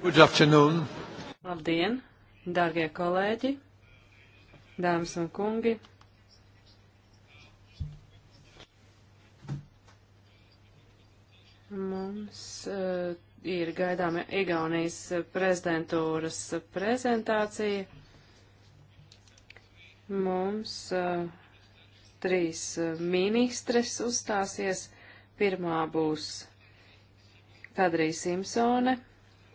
Good afternoon. Labdien, dārgie kolēģi, dāmas un kungi. Mums uh, ir gaidāma Igaunijas prezidentūras prezentācija. Mums uh, trīs ministres uzstāsies. Pirmā būs Kadrija Simpsone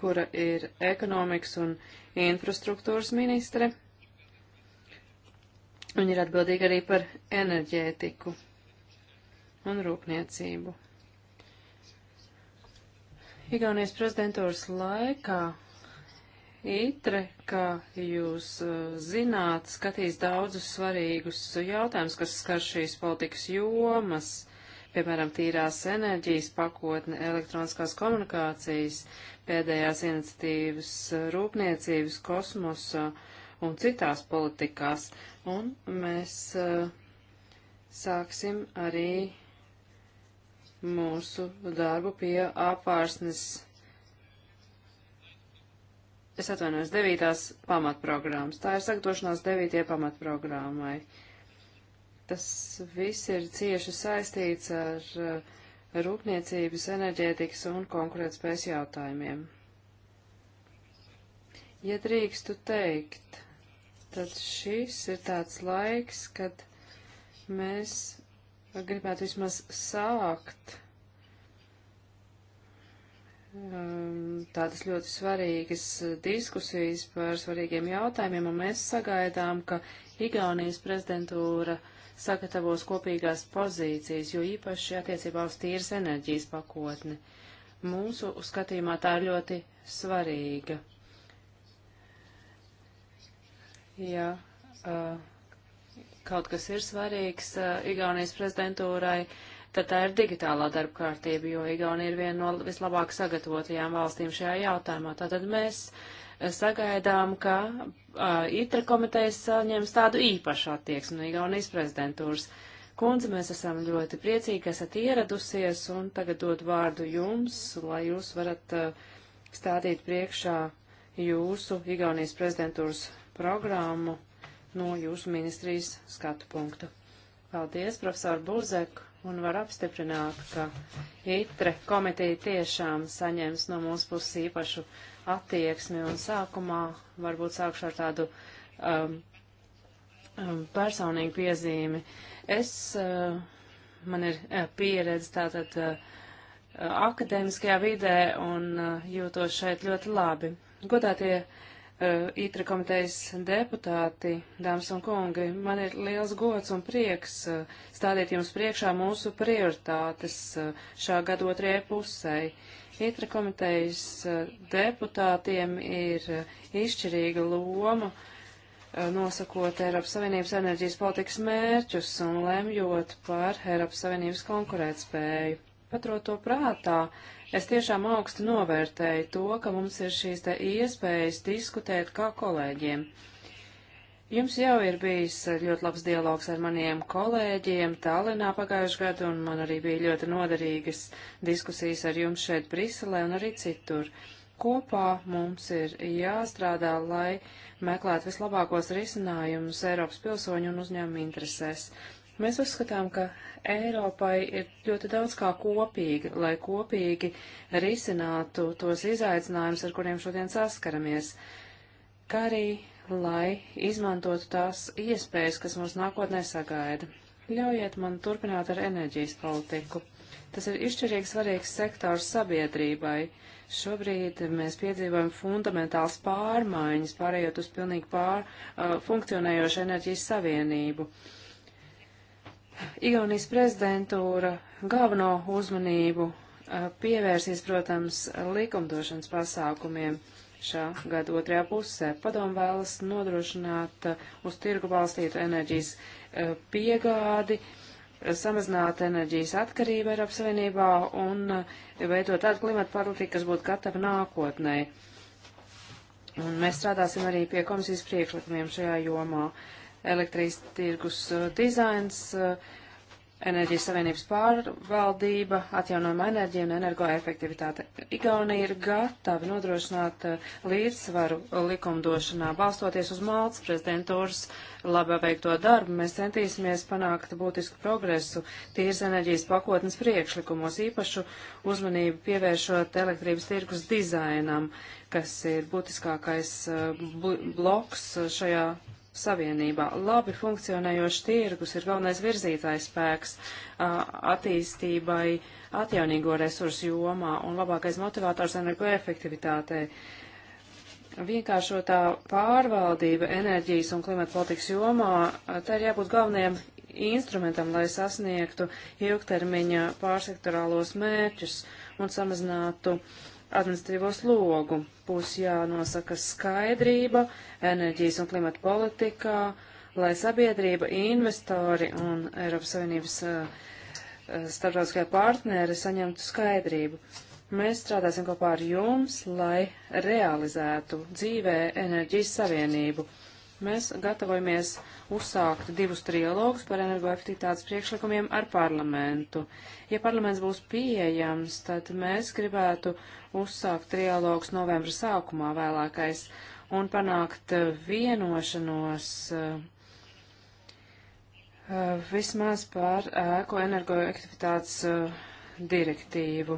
kura ir ekonomikas un infrastruktūras ministre. Viņa ir atbildīga arī par enerģētiku un rūpniecību. Igaunijas prezidentūras laikā ITRE, kā jūs eh, zināt, skatīs daudzus svarīgus jautājumus, kas skar šīs politikas jomas piemēram, tīrās enerģijas pakotne, elektroniskās komunikācijas, pēdējās iniciatīvas rūpniecības, kosmosa un citās politikās. Un mēs eh, sāksim arī mūsu darbu pie apārsnes. Es atvainojos, devītās pamatprogrammas. Tā ir sagatavošanās devītie pamatprogrammai. Uh, Tas viss ir cieši saistīts ar eh, rūpniecības, enerģētikas un konkurētspējas jautājumiem. Ja drīkstu teikt, tad šis ir tāds laiks, kad mēs gribētu vismaz sākt ehm, tādas ļoti svarīgas diskusijas par svarīgiem jautājumiem, un mēs sagaidām, ka Igaunijas prezidentūra uh, sagatavos kopīgās pozīcijas, jo īpaši attiecībā uz tīras enerģijas pakotni. Mūsu skatījumā tā ir ļoti svarīga. Jā, kaut kas ir svarīgs Igaunijas prezidentūrai, tad tā ir digitālā darba kārtība, jo Igaunija ir viena no vislabāk sagatavotajām valstīm šajā jautājumā. Tātad mēs uh, sagaidām, ka uh, ITRA komitejas saņems tādu īpašu attieksmi no Igaunijas prezidentūras. Kundze, mēs esam ļoti priecīgi, ka esat ieradusies un tagad dod vārdu jums, lai jūs varat uh, stādīt priekšā jūsu Igaunijas prezidentūras programmu no jūsu ministrijas skatu punktu. Paldies, profesor Buzek, un var apstiprināt, ka ITRE komiteja tiešām saņems no mūsu puses īpašu uh, attieksmi, un sākumā varbūt sākšu ar tādu um, um, personīgu piezīmi. Es, uh, man ir uh, pieredze tātad uh, uh akadēmiskajā vidē, un uh, jūtos šeit ļoti labi. Godātie uh, ITRA komitejas deputāti, dāmas un kungi, man ir liels gods un prieks uh, stādīt jums priekšā mūsu prioritātes uh, šā gada otrajai pusē. Itra komitejas eh, deputātiem ir eh, izšķirīga loma eh, nosakot Eiropas Savienības enerģijas politikas mērķus un lemjot par Eiropas Savienības konkurētspēju. Paturot to prātā, es tiešām augstu novērtēju to, ka mums ir šīs te iespējas diskutēt kā kolēģiem. Uh, Jums jau ir bijis ļoti labs dialogs ar maniem kolēģiem Tallinā pagājušajā gadu, un man arī bija ļoti noderīgas diskusijas ar jums šeit Briselē un arī citur. Kopā mums ir jāstrādā, lai meklētu vislabākos risinājumus Eiropas pilsoņu un uzņēmumu interesēs. Mēs uzskatām, ka Eiropai ir ļoti daudz kā kopīgi, lai kopīgi risinātu tos izaicinājumus, ar kuriem šodien saskaramies, kā arī lai izmantotu tās iespējas, kas mums nākotnē sagaida. Ļaujiet man turpināt ar enerģijas politiku. Tas ir izšķirīgi svarīgs sektors sabiedrībai. Šobrīd mēs piedzīvojam fundamentāls pārmaiņas, pārējot uz pilnīgi pār, uh, funkcionējošu enerģijas savienību. Igaunijas prezidentūra galveno uzmanību uh, pievērsīs, protams, likumdošanas pasākumiem. Uh, šā gada otrajā pusē. Padomu vēlas nodrošināt uh, uz tirgu balstītu enerģijas uh, piegādi, samazināt enerģijas atkarību Eiropas Savienībā un uh, veidot tādu klimatu politiku, kas būtu gatava nākotnē. Un mēs strādāsim arī pie komisijas priekšlikumiem šajā jomā. Elektrīs tirgus dizains. Uh, enerģijas savienības pārvaldība, atjaunojama enerģija un energoefektivitāte. Igaunija ir gatava nodrošināt uh, līdzsvaru likumdošanā. Balstoties uz Maltas prezidentūras labā veikto darbu, mēs centīsimies panākt būtisku progresu tīras enerģijas pakotnes priekšlikumos, īpašu uzmanību pievēršot elektrības tirkus dizainam, kas ir būtiskākais uh, bloks uh, šajā Savienībā. Labi funkcionējošs tirgus ir galvenais virzītājs spēks attīstībai atjaunīgo resursu jomā un labākais motivators energoefektivitātei. Vienkāršotā pārvaldība enerģijas un klimata politikas jomā, tā ir jābūt galvenajam instrumentam, lai sasniegtu ilgtermiņa pārsektorālos mērķus un samazinātu uh, administratīvo slogu. Būs jānosaka skaidrība enerģijas un klimata politikā, lai sabiedrība, investori un Eiropas Savienības uh, starptautiskie partneri saņemtu skaidrību. Mēs strādāsim kopā ar jums, lai realizētu dzīvē enerģijas savienību mēs gatavojamies uzsākt divus trilogus par energoefektivitātes priekšlikumiem ar parlamentu. Ja parlaments būs pieejams, tad mēs gribētu uzsākt trilogus novembra sākumā vēlākais un panākt vienošanos eh, vismaz par ēko energoefektivitātes eh, direktīvu.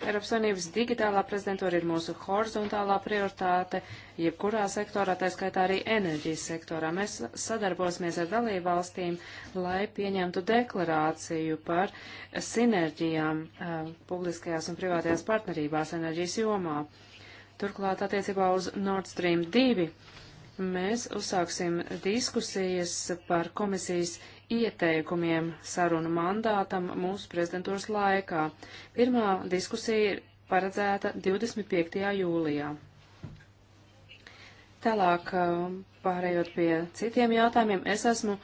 Eiropas Savienības digitālā prezidentūra ir mūsu horizontālā prioritāte, jebkurā sektorā, tā skaitā arī enerģijas sektorā. Mēs sadarbosimies ar dalību valstīm, lai pieņemtu deklarāciju par sinerģijām uh, publiskajās un privātajās partnerībās enerģijas jomā. Turklāt attiecībā uz Nord Stream 2 mēs uzsāksim diskusijas par komisijas ieteikumiem sarunu mandātam mūsu prezidentūras laikā. Pirmā diskusija ir paredzēta 25. jūlijā. Tālāk, um, pārējot pie citiem jautājumiem, es esmu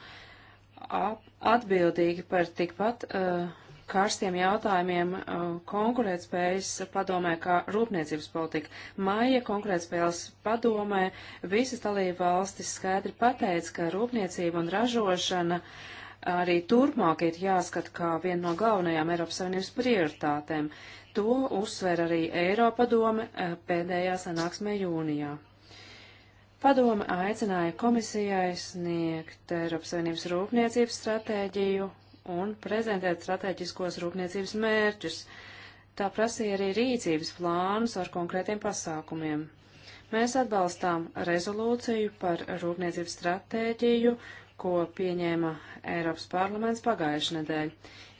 atbildīgi par tikpat uh, karstiem jautājumiem uh, konkurētspējas padomē kā rūpniecības politika. Māja konkurētspējas padomē visas dalība valstis skaidri pateica, ka rūpniecība un ražošana uh, arī turpmāk ir jāskat kā viena no galvenajām Eiropas Savienības prioritātēm. To uzsver arī Eiropadome eh, pēdējā sanāksmē jūnijā. Padome aicināja komisijai sniegt Eiropas Savienības rūpniecības stratēģiju un prezentēt strateģiskos rūpniecības mērķus. Tā prasīja arī rīcības plānus ar konkrētiem pasākumiem. Mēs atbalstām rezolūciju par rūpniecības stratēģiju ko pieņēma Eiropas parlaments pagājušajā nedēļā.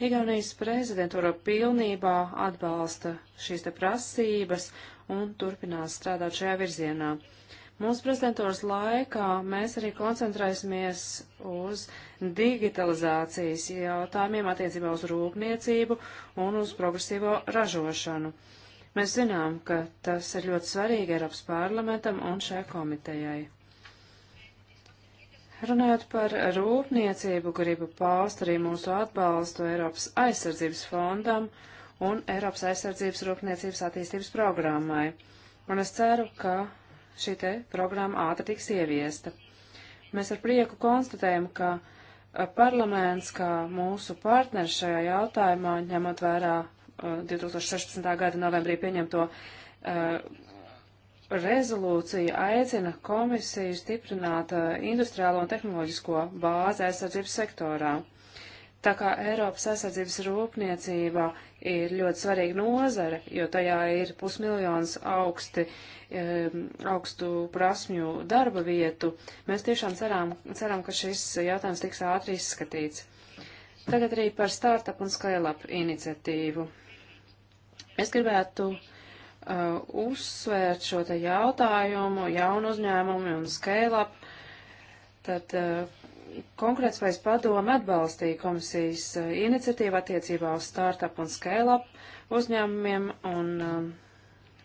Igaunijas prezidentūra pilnībā atbalsta šīs te prasības un turpinās strādāt šajā virzienā. Mūsu prezidentūras laikā mēs arī koncentrēsimies uz digitalizācijas jautājumiem attiecībā uz rūpniecību un uz progresīvo ražošanu. Mēs zinām, ka tas ir ļoti svarīgi Eiropas parlamentam un šai komitejai. Runājot par rūpniecību, gribu paust arī mūsu atbalstu Eiropas aizsardzības fondam un Eiropas aizsardzības rūpniecības attīstības programmai. Un es ceru, ka šī te programma ātri tiks ieviesta. Mēs ar prieku konstatējam, ka parlaments, kā mūsu partners šajā jautājumā, ņemot vērā 2016. gada novembrī pieņemto uh, rezolūcija aicina komisiju stiprināt uh, industriālo un tehnoloģisko bāzi aizsardzības sektorā. Tā kā Eiropas aizsardzības rūpniecība ir ļoti svarīga nozare, jo tajā ir pusmiljons augsti, um, augstu prasmju darba vietu, mēs tiešām ceram, ceram, ka šis jautājums tiks ātri izskatīts. Tagad arī par startup un scale-up iniciatīvu. Es gribētu uh, uh, uzsvērt šo te jautājumu, jaunu uzņēmumu un scale-up, tad uh, konkrētspējas padome atbalstīja komisijas uh, iniciatīvu attiecībā uz startup un scale-up uzņēmumiem, un uh,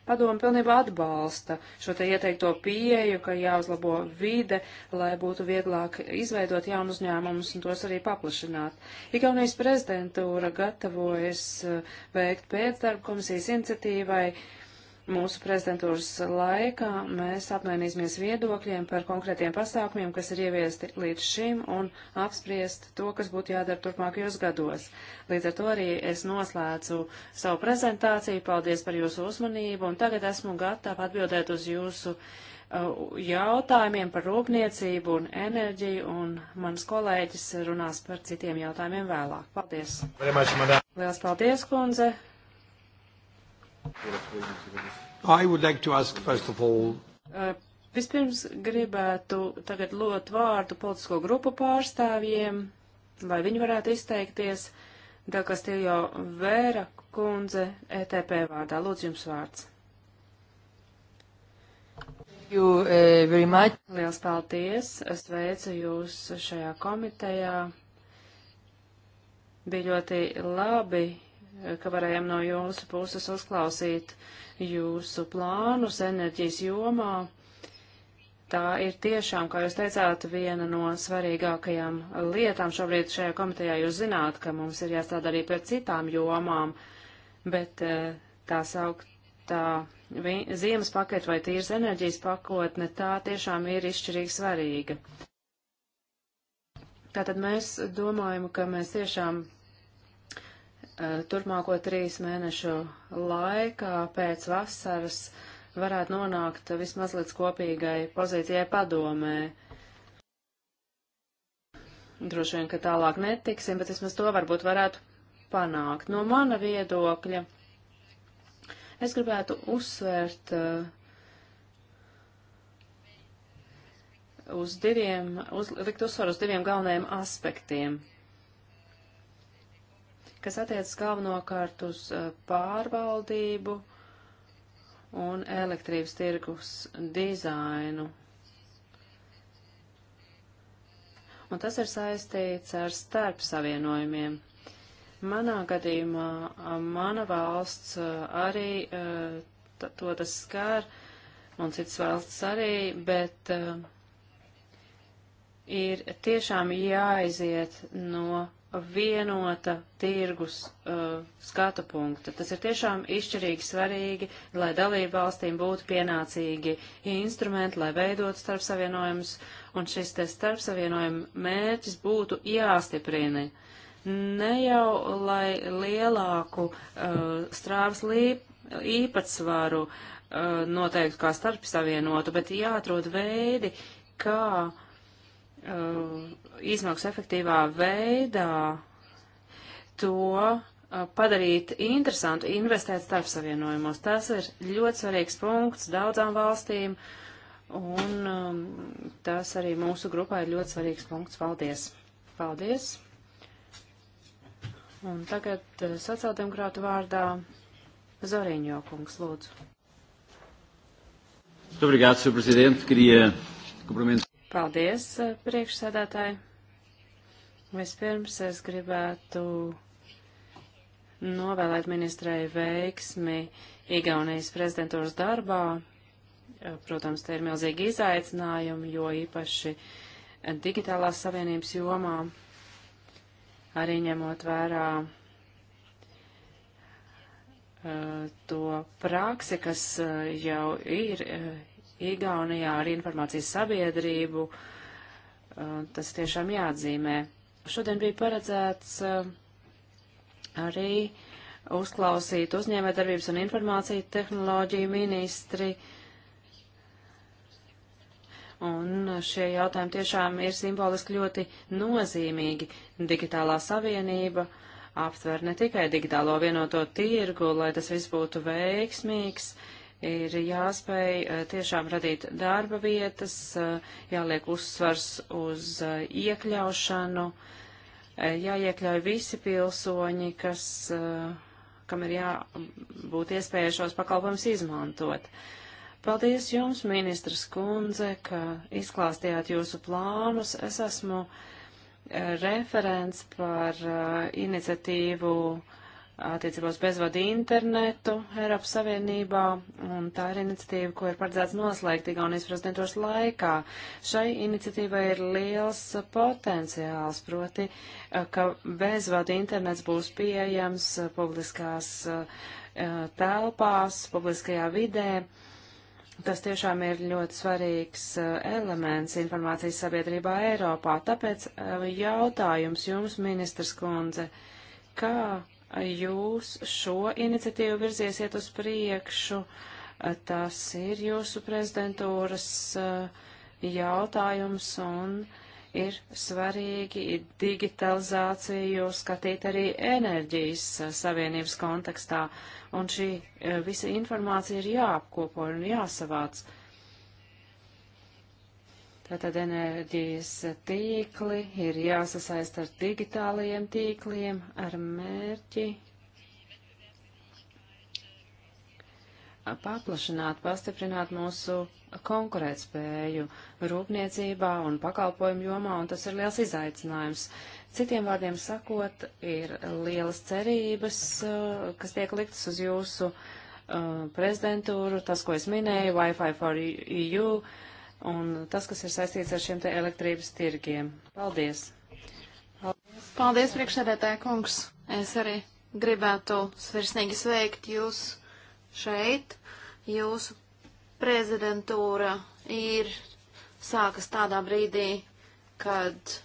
padome pilnībā atbalsta šo te ieteikto pieeju, ka jāuzlabo vide, lai būtu vieglāk izveidot jaunu uzņēmumus un tos arī paplašināt. Igaunijas prezidentūra gatavojas uh, veikt pēcdarbu komisijas iniciatīvai, uh, Mūsu prezidentūras laikā mēs apmainīsimies viedokļiem par konkrētiem pasākumiem, kas ir ieviesti līdz šim, un apspriest to, kas būtu jādara turpmākajos gados. Līdz ar to arī es noslēdzu savu prezentāciju. Paldies par jūsu uzmanību, un tagad esmu gatava atbildēt uz jūsu uh, jautājumiem par rūpniecību un enerģiju, un mans kolēģis runās par citiem jautājumiem vēlāk. Paldies! Lielas paldies, kundze! Like ask, all... uh, vispirms gribētu tagad lot vārdu politisko grupu pārstāvjiem, lai viņi varētu izteikties. Dakastījo Vēra kundze ETP vārdā. Lūdzu jums vārds. You, uh, Liels paldies! Es veicu jūs šajā komitejā. Bija ļoti labi ka varējām no jūsu puses uzklausīt jūsu plānus enerģijas jomā. Tā ir tiešām, kā jūs teicāt, viena no svarīgākajām lietām šobrīd šajā komitejā. Jūs zināt, ka mums ir jāstrādā arī pie citām jomām, bet eh, tā sauktā ziemas paketa vai tīras enerģijas pakotne, tā tiešām ir izšķirīgi svarīga. Tātad mēs domājam, ka mēs tiešām Eh, turpmāko trīs mēnešu laikā pēc vasaras varētu nonākt vismaz līdz kopīgai pozīcijai padomē. Droši vien, ka tālāk netiksim, bet vismaz to varbūt varētu panākt. No mana viedokļa es gribētu uzsvērt uh, uz diviem, uz, likt uzsvaru uz diviem galvenajiem aspektiem kas attiecas galvenokārt uz eh, pārvaldību un elektrības tirgus dizainu. Un tas ir saistīts ar starpsavienojumiem. Manā gadījumā mana valsts arī to tas skar, un citas valsts arī, bet ir tiešām jāaiziet no vienota tirgus uh, skatu punkta. Tas ir tiešām izšķirīgi svarīgi, lai dalību valstīm būtu pienācīgi instrumenti, lai veidot starpsavienojumus, un šis te starpsavienojuma mērķis būtu jāstiprina. Ne jau, lai lielāku uh, strāvas līp, īpatsvaru uh, noteiktu kā starpsavienotu, bet jāatrod veidi, kā uh, Uh, izmaksu efektīvā veidā to uh, padarīt interesantu investēt starpsavienojumos. Tas ir ļoti svarīgs punkts daudzām valstīm, un um, tas arī mūsu grupā ir ļoti svarīgs punkts. Paldies! Paldies! Un tagad uh, sociāldemokrātu vārdā Zoriņo kungs, lūdzu. Muito obrigado, Sr. Presidente. Queria cumprimentar. Paldies, eh, priekšsēdētāji. Vispirms es gribētu novēlēt ministrei veiksmi Igaunijas prezidentūras darbā. Eh, protams, te ir milzīgi izaicinājumi, jo īpaši digitālās savienības jomā, arī ņemot vērā eh, to praksi, kas jau ir Igaunijā ar informācijas sabiedrību. Uh, tas tiešām jāatzīmē. Šodien bija paredzēts uh, arī uzklausīt uzņēmējdarbības un informāciju tehnoloģiju ministri. Un šie jautājumi tiešām ir simboliski ļoti nozīmīgi. Digitālā savienība aptver ne tikai digitālo vienoto tirgu, lai tas viss būtu veiksmīgs, ir jāspēj eh, tiešām radīt darba vietas, eh, jāliek uzsvars uz eh, iekļaušanu, jāiekļauj visi pilsoņi, kas, kam ir jābūt iespēja šos pakalpojumus izmantot. Paldies jums, ministras kundze, ka izklāstījāt jūsu plānus. Es esmu referents par iniciatīvu uh, attiecībos bezvadu internetu Eiropas Savienībā, un tā ir iniciatīva, ko ir paredzēts noslēgt Igaunijas prezidentūras laikā. Šai iniciatīvai ir liels potenciāls, proti, eh, ka bezvadu internets būs pieejams eh, publiskās eh, telpās, publiskajā vidē. Tas tiešām ir ļoti svarīgs elements informācijas sabiedrībā Eiropā. Tāpēc jautājums jums, ministrs kundze, kā jūs šo iniciatīvu virziesiet uz priekšu. Tas ir jūsu prezidentūras eh, jautājums un ir svarīgi digitalizāciju skatīt arī enerģijas eh, savienības kontekstā. Un šī eh, visa informācija ir jāapkopo un jāsavāc. Uh, Tātad enerģijas tīkli ir jāsasaist ar digitālajiem tīkliem, ar mērķi paplašināt, pastiprināt mūsu konkurētspēju rūpniecībā un pakalpojumu jomā, un tas ir liels izaicinājums. Citiem vārdiem sakot, ir lielas cerības, uh, kas tiek liktas uz jūsu uh, prezidentūru, tas, ko es minēju, Wi-Fi for EU, un tas, kas ir saistīts ar šiem te elektrības tirgiem. Paldies! Paldies, Paldies priekšsēdētāja kungs! Es arī gribētu svirsnīgi sveikt jūs šeit. Jūsu prezidentūra ir sākas tādā brīdī, kad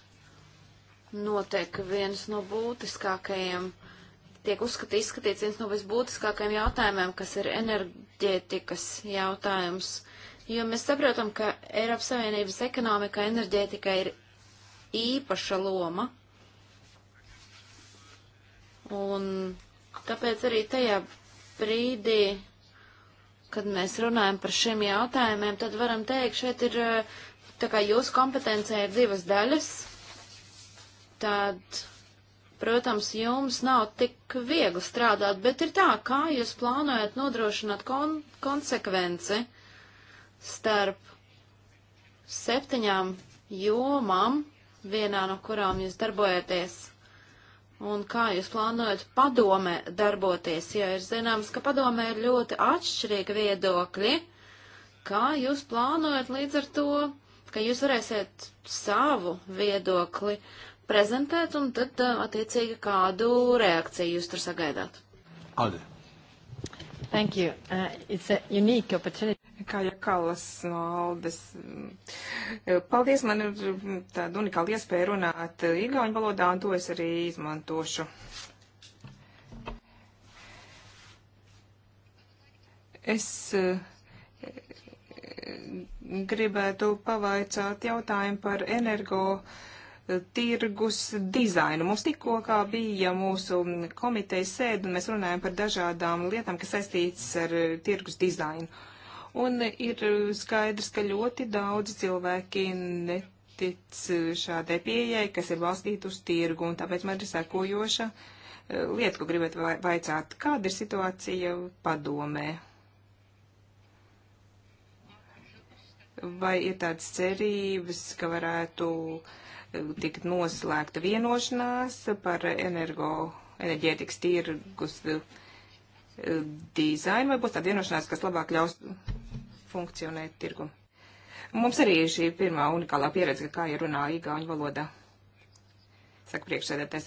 notiek viens no būtiskākajiem, tiek uzskatīts, izskatīts viens no visbūtiskākajiem jautājumiem, kas ir enerģētikas jautājums jo mēs saprotam, ka Eiropas Savienības ekonomikā enerģētika ir īpaša loma, un tāpēc arī tajā brīdī, kad mēs runājam par šiem jautājumiem, tad varam teikt, šeit ir, tā kā jūsu kompetencija ir divas daļas, tad Protams, jums nav tik viegli strādāt, bet ir tā, kā jūs plānojat nodrošināt kon konsekvenci starp septiņām jomām, vienā no kurām jūs darbojaties, un kā jūs plānojat padomē darboties, jo ir zināms, ka padomē ir ļoti atšķirīgi viedokļi, kā jūs plānojat līdz ar to, ka jūs varēsiet savu viedokli prezentēt, un tad attiecīgi kādu reakciju jūs tur sagaidāt. Alde. Thank you. Uh, it's a unique opportunity kā Jakalas no Aldes. Paldies, man ir tāda unikāla iespēja runāt igauņu valodā, un to es arī izmantošu. Es eh, gribētu pavaicāt jautājumu par energo eh, tirgus dizainu. Mums tikko kā bija mūsu komitejas sēde, un mēs runājam par dažādām lietām, kas saistītas ar eh, tirgus dizainu. Un ir skaidrs, ka ļoti daudzi cilvēki netic šādai pieejai, kas ir valstīta uz tirgu, un tāpēc man ir sekojoša eh, lieta, ko gribētu vaicāt. Kāda ir situācija padomē? Vai ir tādas cerības, ka varētu eh, tikt noslēgta vienošanās par energo, enerģētikas tirgus eh, dizainu, vai būs tāda vienošanās, kas labāk ļaus funkcionē tirgu. Mums arī ir šī pirmā unikālā pieredze, kā jau runā īgauņu valodā. Saka priekšsēdētājs.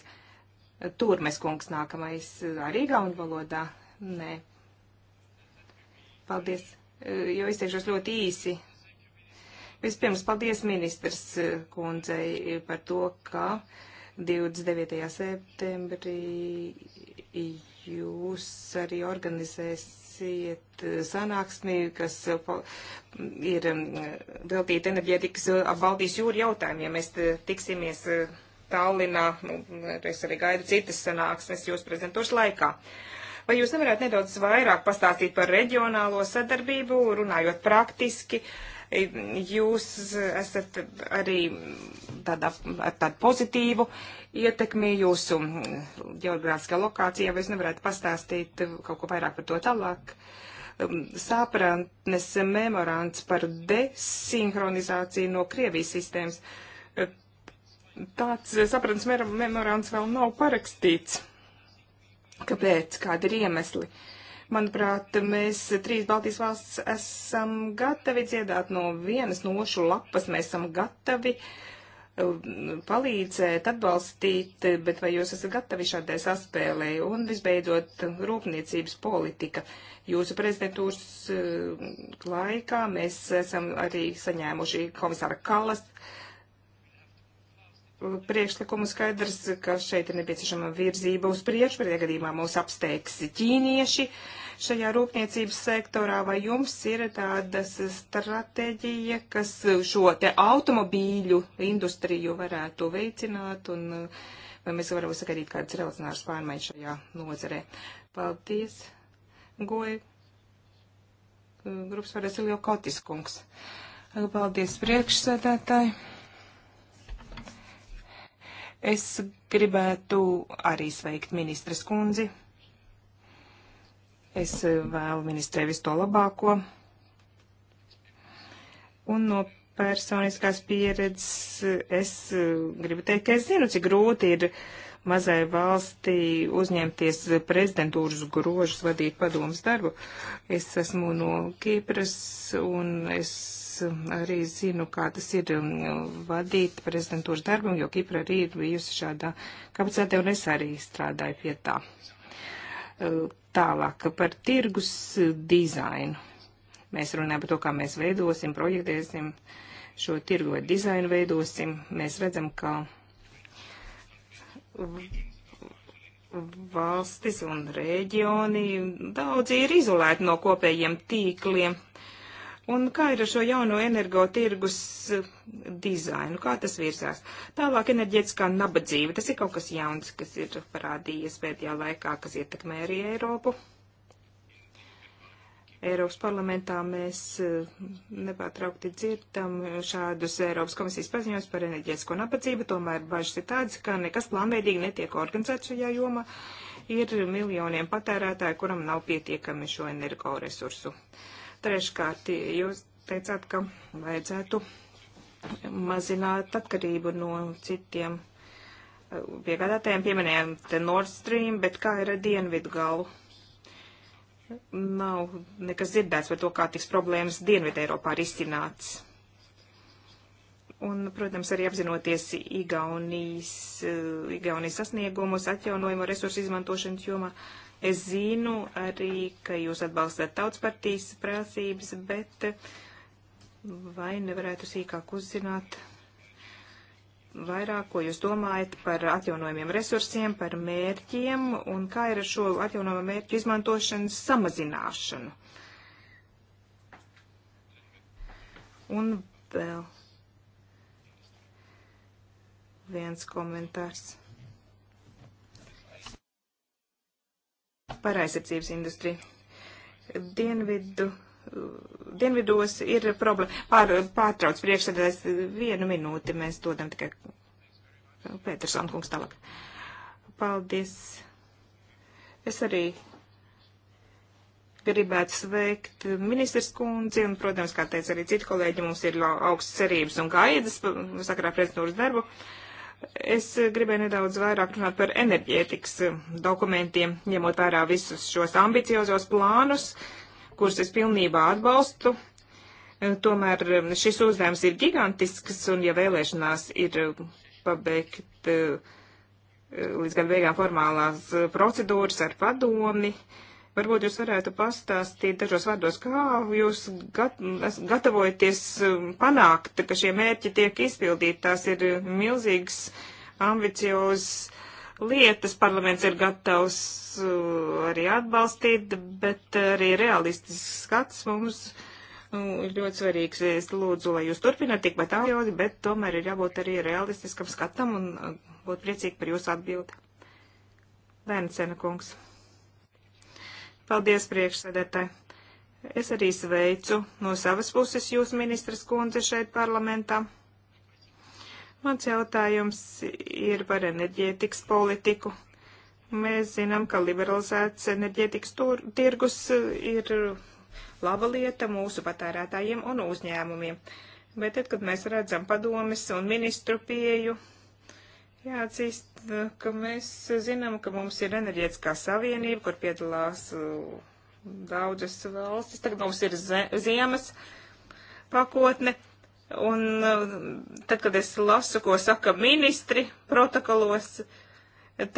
Turmes kungs nākamais eh, arī gaunu valodā. Nē. Paldies, eh, jo izteikšos ļoti īsi. Vispirms paldies ministrs eh, kundzei par to, ka 29. septembrī jūs arī organizēsiet organizēsiet eh, sanāksmi, kas eh, ir mm, veltīta enerģētikas eh, ap Baltijas jūru jautājumiem. Mēs tiksimies Tallinā, nu, mm, es arī gaidu citas sanāksmes jūsu prezentūras laikā. Vai jūs nevarētu nedaudz vairāk pastāstīt par reģionālo sadarbību, runājot praktiski? Uh, Jūs esat arī tādā, ar tādu pozitīvu ietekmi jūsu geogrāfiskā lokācijā, vai es nevarētu pastāstīt kaut ko vairāk par to tālāk. Um, Sāprantnes memorants par desinhronizāciju no Krievijas sistēmas. Tāds saprantnes memorants vēl nav parakstīts. Kāpēc? Kādi ir iemesli? Uh, Manuprāt, mēs trīs Baltijas valsts esam gatavi dziedāt no vienas nošu lapas, mēs esam gatavi um, palīdzēt, atbalstīt, bet vai jūs esat gatavi šādai saspēlē? Un visbeidzot, rūpniecības politika. Jūsu prezidentūras um, laikā mēs esam arī saņēmuši komisāra Kalas uh, priekšlikumu skaidrs, ka šeit ir nepieciešama virzība uz priekšu, bet gadījumā mūs apsteigs ķīnieši šajā rūpniecības sektorā, vai jums ir tādas stratēģija, kas šo te automobīļu industriju varētu veicināt, un vai mēs varam sagaidīt kādas relacionāras pārmaiņas šajā nozarē. Paldies, Goja. Grupas varēs Iljo Kotiskungs. Paldies priekšsēdētāji. Es gribētu arī sveikt ministres kundzi. Es eh, vēlu ministrē visu to labāko. Un no personiskās pieredzes es eh, gribu teikt, ka es zinu, cik grūti ir mazai valstī uzņemties prezidentūras grožus, vadīt padomus darbu. Es esmu no Kīpras un es arī zinu, kā tas ir um, vadīt prezidentūras darbu, jo Kipra arī ir bijusi šādā kapacitātē, un es arī strādāju pie tā. Uh, tālāk par tirgus dizainu. Mēs runājam par to, kā mēs veidosim, projektēsim šo tirgo dizainu veidosim. Mēs redzam, ka valstis un reģioni daudz ir izolēti no kopējiem tīkliem. Un kā ir ar šo jauno energotirgus eh, dizainu, kā tas virsās? Tālāk enerģētiskā nabadzība, tas ir kaut kas jauns, kas ir parādījies pēdējā laikā, kas ietekmē arī Eiropu. Eiropas parlamentā mēs eh, nepārtraukti dzirdam šādus Eiropas komisijas paziņojumus par enerģētisko nabadzību, tomēr bažas ir tādas, ka nekas plānveidīgi netiek organizēts šajā jomā. Ir miljoniem patērētāju, kuram nav pietiekami šo energoresursu. resursu. Treškārt, jūs teicāt, ka vajadzētu mazināt atkarību no citiem uh, piegādātājiem. Pieminējām te Nord Stream, bet kā ir ar dienvidu galu? Nav nekas dzirdēts par to, kā tiks problēmas Dienvidē Eiropā risināts. Un, protams, arī apzinoties Igaunijas, uh, Igaunijas sasniegumus atjaunojumu resursu izmantošanas jomā. Uh, Es zinu arī, ka jūs atbalstāt tautspartijas prasības, bet vai nevarētu sīkāk uzzināt vairāk, ko jūs domājat par atjaunojumiem resursiem, par mērķiem un kā ir ar šo atjaunojumu mērķu izmantošanas samazināšanu? Un vēl viens komentārs. par aizsardzības industriju. Dienvidu, dienvidos ir problēma. Pār, pārtrauc priekšsēdētājs vienu minūti. Mēs dodam tikai Pētersona kungs tālāk. Paldies. Es arī gribētu sveikt ministrs kundzi un, protams, kā teica arī citi kolēģi, mums ir augsts cerības un gaidas sakarā prezidentūras darbu. Uh, Es gribēju nedaudz vairāk runāt par enerģētikas dokumentiem, ņemot vērā visus šos ambiciozos plānus, kurus es pilnībā atbalstu. Tomēr šis uzdevums ir gigantisks, un ja vēlēšanās ir pabeigt eh, līdz gadu beigām formālās eh, procedūras ar padomi, uh, Varbūt jūs varētu pastāstīt dažos vārdos, kā jūs gat, gatavojaties um, panākt, ka šie mērķi tiek izpildīti. Tās ir milzīgas, ambiciozas lietas. Parlaments ir gatavs uh, arī atbalstīt, bet arī realistisks skats mums uh, ir ļoti svarīgs. Es lūdzu, lai jūs turpināt tik pat ambiciozi, bet tomēr ir jābūt arī realistiskam skatam un uh, būtu priecīgi par jūsu atbildi. Vērnsena kungs. Paldies, priekšsēdētāji. Es arī sveicu no savas puses jūs, ministras kundze, šeit parlamentā. Mans jautājums ir par enerģētikas politiku. Mēs zinām, ka liberalizēts enerģētikas tur, tirgus ir laba lieta mūsu patērētājiem un uzņēmumiem. Bet tad, kad mēs redzam padomis un ministru pieju, Jāatzīst, ka mēs zinām, ka mums ir enerģētiskā savienība, kur piedalās uh, daudzas valstis. Tagad mums ir ziemas pakotne. Un uh, tad, kad es lasu, ko saka ministri protokolos,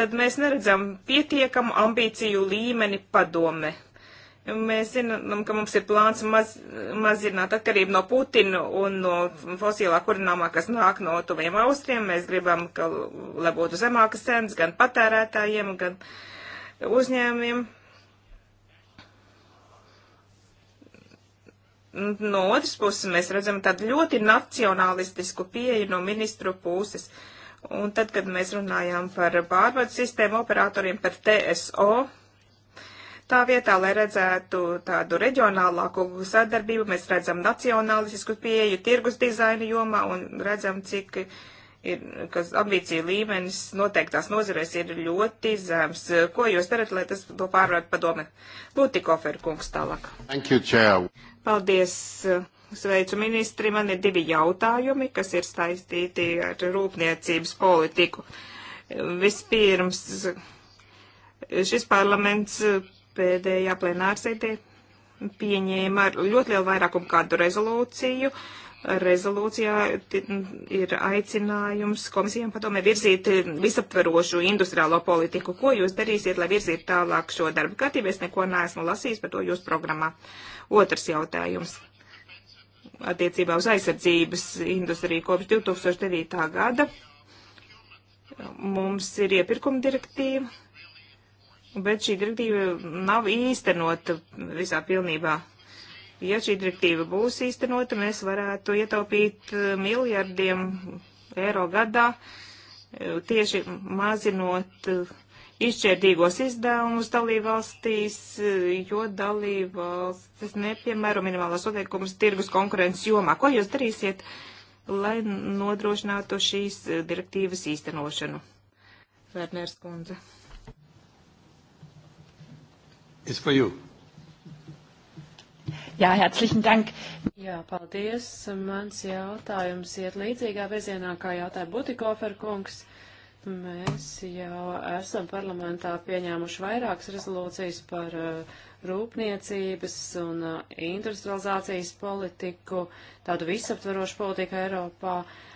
tad mēs neredzam pietiekamu ambīciju līmeni padome Mēs zinām, ka mums ir plāns maz, mazināt atkarību no Putina un no fosilā kurināmā, kas nāk no tuviem austriem. Mēs gribam, ka, lai būtu zemākas cenas gan patērētājiem, gan uzņēmumiem. No otras puses, mēs redzam tādu ļoti nacionalistisku pieeju no ministru puses. Un tad, kad mēs runājām par pārbaudas sistēmu operatoriem, par TSO, Tā vietā, lai redzētu tādu reģionālāku sadarbību, mēs redzam nacionālistisku pieeju tirgus dizaina jomā un redzam, cik ir, kas ambīcija līmenis noteiktās nozarēs ir ļoti zems. Ko jūs darat, lai tas to pārvarētu padome? Būtikofer kungs tālāk. Thank you, Chair. Paldies. Sveicu ministri, man ir divi jautājumi, kas ir saistīti ar rūpniecības politiku. Vispirms, šis parlaments pēdējā plenārsēdē pieņēma ar ļoti lielu vairākumu kādu rezolūciju. Rezolūcijā ir aicinājums komisijām padomē virzīt visaptverošu industriālo politiku. Ko jūs darīsiet, lai virzītu tālāk šo darbu kārtību? Es neko neesmu lasījis par to jūsu programmā. Otrs jautājums attiecībā uz aizsardzības industriju kopš 2009. gada. Mums ir iepirkuma direktīva bet šī direktīva nav īstenota visā pilnībā. Ja šī direktīva būs īstenota, mēs varētu ietaupīt eh, miljardiem eiro gadā, eh, tieši mazinot eh, izšķērdīgos izdevumus dalībvalstīs, jo dalībvalstis nepiemēro minimālās noteikumus tirgus konkurences jomā. Ko jūs darīsiet, lai nodrošinātu šīs direktīvas īstenošanu? Vērnērs kundze is for you. Jā, herzlichen Dank. Jā, paldies. Mans jautājums iet līdzīgā virzienā, kā jautāja Butikofer kungs. Mēs jau esam parlamentā pieņēmuši vairākas rezolūcijas par uh, rūpniecības un uh, industrializācijas politiku, tādu visaptverošu politiku Eiropā. Uh,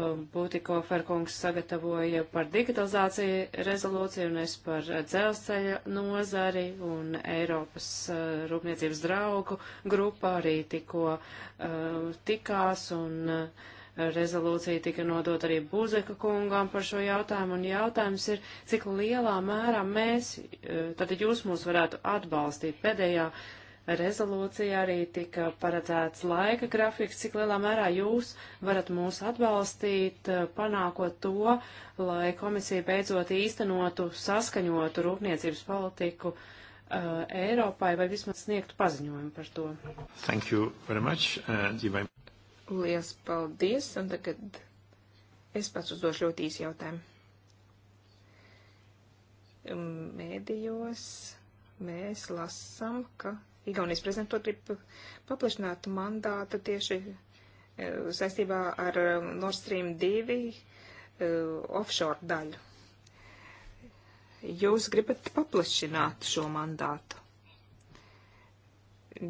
Um, Būtikoferkungs sagatavoja par digitalizāciju rezolūciju un es par uh, dzelzceļa nozari un Eiropas uh, rūpniecības draugu grupā arī tikko uh, tikās un uh, rezolūcija tika nodot arī Buzeka kungām par šo jautājumu un jautājums ir, cik lielā mērā mēs, uh, tātad jūs mūs varētu atbalstīt pēdējā rezolūcijā arī tika paredzēts laika grafiks, cik lielā mērā jūs varat mūs atbalstīt, eh, panākot to, lai komisija beidzot īstenotu saskaņotu rūpniecības politiku uh, Eiropai vai vismaz sniegtu paziņojumu par to. Thank you very much, uh, Dīvai. Lielas paldies, un tagad es pats uzdošu ļoti īsu jautājumu. Mēdījos mēs lasām, ka Igaunijas prezidentūra grib paplašināt mandātu tieši e, saistībā ar um, Nord Stream 2 e, offshore daļu. Jūs gribat paplašināt šo mandātu.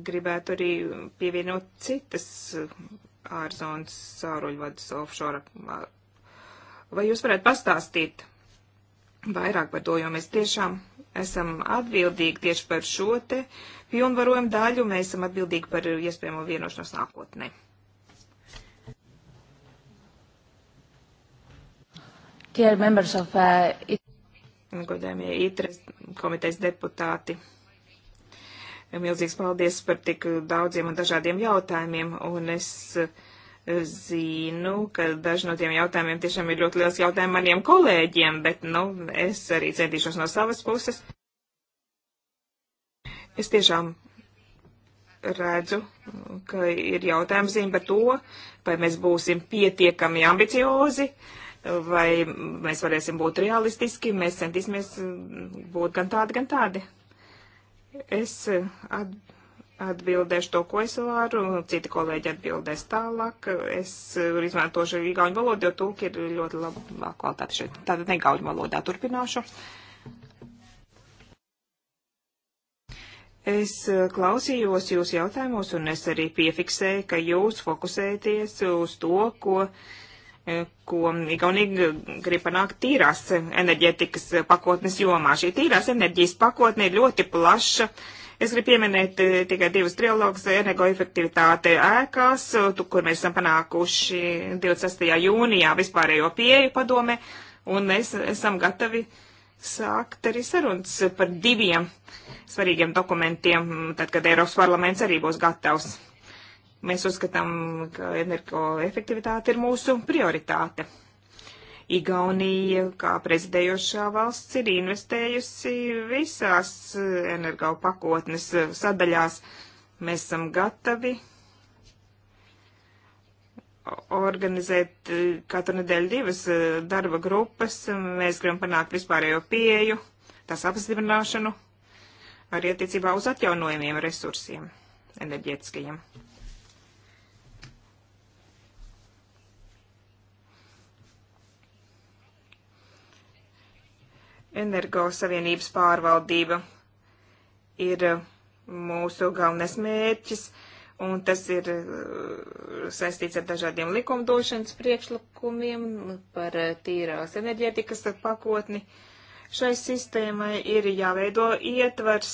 Gribētu arī pievienot citas e, ārzonas sauruļvadas offshore. Vai jūs varētu pastāstīt vairāk par to, jo mēs tiešām esam atbildīgi tieši par šo te pilnvarojumu daļu, mēs esam atbildīgi par iespējamo vienošanos nākotnē. Dear members of uh, it... Godājumie ITRES komitejas deputāti, milzīgs paldies par tik daudziem un dažādiem jautājumiem, un es uh, Zinu, ka daži no tiem jautājumiem tiešām ir ļoti liels jautājums maniem kolēģiem, bet, nu, es arī centīšos no savas puses. Es tiešām redzu, ka ir jautājums par to, vai mēs būsim pietiekami ambiciozi, vai mēs varēsim būt realistiski, mēs centīsimies būt gan tādi, gan tādi. Es at, atbildēšu to, ko es varu, citi kolēģi atbildēs tālāk. Es eh, izmantošu igauņu valodu, jo tulki ir ļoti laba kvalitāte šeit. Tātad negauņu valodā turpināšu. Es eh, klausījos jūs jautājumos, un es arī piefiksēju, ka jūs fokusēties uz to, ko eh, ko Igaunija grib panākt tīrās enerģetikas pakotnes jomā. Šī tīrās enerģijas pakotne ir ļoti plaša uh, Es gribu pieminēt eh, tikai divus trilogus eh, - energoefektivitāte ēkās, eh, kur mēs esam panākuši 26. jūnijā vispārējo pieeju padome, un mēs esam gatavi sākt arī sarunas par diviem svarīgiem dokumentiem, tad, kad Eiropas parlaments arī būs gatavs. Mēs uzskatām, ka energoefektivitāte ir mūsu prioritāte. Igaunija, kā prezidējošā valsts, ir investējusi visās eh, energo pakotnes eh, sadaļās. Mēs esam gatavi organizēt eh, katru nedēļu divas darba grupas. Mēs gribam panākt vispārējo pieju, tās apstiprināšanu arī attiecībā uz atjaunojumiem resursiem enerģētiskajiem. Energosavienības pārvaldība ir uh, mūsu galvenais mērķis, un tas ir uh, saistīts ar dažādiem likumdošanas priekšlikumiem par uh, tīrās enerģētikas pakotni. Šai sistēmai ir jāveido ietvars,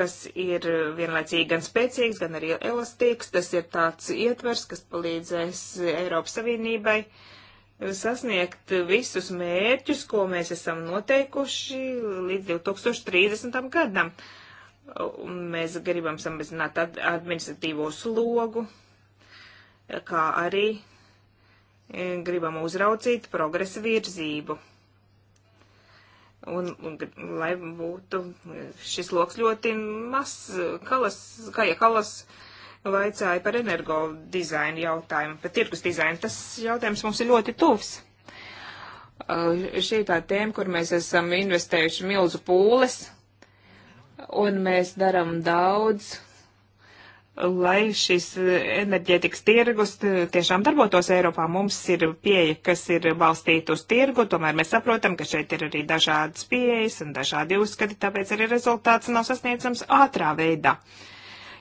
kas ir vienlaicīgi gan spēcīgs, gan arī elastīgs. Tas ir tāds ietvers, kas palīdzēs Eiropas Savienībai uh, sasniegt visus mērķus, ko mēs esam noteikuši līdz 2030. gadam. Mēs gribam samazināt administratīvo slogu, kā arī e, gribam uzraucīt progresa virzību. Un, un, lai būtu šis loks ļoti mazs, kalas, kā ja kalas, uh, vaicāja par energo dizainu jautājumu, par tirkus dizainu. Tas jautājums mums ir ļoti tuvs. Uh, šī tā tēma, kur mēs esam investējuši milzu pūles, un mēs daram daudz, lai šis enerģētikas tirgus tiešām darbotos Eiropā. Mums ir pieeja, kas ir balstīta uz tirgu, tomēr mēs saprotam, ka šeit ir arī dažādas pieejas un dažādi uzskati, tāpēc arī rezultāts nav sasniedzams ātrā veidā. Uh,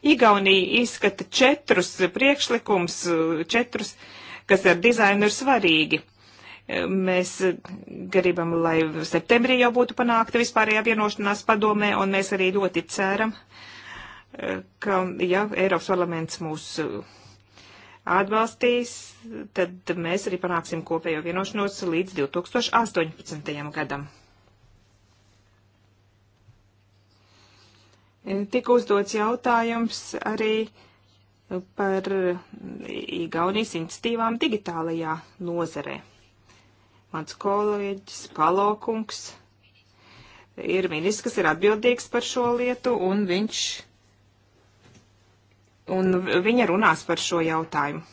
Igaunija izskata četrus priekšlikums, četrus, kas ar dizainu ir svarīgi. Mēs gribam, lai septembrī jau būtu panākta vispārējā vienošanās padomē, un mēs arī ļoti ceram, ka, ja Eiropas parlaments mūs atbalstīs, tad mēs arī panāksim kopējo vienošanos līdz 2018. gadam. Tika uzdots jautājums arī par Igaunijas iniciatīvām digitālajā nozarē. Mans kolēģis Palokungs ir ministrs, kas ir atbildīgs par šo lietu, un viņš un viņa runās par šo jautājumu.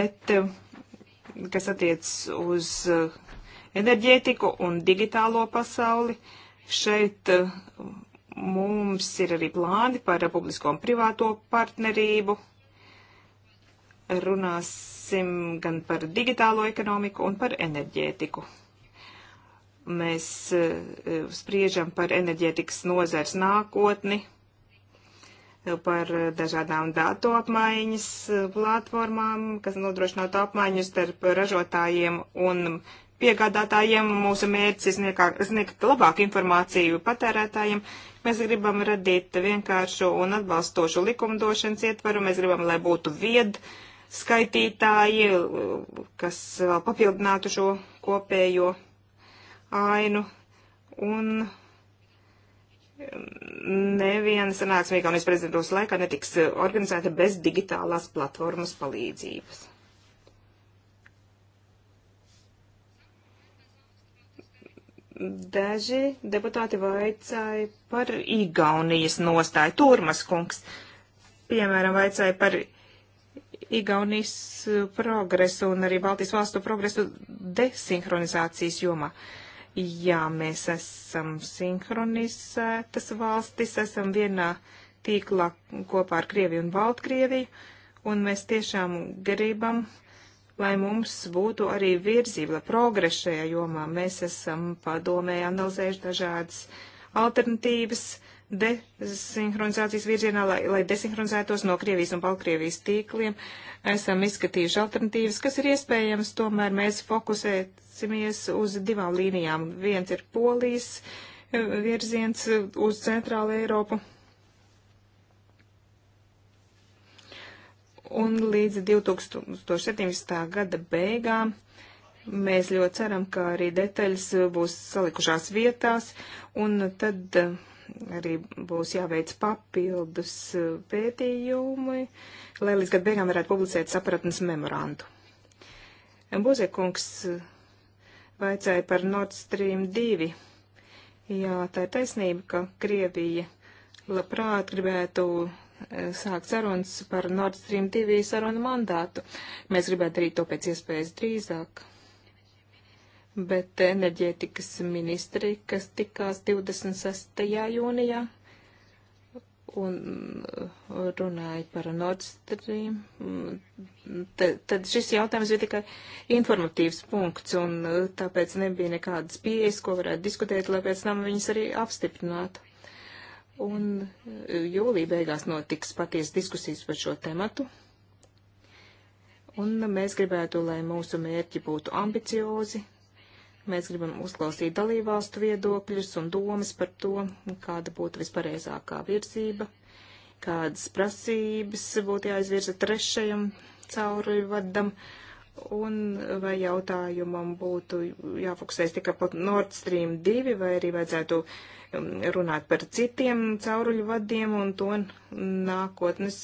Bet, eh, kas attiec uz eh, enerģētiku un digitālo pasauli, šeit eh, Mums ir arī plāni par publisko un privāto partnerību. Runāsim gan par digitālo ekonomiku un par enerģētiku. Mēs eh, spriežam par enerģētikas nozars nākotni, par dažādām datu apmaiņas eh, platformām, kas nodrošinātu apmaiņu starp ražotājiem un piegādātājiem mūsu mērķis ir sniegt labāku informāciju patērētājiem. Mēs gribam radīt vienkāršu un atbalstošu likumdošanas ietvaru. Mēs gribam, lai būtu vied skaitītāji, kas vēl papildinātu šo kopējo ainu. Un neviena sanāksmīga un prezidentūras laikā netiks organizēta bez digitālās platformas palīdzības. Daži deputāti vaicāja par Igaunijas nostāju. Turmas kungs, piemēram, vaicāja par Igaunijas progresu un arī Baltijas valstu progresu desinhronizācijas jomā. Jā, mēs esam sinhronizētas valstis, esam vienā tīklā kopā ar Krieviju un Baltkrieviju, un mēs tiešām gribam uh, lai mums būtu arī virzība, lai progres šajā jomā. Mēs esam padomē analizējuši dažādas alternatīvas desinhronizācijas virzienā, lai, lai desinhronizētos no Krievijas un Baltkrievijas tīkliem. Esam izskatījuši alternatīvas, kas ir iespējams, tomēr mēs fokusēsimies uz divām līnijām. Viens ir Polijas virziens uz Centrālu Eiropu Un līdz 2017. gada beigām mēs ļoti ceram, ka arī detaļas būs salikušās vietās, un tad eh, arī būs jāveic papildus eh, pētījumi, lai līdz gada beigām varētu publicēt sapratnes memorandu. Buzē kungs eh, vaicāja par Nord Stream 2. Jā, tā ir taisnība, ka Krievija labprāt gribētu sākt sarunas par Nord Stream 2 sarunu mandātu. Mēs gribētu darīt to pēc iespējas drīzāk. Bet enerģētikas ministri, kas tikās 26. jūnijā un uh, runāja par Nord Stream, mm, tad, tad šis jautājums bija tikai informatīvs punkts, un uh, tāpēc nebija nekādas pieejas, ko varētu diskutēt, lai pēc tam viņas arī apstiprinātu. Un e, jūlija beigās notiks patiesas diskusijas par šo tematu. Un mēs gribētu, lai mūsu mērķi būtu ambiciozi. Mēs gribam uzklausīt dalībvalstu viedokļus un domas par to, kāda būtu vispareizākā virzība, kādas prasības būtu jāizvirza trešajam cauruļvadam. vadam Un vai jautājumam būtu jāfokusēs tikai par Nord Stream 2, vai arī vajadzētu um, runāt par citiem cauruļu vadiem un to nākotnes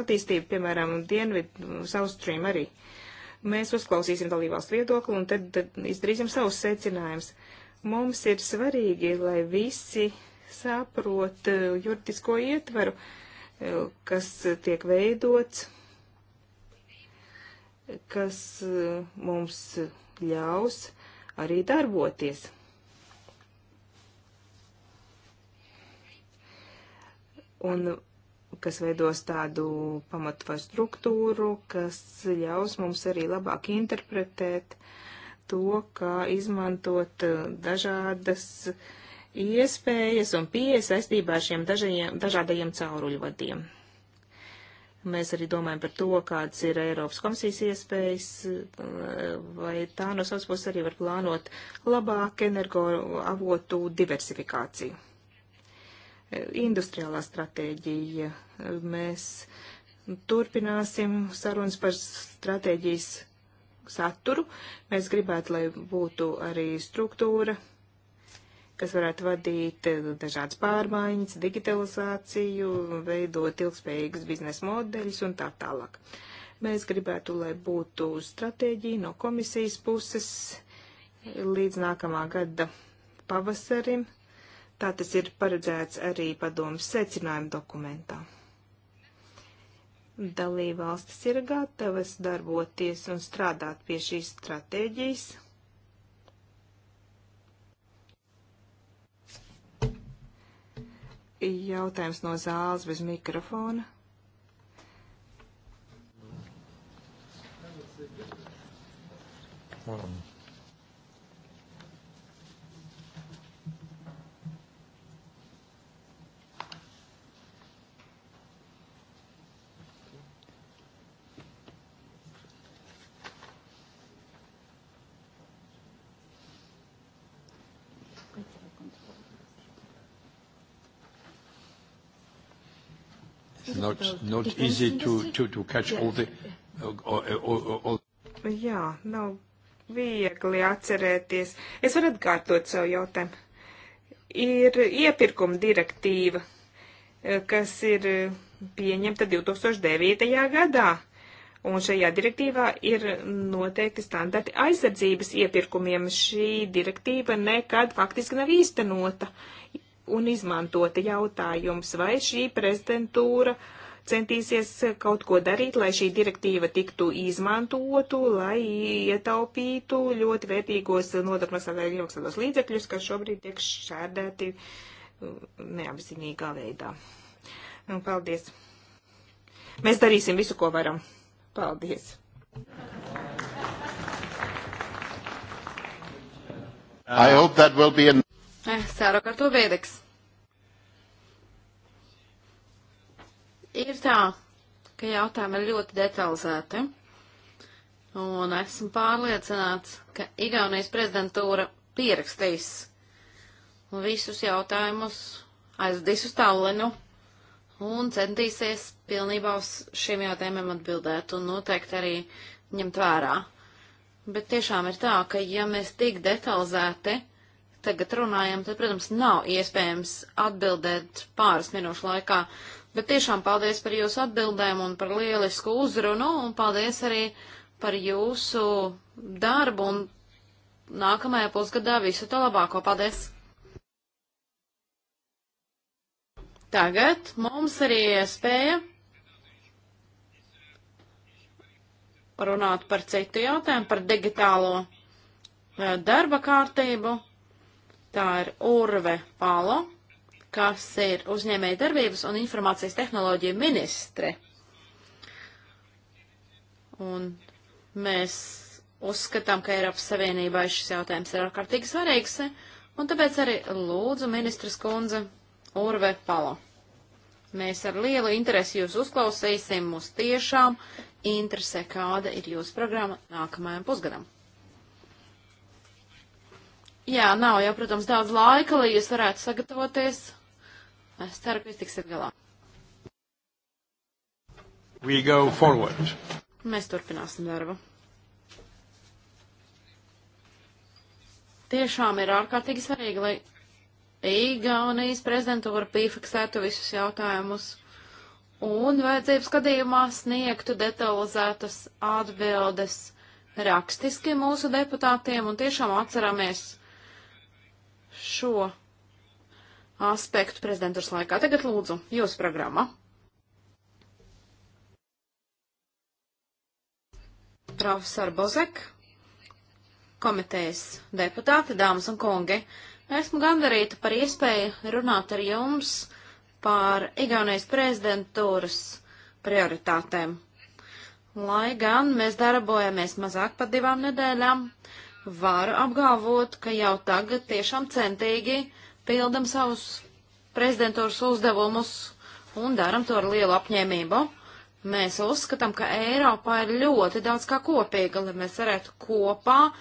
attīstību, piemēram, Dienvidu South Stream arī. Mēs uzklausīsim dalībvalstu viedokli un tad izdarīsim savus secinājumus. Mums ir svarīgi, lai visi saprot uh, juridisko ietveru, uh, kas tiek veidots kas eh, mums ļaus arī darboties. Un kas veidos tādu pamatu vai struktūru, kas ļaus mums arī labāk interpretēt to, kā izmantot eh, dažādas iespējas un pieejas saistībā ar šiem dažajiem, dažādajiem cauruļvadiem. Mēs arī domājam par to, kādas ir Eiropas komisijas iespējas, vai tā no savas puses arī var plānot labāk energoavotu diversifikāciju. Industriālā stratēģija. Mēs turpināsim sarunas par stratēģijas saturu. Mēs gribētu, lai būtu arī struktūra kas varētu vadīt eh, dažādas pārmaiņas, digitalizāciju, veidot ilgspējīgus biznesa modeļus un tā tālāk. Mēs gribētu, lai būtu stratēģija no komisijas puses līdz nākamā gada pavasarim. Tā tas ir paredzēts arī padomas secinājuma dokumentā. Dalībvalstis ir gatavas darboties un strādāt pie šīs stratēģijas Jautājums no zāles bez mikrofona. Well. not, not easy to, to, to catch all the. Uh, all, all, all. Jā, nav viegli atcerēties. Es varu atkārtot savu jautājumu. Ir iepirkuma direktīva, eh, kas ir eh, pieņemta 2009. gadā, un šajā direktīvā ir noteikti standarti aizsardzības iepirkumiem. Šī direktīva nekad faktiski nav īstenota un izmantoti jautājums, vai šī prezidentūra centīsies kaut ko darīt, lai šī direktīva tiktu izmantotu, lai ietaupītu ļoti vērtīgos nodarbinātāju iemaksātos līdzekļus, kas šobrīd tiek šķērdēti uh, neapzinīgā veidā. Nu, paldies. Mēs darīsim visu, ko varam. Paldies. I hope that will be an Eh, Sārakar to bēdeks. Ir tā, ka jautājumi ir ļoti detalizēti, un esmu pārliecināts, ka Igaunijas prezidentūra pierakstīs visus jautājumus aiz disu taulenu un centīsies pilnībā uz šiem jautājumiem atbildēt un noteikti arī ņemt vērā. Bet tiešām ir tā, ka ja mēs tik detalizēti tagad runājam, tad, protams, nav iespējams atbildēt pāris minūšu laikā. Bet tiešām paldies par jūsu atbildēm un par lielisku uzrunu, un paldies arī par jūsu darbu, un nākamajā pusgadā visu to labāko. Paldies! Tagad mums arī iespēja runāt par citu jautājumu, par digitālo eh, darba kārtību. Tā ir Urve Palo, kas ir uzņēmēja darbības un informācijas tehnoloģija ministre. Un mēs uzskatām, ka Eiropas Savienībai šis jautājums ir ārkārtīgi svarīgs, un tāpēc arī lūdzu ministras kundze Urve Palo. Mēs ar lielu interesi jūs uzklausīsim, mūs tiešām interesē, kāda ir jūsu programma nākamajam pusgadam. Jā, nav jau, protams, daudz laika, lai jūs varētu sagatavoties. Es ceru, ka jūs tiksiet galā. We go forward. Mēs turpināsim darbu. Tiešām ir ārkārtīgi svarīgi, lai Igaunijas prezidentūra piefiksētu visus jautājumus un vajadzības gadījumā sniegtu detalizētas atbildes rakstiski mūsu deputātiem un tiešām atceramies šo aspektu prezidentūras laikā. Tagad lūdzu, jūsu programma. Profesor Bozek, komitejas deputāti, dāmas un kungi, esmu gandarīta par iespēju runāt ar jums par Igaunijas prezidentūras prioritātēm. Lai gan mēs darbojamies mazāk par divām nedēļām, uh, varu apgalvot, ka jau tagad tiešām centīgi pildam savus prezidentūras uzdevumus un daram to ar lielu apņēmību. Mēs uzskatām, ka Eiropā ir ļoti daudz kā kopīga, lai mēs varētu kopā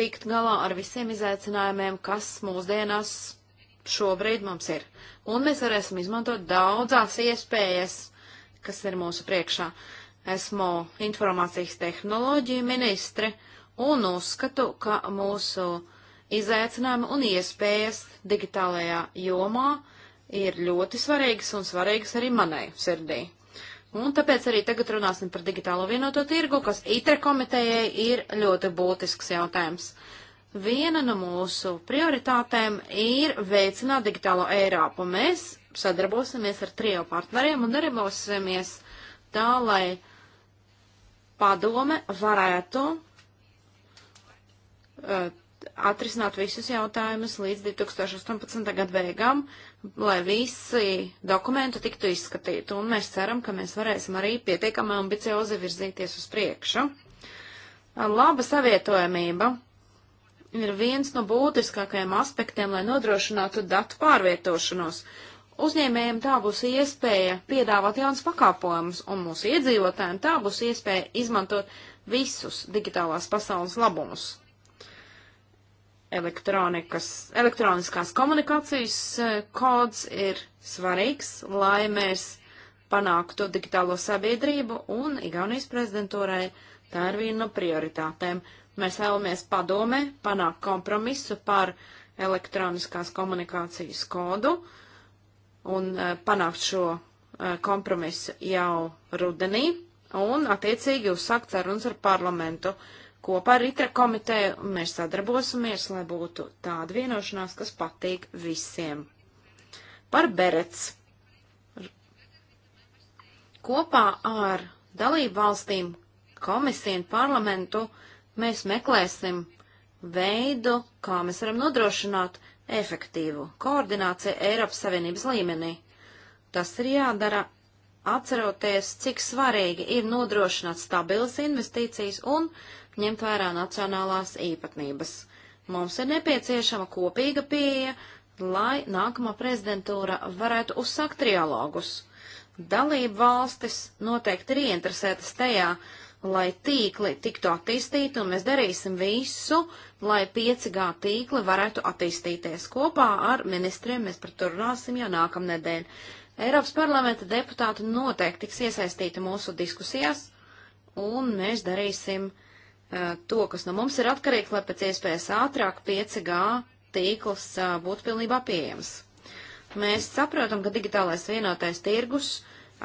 tikt galā ar visiem izaicinājumiem, kas mūsdienās šobrīd mums ir. Un mēs varēsim izmantot daudzās iespējas, kas ir mūsu priekšā. Esmu informācijas tehnoloģiju ministri. Uh, un uzskatu, ka mūsu izaicinājumi un iespējas digitālajā jomā ir ļoti svarīgas un svarīgas arī manai sirdī. Un tāpēc arī tagad runāsim par digitālo vienoto tirgu, kas ITRE komitejai ir ļoti būtisks jautājums. Viena no mūsu prioritātēm ir veicināt digitālo Eiropu. Mēs sadarbosimies ar trio partneriem un darbosimies tā, lai padome varētu Uh, atrisināt visus jautājumus līdz 2018. gada beigām, lai visi dokumenti tiktu izskatīti, un mēs ceram, ka mēs varēsim arī pietiekami ambiciozi virzīties uz priekšu. Uh, laba savietojamība ir viens no būtiskākajiem aspektiem, lai nodrošinātu datu pārvietošanos. Uzņēmējiem tā būs iespēja piedāvāt jaunas pakāpojumus, un mūsu iedzīvotājiem tā būs iespēja izmantot visus digitālās pasaules labumus elektroniskās komunikācijas e, kods ir svarīgs, lai mēs panāktu digitālo sabiedrību, un Igaunijas prezidentūrai tā ir viena no prioritātēm. Mēs vēlamies padomē panākt kompromisu par elektroniskās komunikācijas kodu un e, panākt šo e, kompromisu jau rudenī un attiecīgi uzsākt sarunas ar parlamentu. Uh, kopā ar ITRA komiteju mēs sadarbosimies, lai būtu tāda vienošanās, kas patīk visiem. Par berets. Kopā ar dalību valstīm, komisiju un parlamentu mēs meklēsim veidu, kā mēs varam nodrošināt efektīvu koordināciju Eiropas Savienības līmenī. Tas ir jādara atceroties, cik svarīgi ir nodrošināt stabilas investīcijas un uh, ņemt vērā nacionālās īpatnības. Mums ir nepieciešama kopīga pieeja, lai nākamā prezidentūra varētu uzsākt trialogus. Dalību valstis noteikti ir ieinteresētas tajā, lai tīkli tiktu attīstīti, un mēs darīsim visu, lai 5G tīkli varētu attīstīties. Kopā ar ministriem mēs par to runāsim jau nākamnedēļ. Eiropas parlamenta deputāti noteikti tiks iesaistīti mūsu diskusijās, un mēs darīsim Eh, to, kas no mums ir atkarīgs, lai pēc iespējas ātrāk 5G tīkls eh, būtu pilnībā pieejams. Mēs saprotam, ka digitālais vienotais tirgus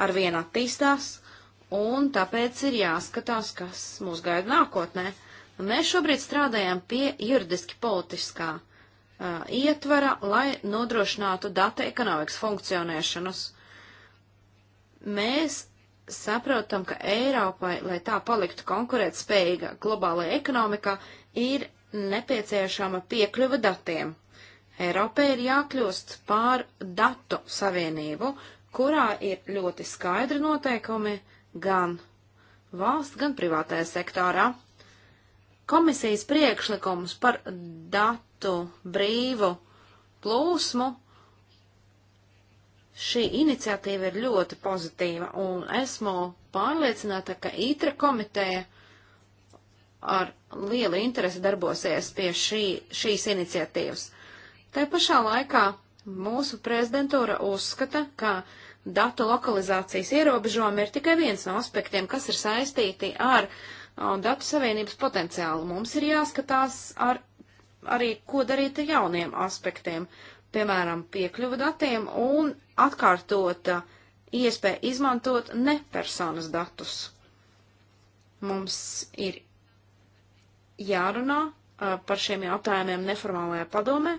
ar vien attīstās, un tāpēc ir jāskatās, kas mūs gaida nākotnē. Mēs šobrīd strādājam pie juridiski politiskā uh, ietvara, lai nodrošinātu data ekonomikas funkcionēšanas. Mēs saprotam, ka Eiropai, lai tā paliktu konkurētspējīga globālajā ekonomikā, ir nepieciešama piekļuva datiem. Eiropai ir jākļūst pār datu savienību, kurā ir ļoti skaidri noteikumi gan valsts, gan privātajā sektorā. Komisijas priekšlikums par datu brīvu plūsmu Šī iniciatīva ir ļoti pozitīva, un esmu pārliecināta, ka ITRA komiteja ar lielu interesi darbosies pie šī, šīs iniciatīvas. Tā pašā laikā mūsu prezidentūra uzskata, ka datu lokalizācijas ierobežojumi ir tikai viens no aspektiem, kas ir saistīti ar o, datu savienības potenciālu. Mums ir jāskatās ar, arī, ko darīt ar jauniem aspektiem piemēram, piekļuva datiem un atkārtota iespēja izmantot nepersonas datus. Mums ir jārunā par šiem jautājumiem neformālajā padomē,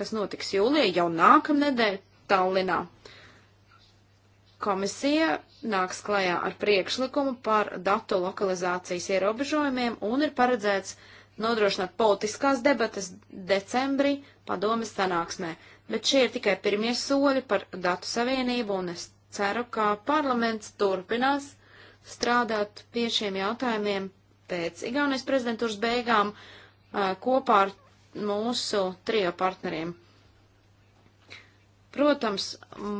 kas notiks jūlijā jau nākamnedēļ Tallinā. Komisija nāks klajā ar priekšlikumu par datu lokalizācijas ierobežojumiem un ir paredzēts nodrošināt politiskās debatas decembrī padomes sanāksmē. Bet šie ir tikai pirmie soļi par datu savienību, un es ceru, ka parlaments turpinās strādāt pie šiem jautājumiem pēc Igaunijas prezidentūras beigām kopā ar mūsu trio partneriem. Protams,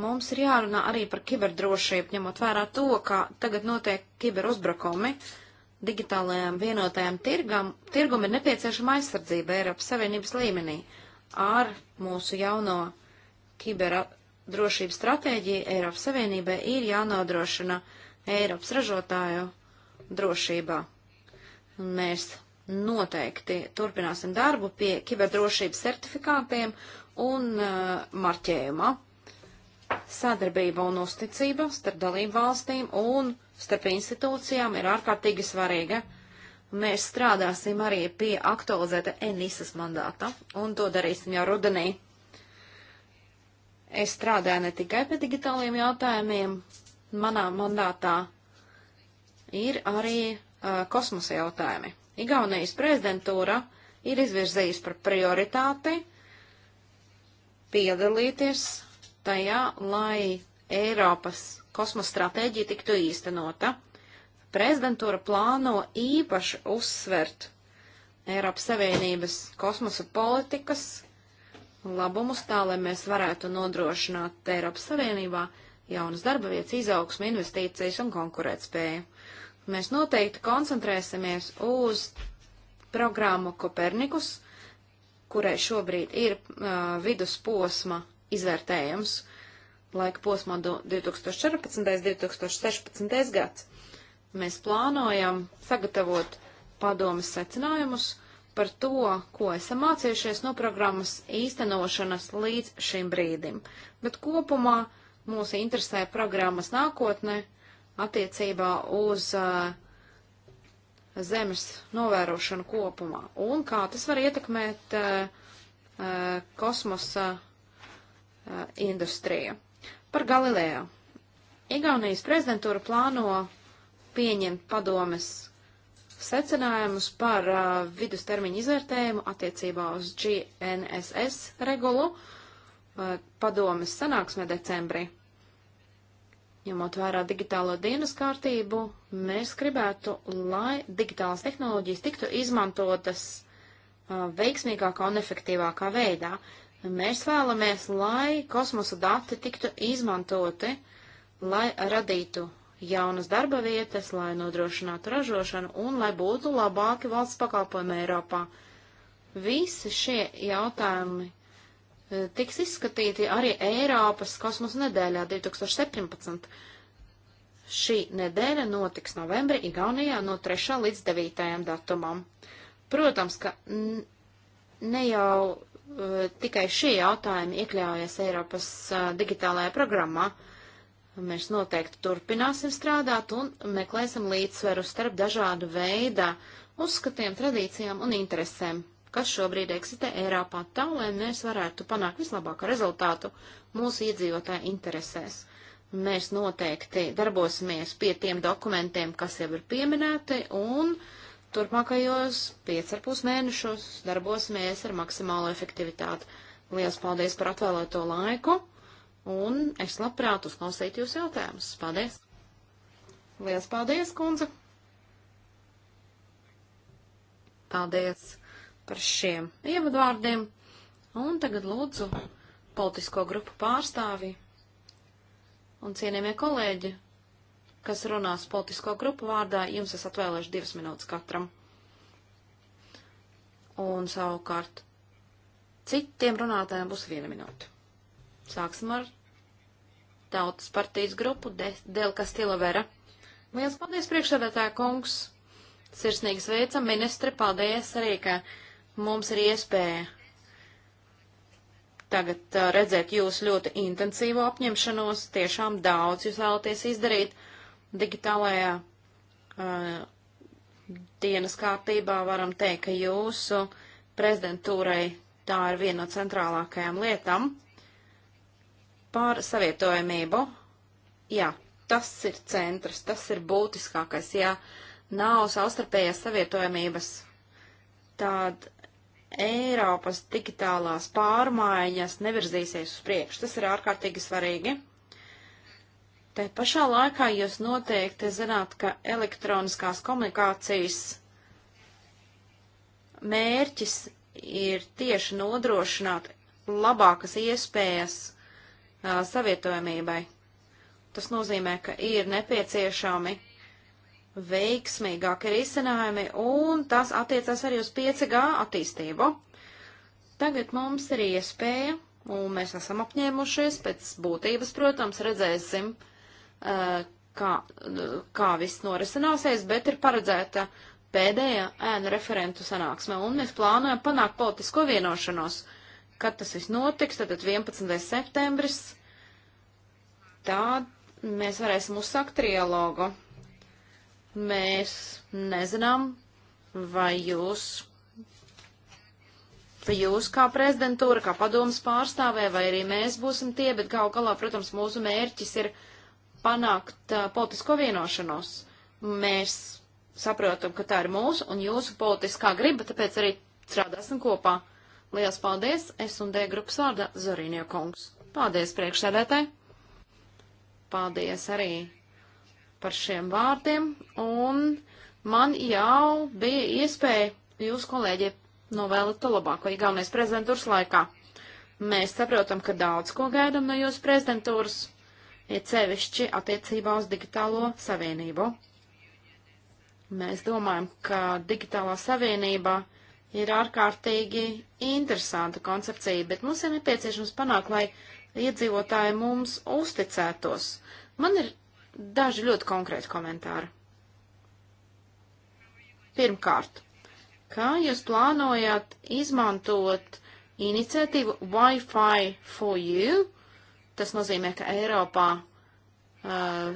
mums ir jārunā arī par kiberdrošību, ņemot vērā to, ka tagad notiek kiberuzbrukumi digitālajām vienotajām tirgam, tirgum ir nepieciešama aizsardzība Eiropas Savienības līmenī ar mūsu jauno kiberdrošības stratēģiju Eiropas Savienībai ir jānodrošina Eiropas ražotāju drošībā. Mēs noteikti turpināsim darbu pie kiberdrošības certifikātiem un uh, marķējumā. Sadarbība un uzticība starp dalību valstīm un starp institūcijām ir ārkārtīgi svarīga. Uh, Mēs strādāsim arī pie aktualizēta Enisas mandāta, un to darīsim jau rudenī. Es strādāju ne tikai pie digitāliem jautājumiem, manā mandātā ir arī uh, kosmosa jautājumi. Igaunijas prezidentūra ir izvirzījusi par prioritāti piedalīties tajā, lai Eiropas kosmosa stratēģija tiktu īstenota prezidentūra plāno īpaši uzsvert Eiropas Savienības kosmosa politikas labumus tā, lai mēs varētu nodrošināt Eiropas Savienībā jaunas darba vietas, izaugsmu, investīcijas un konkurētspēju. Mēs noteikti koncentrēsimies uz programmu Kopernikus, kurai šobrīd ir uh, vidusposma izvērtējums laika posmā 2014. un 2016. gads. Mēs plānojam sagatavot padomas secinājumus par to, ko esam mācījušies no programmas īstenošanas līdz šim brīdim. Bet kopumā mūs interesē programmas nākotne attiecībā uz uh, zemes novērošanu kopumā un kā tas var ietekmēt uh, uh, kosmosa uh, industriju. Par Galileo. Igaunijas prezidentūra plāno pieņemt padomes secinājumus par uh, vidustermiņu izvērtējumu attiecībā uz GNSS regulu uh, padomes sanāksmē decembrī. Ņemot vērā digitālo dienas kārtību, mēs gribētu, lai digitālās tehnoloģijas tiktu izmantotas uh, veiksmīgākā un efektīvākā veidā. Mēs vēlamies, lai kosmosa dati tiktu izmantoti, lai radītu jaunas darba vietas, lai nodrošinātu ražošanu un lai būtu labāki valsts pakalpojumi Eiropā. Visi šie jautājumi e, tiks izskatīti arī Eiropas kosmosa nedēļā 2017. Šī nedēļa notiks novembri Igaunijā no 3. līdz 9. datumam. Protams, ka ne jau e, tikai šie jautājumi iekļaujas Eiropas e, digitālajā programmā, uh, Mēs noteikti turpināsim strādāt un meklēsim līdzsveru starp dažādu veidu uzskatiem, tradīcijām un interesēm, kas šobrīd eksistē Eiropā, tā lai mēs varētu panākt vislabāko rezultātu mūsu iedzīvotāju interesēs. Mēs noteikti darbosimies pie tiem dokumentiem, kas jau ir pieminēti, un turpmākajos 5,5 mēnešos darbosimies ar maksimālo efektivitāti. Lielas paldies par atvēlēto laiku! un es labprāt uzklausītu jūs jautājumus. Paldies! Lielas paldies, kundze! Paldies par šiem ievadvārdiem, un tagad lūdzu politisko grupu pārstāvi un cienījamie kolēģi, kas runās politisko grupu vārdā, jums es atvēlēšu divas minūtes katram. Un savukārt citiem runātājiem būs viena minūte. Sāksim ar Tautas partijas grupu De Delka Stilavera. Liels paldies, priekšsēdētāja kungs! Sirsnīgi sveicam, ministri, paldies arī, ka mums ir iespēja tagad uh, redzēt jūsu ļoti intensīvo apņemšanos, tiešām daudz jūs vēlaties izdarīt digitālajā uh, dienas kārtībā, varam teikt, ka jūsu prezidentūrai tā ir viena no centrālākajām lietām. Par savietojamību. Jā, tas ir centrs, tas ir būtiskākais. Ja nav savstarpējās savietojamības, tad Eiropas digitālās pārmaiņas nevirzīsies uz priekšu. Tas ir ārkārtīgi svarīgi. Te pašā laikā jūs noteikti zināt, ka elektroniskās komunikācijas mērķis ir tieši nodrošināt labākas iespējas savietojamībai. Tas nozīmē, ka ir nepieciešami veiksmīgāki risinājumi, un tas attiecās arī uz 5G attīstību. Tagad mums ir iespēja, un mēs esam apņēmušies, pēc būtības, protams, redzēsim, kā, kā viss norisināsies, bet ir paredzēta pēdējā ēnu referentu sanāksme, un mēs plānojam panākt politisko vienošanos. Uh, kad tas viss notiks, tad 11. septembris, tā mēs varēsim uzsākt trialogu. Mēs nezinām, vai jūs, vai jūs kā prezidentūra, kā padomas pārstāvē, vai arī mēs būsim tie, bet gal galā, protams, mūsu mērķis ir panākt uh, politisko vienošanos. Mēs saprotam, ka tā ir mūsu un jūsu politiskā griba, tāpēc arī strādāsim kopā. Liels paldies! Es un D grupas vārdā Zorīnie kungs. Paldies priekšsēdētāji! Paldies arī par šiem vārdiem. Un man jau bija iespēja jūs, kolēģi, novēlēt to labāko Igaunijas prezidentūras laikā. Mēs saprotam, ka daudz ko gaidam no jūsu prezidentūras, ir cevišķi attiecībā uz digitālo savienību. Mēs domājam, ka digitālā savienība ir ārkārtīgi interesanta koncepcija, bet mums ir nepieciešams panākt, lai iedzīvotāji mums uzticētos. Man ir daži ļoti konkrēti komentāri. Pirmkārt, kā jūs plānojat izmantot iniciatīvu Wi-Fi for You? Tas nozīmē, ka Eiropā uh,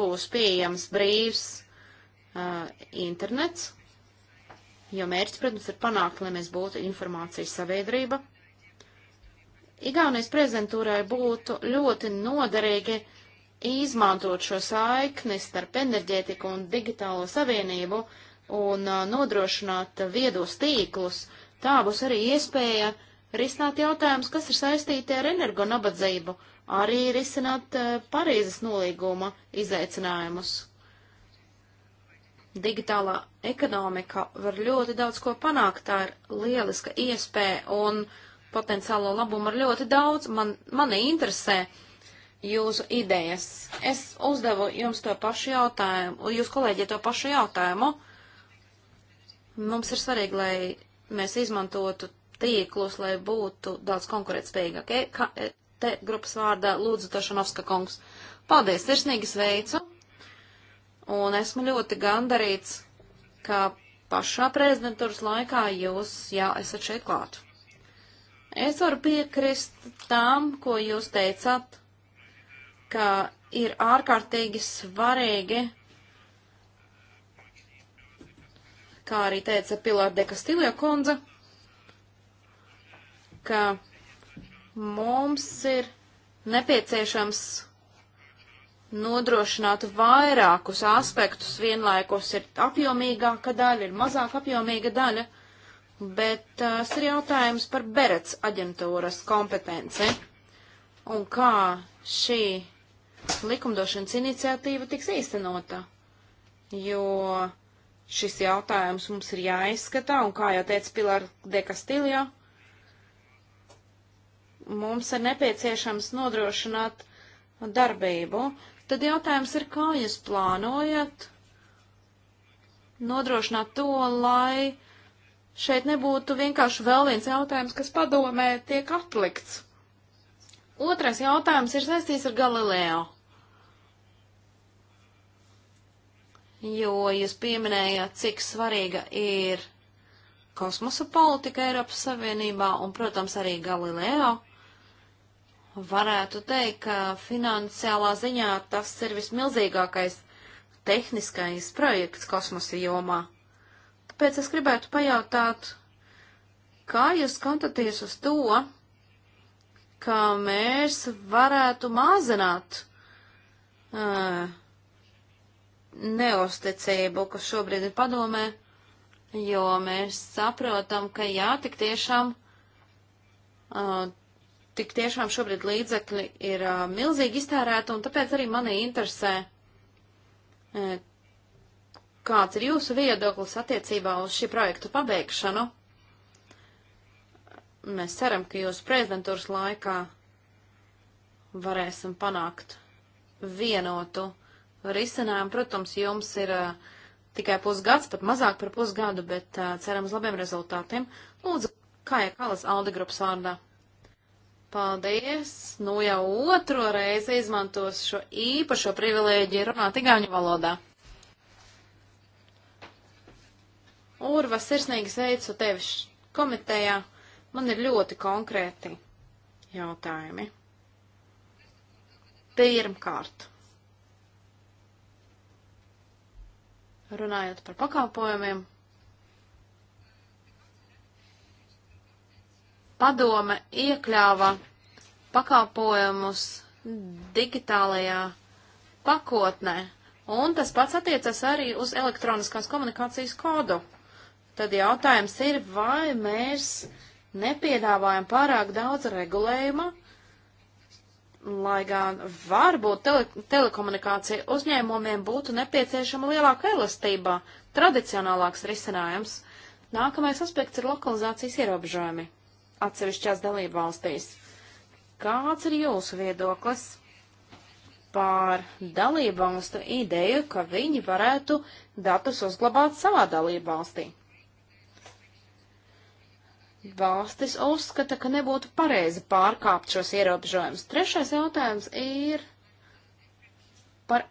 būs pieejams brīvs uh, internets, jo mērķis, protams, ir panākt, lai mēs būtu informācijas sabiedrība. Igaunijas prezentūrai būtu ļoti noderīgi izmantot šo saikni starp enerģētiku un digitālo savienību un uh, nodrošināt viedos tīklus. Tā būs arī iespēja risināt jautājumus, kas ir saistīti ar energo nabadzību, arī risināt uh, Parīzes nolīguma izaicinājumus, digitālā ekonomika var ļoti daudz ko panākt. Tā ir lieliska iespēja un potenciālo labumu ir ļoti daudz. Man, mani interesē jūsu idejas. Es uzdevu jums to pašu jautājumu, jūs kolēģi to pašu jautājumu. Mums ir svarīgi, lai mēs izmantotu tīklus, lai būtu daudz konkurētspējīgāk. E, e te grupas vārdā Lūdzu Tošanovska kungs. Paldies, sirsnīgi sveicu! un esmu ļoti gandarīts, ka pašā prezidentūras laikā jūs, jā, esat šeit klāt. Es varu piekrist tam, ko jūs teicat, ka ir ārkārtīgi svarīgi, kā arī teica Pilāra de Kastiljo kundze, ka mums ir nepieciešams nodrošināt vairākus aspektus vienlaikus. Ir apjomīgāka daļa, ir mazāk apjomīga daļa, bet eh, tas ir jautājums par Berets aģentūras kompetenci un kā šī likumdošanas iniciatīva tiks īstenota. Jo šis jautājums mums ir jāizskatā, un kā jau teica Pilāra de Kastiljo, mums ir nepieciešams nodrošināt darbību. Tad jautājums ir, kā jūs plānojat nodrošināt to, lai šeit nebūtu vienkārši vēl viens jautājums, kas padomē tiek atlikts. Otrais jautājums ir saistīts ar Galileo. Jo jūs pieminējāt, cik svarīga ir kosmosa politika Eiropas Savienībā un, protams, arī Galileo varētu teikt, ka finansiālā ziņā tas ir vismilzīgākais tehniskais projekts kosmosa jomā. Tāpēc es gribētu pajautāt, kā jūs skatāties uz to, ka mēs varētu mazināt uh, neusticību, kas šobrīd ir padomē, jo mēs saprotam, ka jā, tik tiešām uh, tik tiešām šobrīd līdzekļi ir uh, milzīgi iztērēti, un tāpēc arī mani interesē, uh, kāds ir jūsu viedoklis attiecībā uz šī projektu pabeigšanu. Mēs ceram, ka jūsu prezidentūras laikā varēsim panākt vienotu risinājumu. Protams, jums ir uh, tikai pusgads, pat mazāk par pusgadu, bet uh, ceram uz labiem rezultātiem. Lūdzu, kā jau kalas Alde grupas vārdā. Paldies! Nu jau otro reizi izmantos šo īpašo privilēģiju runāt igauņu valodā. Urva, sirsnīgi sveicu tevi komitejā. Man ir ļoti konkrēti jautājumi. Pirmkārt, runājot par pakalpojumiem, padome iekļāva pakalpojumus digitālajā pakotnē, un tas pats attiecas arī uz elektroniskās komunikācijas kodu. Tad jautājums ir, vai mēs nepiedāvājam pārāk daudz regulējuma, lai gan varbūt tele telekomunikācija uzņēmumiem būtu nepieciešama lielāka elastība, tradicionālāks risinājums. Nākamais aspekts ir lokalizācijas ierobežojumi atsevišķās dalībvalstīs. Kāds ir jūsu viedoklis pār dalībvalstu ideju, ka viņi varētu datus uzglabāt savā dalībvalstī? Valstis uzskata, ka nebūtu pareizi pārkāpt šos ierobežojumus. Trešais jautājums ir par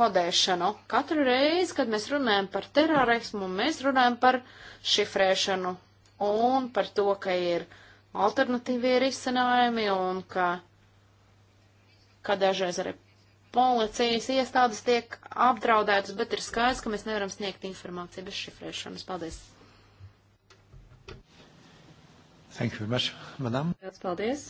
kodēšanu. Katru reizi, kad mēs runājam par terorismu, mēs runājam par šifrēšanu, un par to, ka ir alternatīvie risinājumi un ka, ka dažreiz arī policijas iestādes tiek apdraudētas, bet ir skaidrs, ka mēs nevaram sniegt informāciju bez šifrēšanas. Paldies! Thank you very much, madam. Paldies! paldies.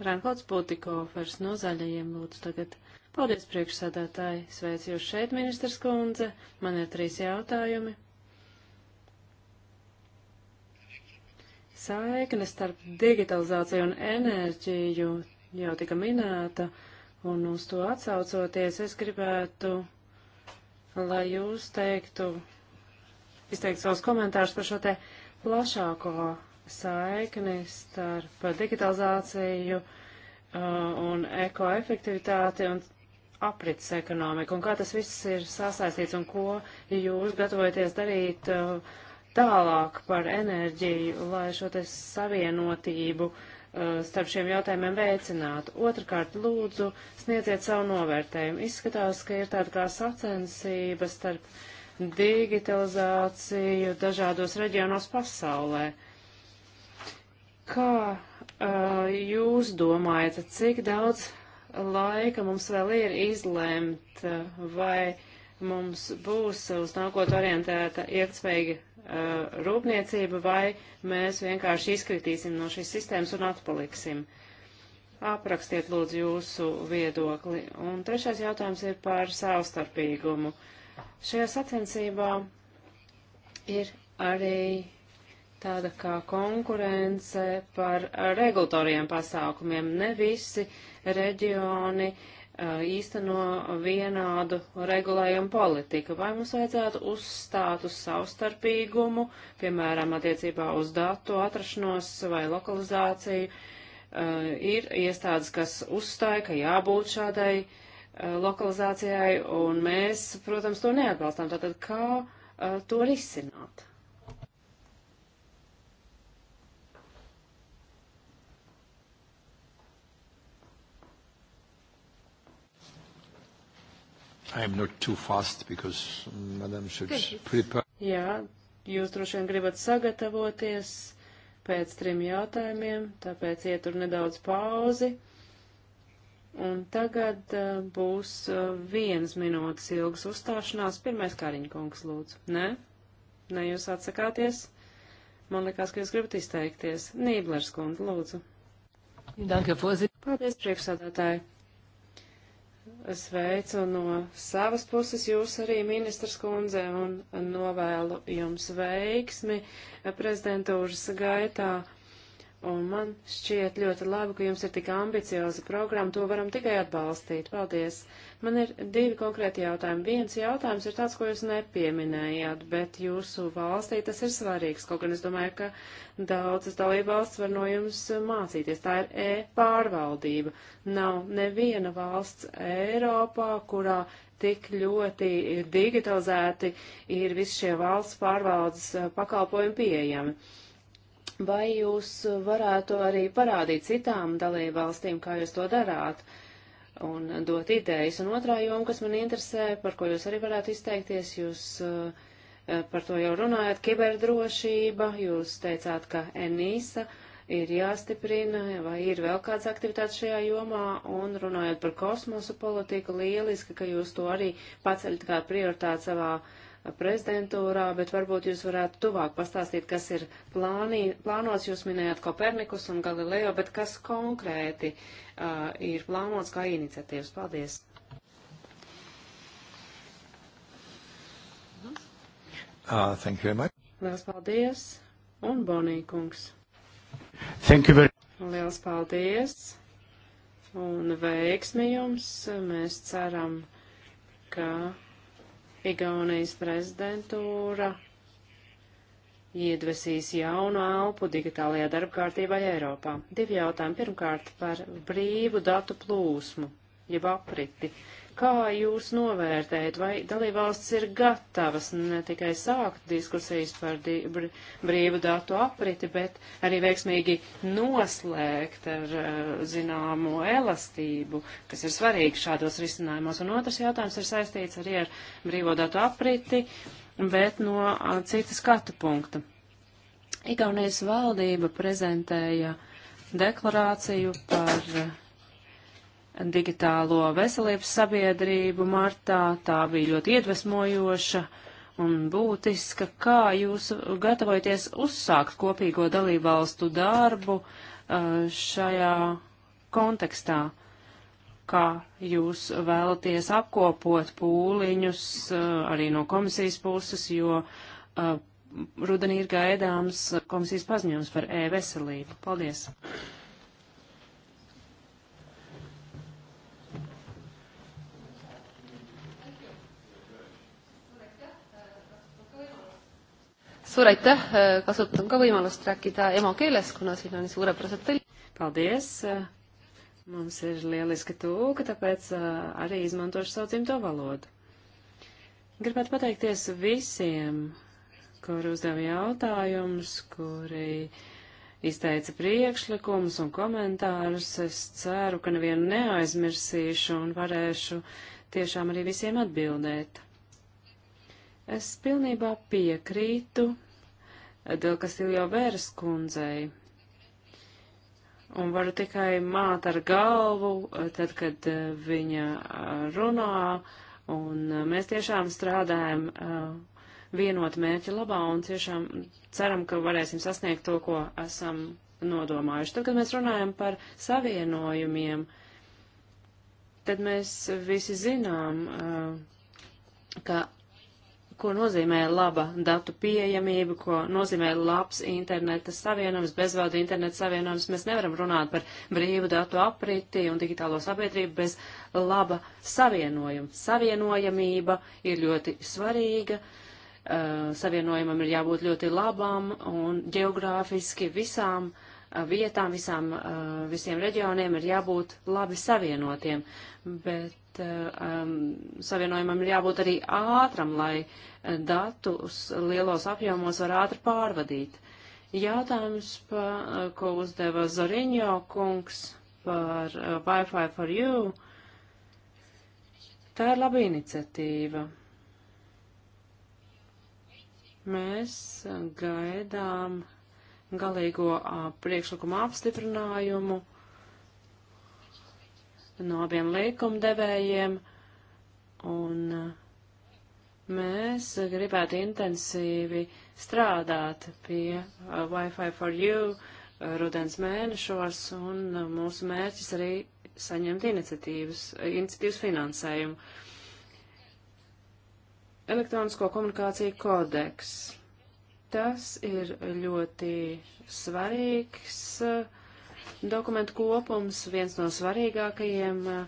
Rankots Būtikofers no zaļajiem lūdzu tagad. Paldies, priekšsādātāji. Sveicu jūs šeit, ministrs kundze. Man ir trīs jautājumi. Saikne starp digitalizāciju un enerģiju jau tika minēta, un uz to atsaucoties es gribētu, lai jūs teiktu, izteikt savus komentārus par šo te plašāko saikni starp digitalizāciju uh, un ekoefektivitāti un aprits ekonomika un kā tas viss ir sasaistīts un ko jūs gatavojaties darīt uh, tālāk par enerģiju, lai šo te savienotību uh, starp šiem jautājumiem veicināt. Otrakārt, lūdzu, sniedziet savu novērtējumu. Izskatās, ka ir tāda kā sacensība starp digitalizāciju dažādos reģionos pasaulē. Kā uh, jūs domājat, cik daudz laika mums vēl ir izlemt, vai mums būs uz nākotnē orientēta ilgspējīga uh, rūpniecība, vai mēs vienkārši izkritīsim no šīs sistēmas un atpaliksim. Aprakstiet lūdzu jūsu viedokli. Un trešais jautājums ir par savstarpīgumu. Šajā sacensībā ir arī tāda kā konkurence par regulatoriem pasākumiem. Ne visi reģioni uh, īsteno vienādu regulējumu politiku. Vai mums vajadzētu uzstāt uz savstarpīgumu, piemēram, attiecībā uz datu atrašanos vai lokalizāciju? Uh, ir iestādes, kas uzstāja, ka jābūt šādai uh, lokalizācijai, un mēs, protams, to neatbalstām. Tātad, kā to risināt? I'm not too fast because mm, madam should prepare. Jā, jūs droši vien gribat sagatavoties pēc trim jautājumiem, tāpēc ietur nedaudz pauzi. Un tagad uh, būs uh, vienas minūtes ilgas uzstāšanās. Pirmais Kariņkungs lūdzu. Nē? Nē, jūs atsakāties? Man liekas, ka jūs gribat izteikties. Nīblers kundze, lūdzu. Danke, Paldies, priekšsādātāji sveicu no savas puses jūs arī, ministrs kundze, un novēlu jums veiksmi prezidentūras gaitā. Un man šķiet ļoti labi, ka jums ir tik ambicioza programma, to varam tikai atbalstīt. Paldies! Man ir divi konkrēti jautājumi. Viens jautājums ir tāds, ko jūs nepieminējāt, bet jūsu valstī tas ir svarīgs, kaut gan es domāju, ka daudzas dalībvalsts var no jums mācīties. Tā ir e-pārvaldība. Nav neviena valsts Eiropā, kurā tik ļoti digitalizēti ir visi šie valsts pārvaldes pakalpojumi pieejami. Uh, Vai jūs varētu arī parādīt citām dalībvalstīm, kā jūs to darāt, un dot idejas? Un otrā joma, kas man interesē, par ko jūs arī varētu izteikties, jūs eh, par to jau runājat, kiberdrošība, jūs teicāt, ka Enīsa ir jāstiprina, vai ir vēl kādas aktivitātes šajā jomā, un runājot par kosmosu politiku, lieliski, ka jūs to arī paceļat kā prioritāti savā uh, prezidentūrā, bet varbūt jūs varētu tuvāk pastāstīt, kas ir plānī, plānots. Jūs minējāt Kopernikus un Galileo, bet kas konkrēti uh, ir plānots kā iniciatīvas? Paldies! Uh, thank you very much. Liels paldies! Un Bonija kungs. Thank you very much. Liels paldies! Un veiksmi jums! Mēs ceram, ka Igaunijas prezidentūra iedvesīs jaunu elpu digitālajā darbkārtībā Eiropā. Divi jautājumi. Pirmkārt, par brīvu datu plūsmu, jeb apriti. Uh, Kā jūs novērtējat, vai dalībvalsts ir gatavas ne tikai sākt diskusijas par brīvu datu apriti, bet arī veiksmīgi noslēgt ar eh, zināmu elastību, kas ir svarīgi šādos risinājumos? Un otrs jautājums ir saistīts arī ar brīvo datu apriti, bet no citas skatu punkta. Igaunijas valdība prezentēja deklarāciju par eh, digitālo veselības sabiedrību martā. Tā bija ļoti iedvesmojoša un būtiska. Kā jūs gatavojaties uzsākt kopīgo dalībvalstu darbu uh, šajā kontekstā? Kā jūs vēlaties apkopot pūliņus uh, arī no komisijas puses, jo uh, rudenī ir gaidāms komisijas paziņojums par e-veselību? Paldies! suur aitäh, kasutan ka võimalust rääkida emakeeles, kuna siin on suurepärased tõlgid. paldies, mums ir lieliski tūka, tāpēc arī izmantošu savu dzimto valodu. Gribētu pateikties visiem, kur uzdeva jautājumus, kuri izteica priekšlikumus un komentārus. Es ceru, ka nevienu neaizmirsīšu un varēšu tiešām arī visiem atbildēt. Es pilnībā piekrītu Dilkastiljo Vēras kundzei. Un varu tikai māt ar galvu, eh, tad, kad eh, viņa eh, runā, un mēs tiešām strādājam vienot mērķi labā un tiešām ceram, ka varēsim sasniegt to, ko esam nodomājuši. Tad, kad mēs runājam par savienojumiem, tad mēs visi zinām, ka ko nozīmē laba datu pieejamība, ko nozīmē labs interneta savienojums, bezvadu interneta savienojums. Mēs nevaram runāt par brīvu datu apriti un digitālo sabiedrību bez laba savienojuma. Savienojamība ir ļoti svarīga. Uh, savienojumam ir jābūt ļoti labam un geogrāfiski visām uh, vietām, visām, uh, visiem reģioniem ir jābūt labi savienotiem, bet uh, um, savienojumam ir jābūt arī ātram, lai uh, datus lielos apjomos var ātri pārvadīt. Jautājums, pa, ko uzdeva Zoriņo kungs par Wi-Fi for You, tā ir laba iniciatīva. Mēs gaidām galīgo priekšlikuma apstiprinājumu no abiem likumdevējiem, un mēs gribētu intensīvi strādāt pie Wi-Fi for You rudens mēnešos, un mūsu mērķis arī saņemt iniciatīvas, iniciatīvas finansējumu. Elektronisko komunikāciju kodeks. Tas ir ļoti svarīgs uh, dokumentu kopums, viens no svarīgākajiem uh,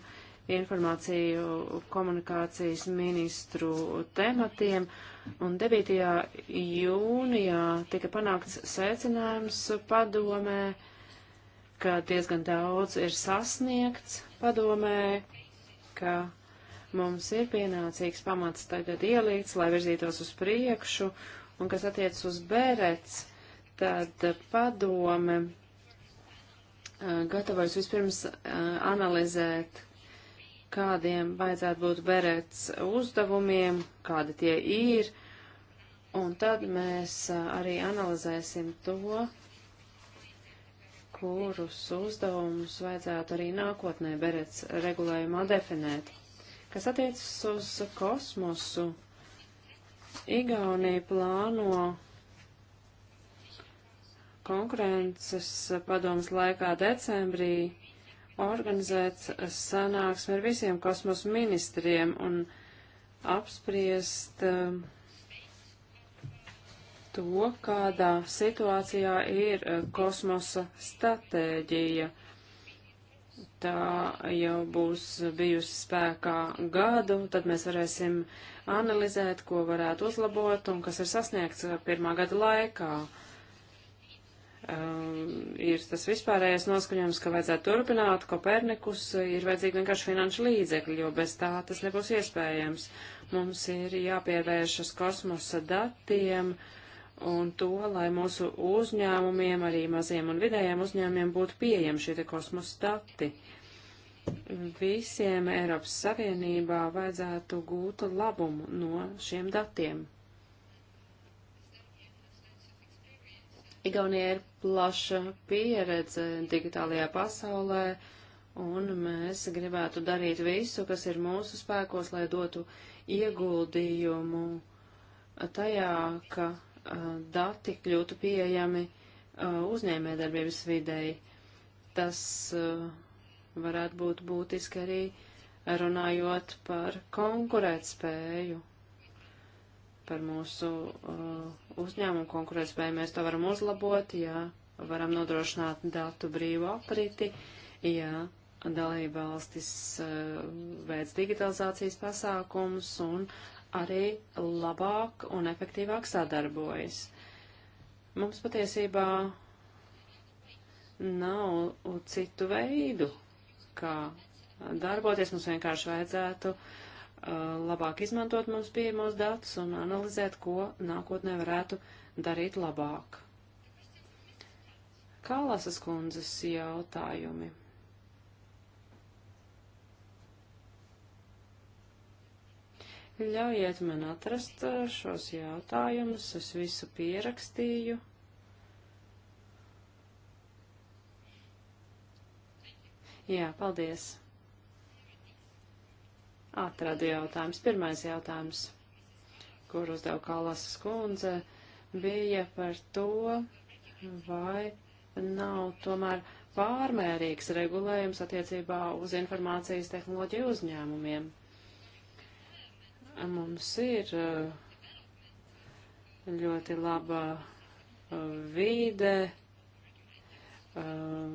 informāciju komunikācijas ministru tematiem, un 9. jūnijā tika panākts secinājums padomē, ka diezgan daudz ir sasniegts padomē, ka mums ir pienācīgs pamats tagad ielikts, lai virzītos uz priekšu, Un kas attiec uz bērēts, tad padome gatavojas vispirms analizēt, kādiem vajadzētu būt berets uzdevumiem, kādi tie ir, un tad mēs arī analizēsim to, kurus uzdevumus vajadzētu arī nākotnē berets regulējumā definēt. Kas attiecas uz kosmosu, Igaunija plāno konkurences padomas laikā decembrī organizēt sanāksmi ar visiem kosmosa ministriem un apspriest uh, to, kādā situācijā ir uh, kosmosa stratēģija. Tā jau būs bijusi spēkā gadu, tad mēs varēsim uh, analizēt, ko varētu uzlabot un kas ir sasniegts uh, pirmā gada laikā. Um, ir tas vispārējais noskaņojums, ka vajadzētu turpināt, Kopernikus ir vajadzīgi vienkārši finanšu līdzekļi, jo bez tā tas nebūs iespējams. Mums ir jāpievēršas kosmosa datiem un to, lai mūsu uzņēmumiem, arī maziem un vidējiem uzņēmumiem būtu pieejami šie kosmosa dati. Uh, visiem Eiropas Savienībā vajadzētu gūt labumu no šiem datiem. Igaunija ir plaša pieredze digitālajā pasaulē, un mēs gribētu darīt visu, kas ir mūsu spēkos, lai dotu ieguldījumu tajā, ka dati kļūtu pieejami uzņēmējdarbības videi. Tas uh, varētu būt būtiski arī runājot par konkurētspēju, par mūsu uh, uzņēmumu konkurētspēju. Mēs to varam uzlabot, ja varam nodrošināt datu brīvu apriti, ja dalība valstis uh, veids digitalizācijas pasākums un arī labāk un efektīvāk sadarbojas. Mums patiesībā nav citu veidu, kā darboties, mums vienkārši vajadzētu uh, labāk izmantot mums pieejamos datus un analizēt, ko nākotnē varētu darīt labāk. Kālasas kundzes jautājumi. Ļaujiet man atrast uh, šos jautājumus, es visu pierakstīju. Jā, paldies. Atradu jautājums. Pirmais jautājums, kur uzdev Kalasas kundze, bija par to, vai nav tomēr pārmērīgs regulējums attiecībā uz informācijas tehnoloģiju uzņēmumiem. Mums ir uh, ļoti laba uh, vīde Um,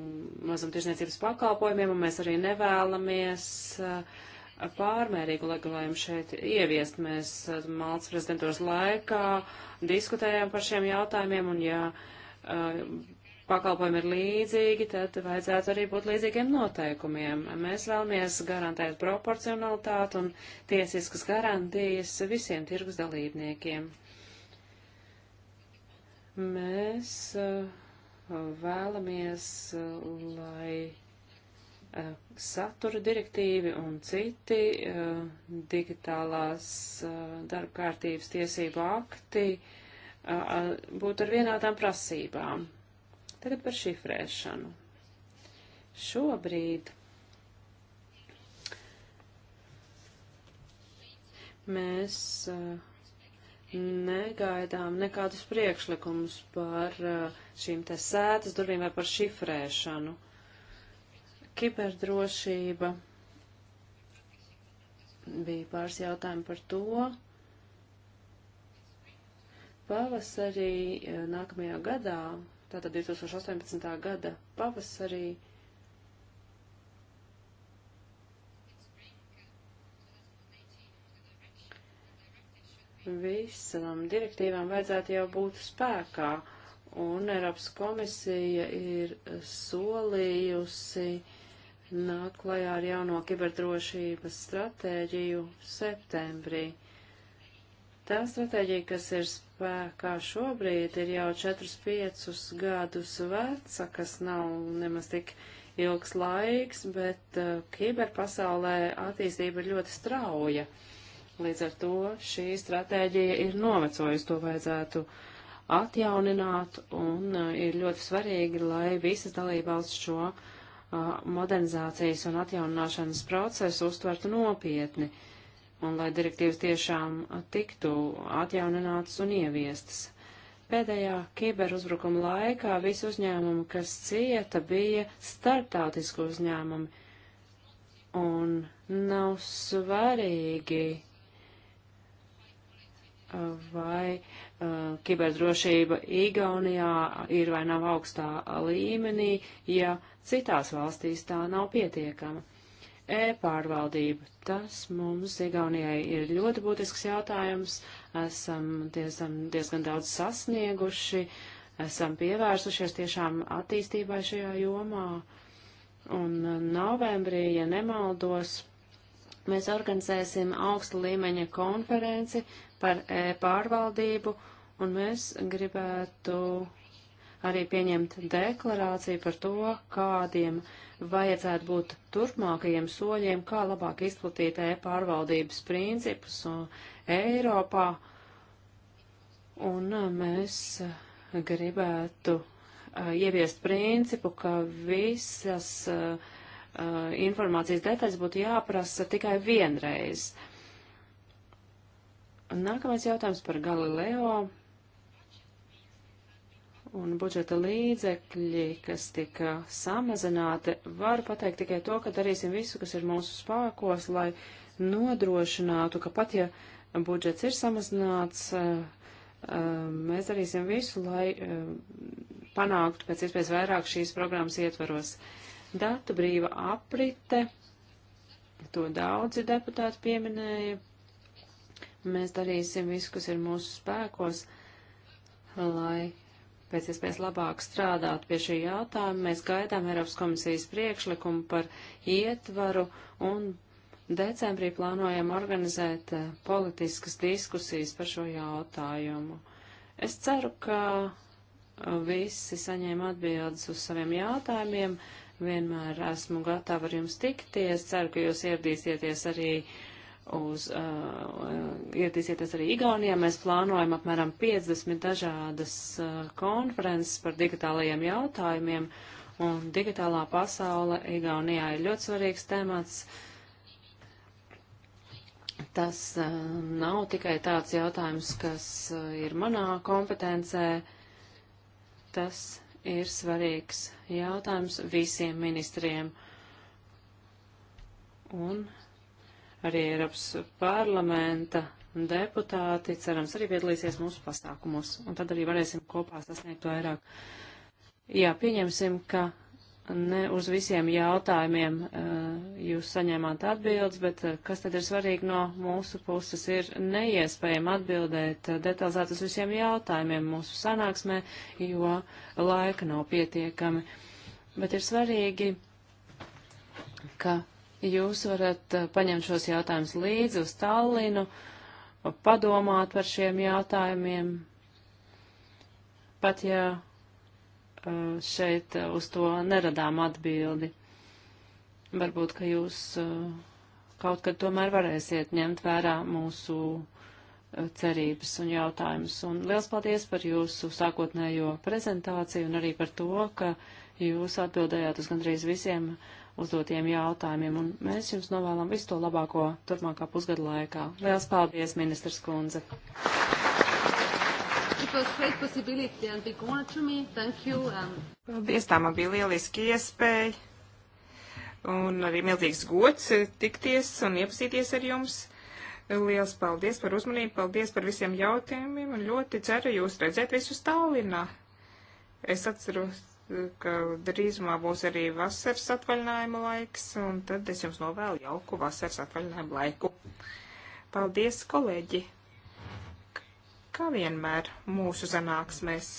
mazumtirdzniecības pakalpojumiem, un mēs arī nevēlamies uh, pārmērīgu regulējumu šeit ieviest. Mēs uh, Maltas prezidentūras laikā diskutējām par šiem jautājumiem, un ja uh, pakalpojumi ir līdzīgi, tad vajadzētu arī būt līdzīgiem noteikumiem. Mēs vēlamies garantēt proporcionalitāti un tiesiskas garantijas visiem tirgus dalībniekiem. Mēs uh, vēlamies, lai eh, satura direktīvi un citi eh, digitālās eh, darba kārtības tiesību akti būtu ar vienādām prasībām. Tagad par šifrēšanu. Šobrīd mēs uh, negaidām nekādus priekšlikumus par uh, šīm te sētas durvīm vai par šifrēšanu. Kiberdrošība bija pāris jautājumi par to. Pavasarī uh, nākamajā gadā, tātad 2018. gada pavasarī, visam direktīvām vajadzētu jau būt spēkā, un Eiropas komisija ir solījusi nāk klajā ar jauno kiberdrošības stratēģiju septembrī. Tā stratēģija, kas ir spēkā šobrīd, ir jau 4-5 gadus veca, kas nav nemaz tik ilgs laiks, bet uh, kiberpasaulē attīstība ir ļoti strauja. Uh, Līdz ar to šī stratēģija ir novecojusi, to vajadzētu atjaunināt, un uh, ir ļoti svarīgi, lai visas dalībvalsts šo uh, modernizācijas un atjaunināšanas procesu uztvertu nopietni, un lai direktīvas tiešām uh, tiktu atjauninātas un ieviestas. Pēdējā kiberuzbrukuma laikā visi uzņēmumi, kas cieta, bija starptautiski uzņēmumi, un nav svarīgi, vai uh, kiberdrošība Igaunijā ir vai nav augstā līmenī, ja citās valstīs tā nav pietiekama. E-pārvaldība. Tas mums Igaunijai ir ļoti būtisks jautājums. Esam diezgan, diezgan daudz sasnieguši, esam pievērsušies tiešām attīstībai šajā jomā. Un novembrī, ja nemaldos, mēs organizēsim augsta līmeņa konferenci, par e-pārvaldību, un mēs gribētu arī pieņemt deklarāciju par to, kādiem vajadzētu būt turpmākajiem soļiem, kā labāk izplatīt e-pārvaldības principus Eiropā. Un uh, mēs uh, gribētu uh, ieviest principu, ka visas uh, uh informācijas detaļas būtu jāprasa tikai vienreiz. Uh, Nākamais jautājums par Galileo un budžeta līdzekļi, kas tika samazināti. Varu pateikt tikai to, ka darīsim visu, kas ir mūsu spēkos, lai nodrošinātu, ka pat ja budžets ir samazināts, eh, eh, mēs darīsim visu, lai eh, panāktu pēc iespējas vairāk šīs programmas ietvaros. Data brīva aprite, to daudzi deputāti pieminēja, Mēs darīsim visu, kas ir mūsu spēkos, lai pēc iespējas labāk strādāt pie šī jautājuma. Mēs gaidām Eiropas komisijas priekšlikumu par ietvaru un decembrī plānojam organizēt eh, politiskas diskusijas par šo jautājumu. Es ceru, ka eh, visi saņēma atbildes uz saviem jautājumiem. Vienmēr esmu gatava ar jums tikties. Ceru, ka jūs ieradīsieties arī uh, uz, uh, ietīsieties arī Igaunijā. Mēs plānojam apmēram 50 dažādas uh, konferences par digitālajiem jautājumiem, un digitālā pasaule Igaunijā ir ļoti svarīgs temats. Tas uh, nav tikai tāds jautājums, kas uh, ir manā kompetencē. Tas ir svarīgs jautājums visiem ministriem. Un arī Eiropas parlamenta deputāti, cerams, arī piedalīsies mūsu pasākumos, un tad arī varēsim kopā sasniegt vairāk. Jā, pieņemsim, ka ne uz visiem jautājumiem eh, jūs saņēmāt atbildes, bet eh, kas tad ir svarīgi no mūsu puses ir neiespējami atbildēt eh, detalizēt uz visiem jautājumiem mūsu sanāksmē, jo laika nav pietiekami. Bet ir svarīgi, ka Jūs varat eh, paņemt šos jautājumus līdzi uz Tallinu, padomāt par šiem jautājumiem. Pat ja eh, šeit eh, uz to neradām atbildi. Varbūt, ka jūs kaut kad tomēr varēsiet ņemt vērā mūsu cerības un jautājumus. Un liels paldies par jūsu sākotnējo prezentāciju un arī par to, ka jūs atbildējāt uz gandrīz visiem uzdotiem jautājumiem, un mēs jums novēlam visu to labāko turpmākā pusgada laikā. Liels paldies, ministrs Kundze! Um, paldies, tā man bija lieliski iespēja un arī milzīgs gods tikties un iepazīties ar jums. Liels paldies par uzmanību, paldies par visiem jautājumiem un ļoti ceru jūs redzēt visus Tallinā. Es atceros, ka drīzumā būs arī vasaras atvaļinājuma laiks, un tad es jums novēlu jauku vasaras atvaļinājumu laiku. Paldies, kolēģi! Kā vienmēr mūsu zanāksmēs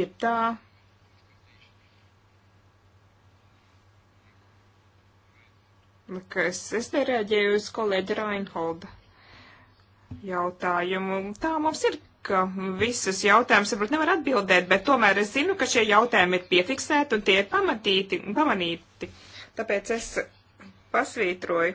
ir tā, ka es, es nereaģēju uz kolēģi Reinholda jautājumu. Tā mums ir ka visas jautājumas varbūt nevar atbildēt, bet tomēr es zinu, ka šie jautājumi ir piefiksēti un tie ir pamatīti, pamanīti. Tāpēc es pasvītroju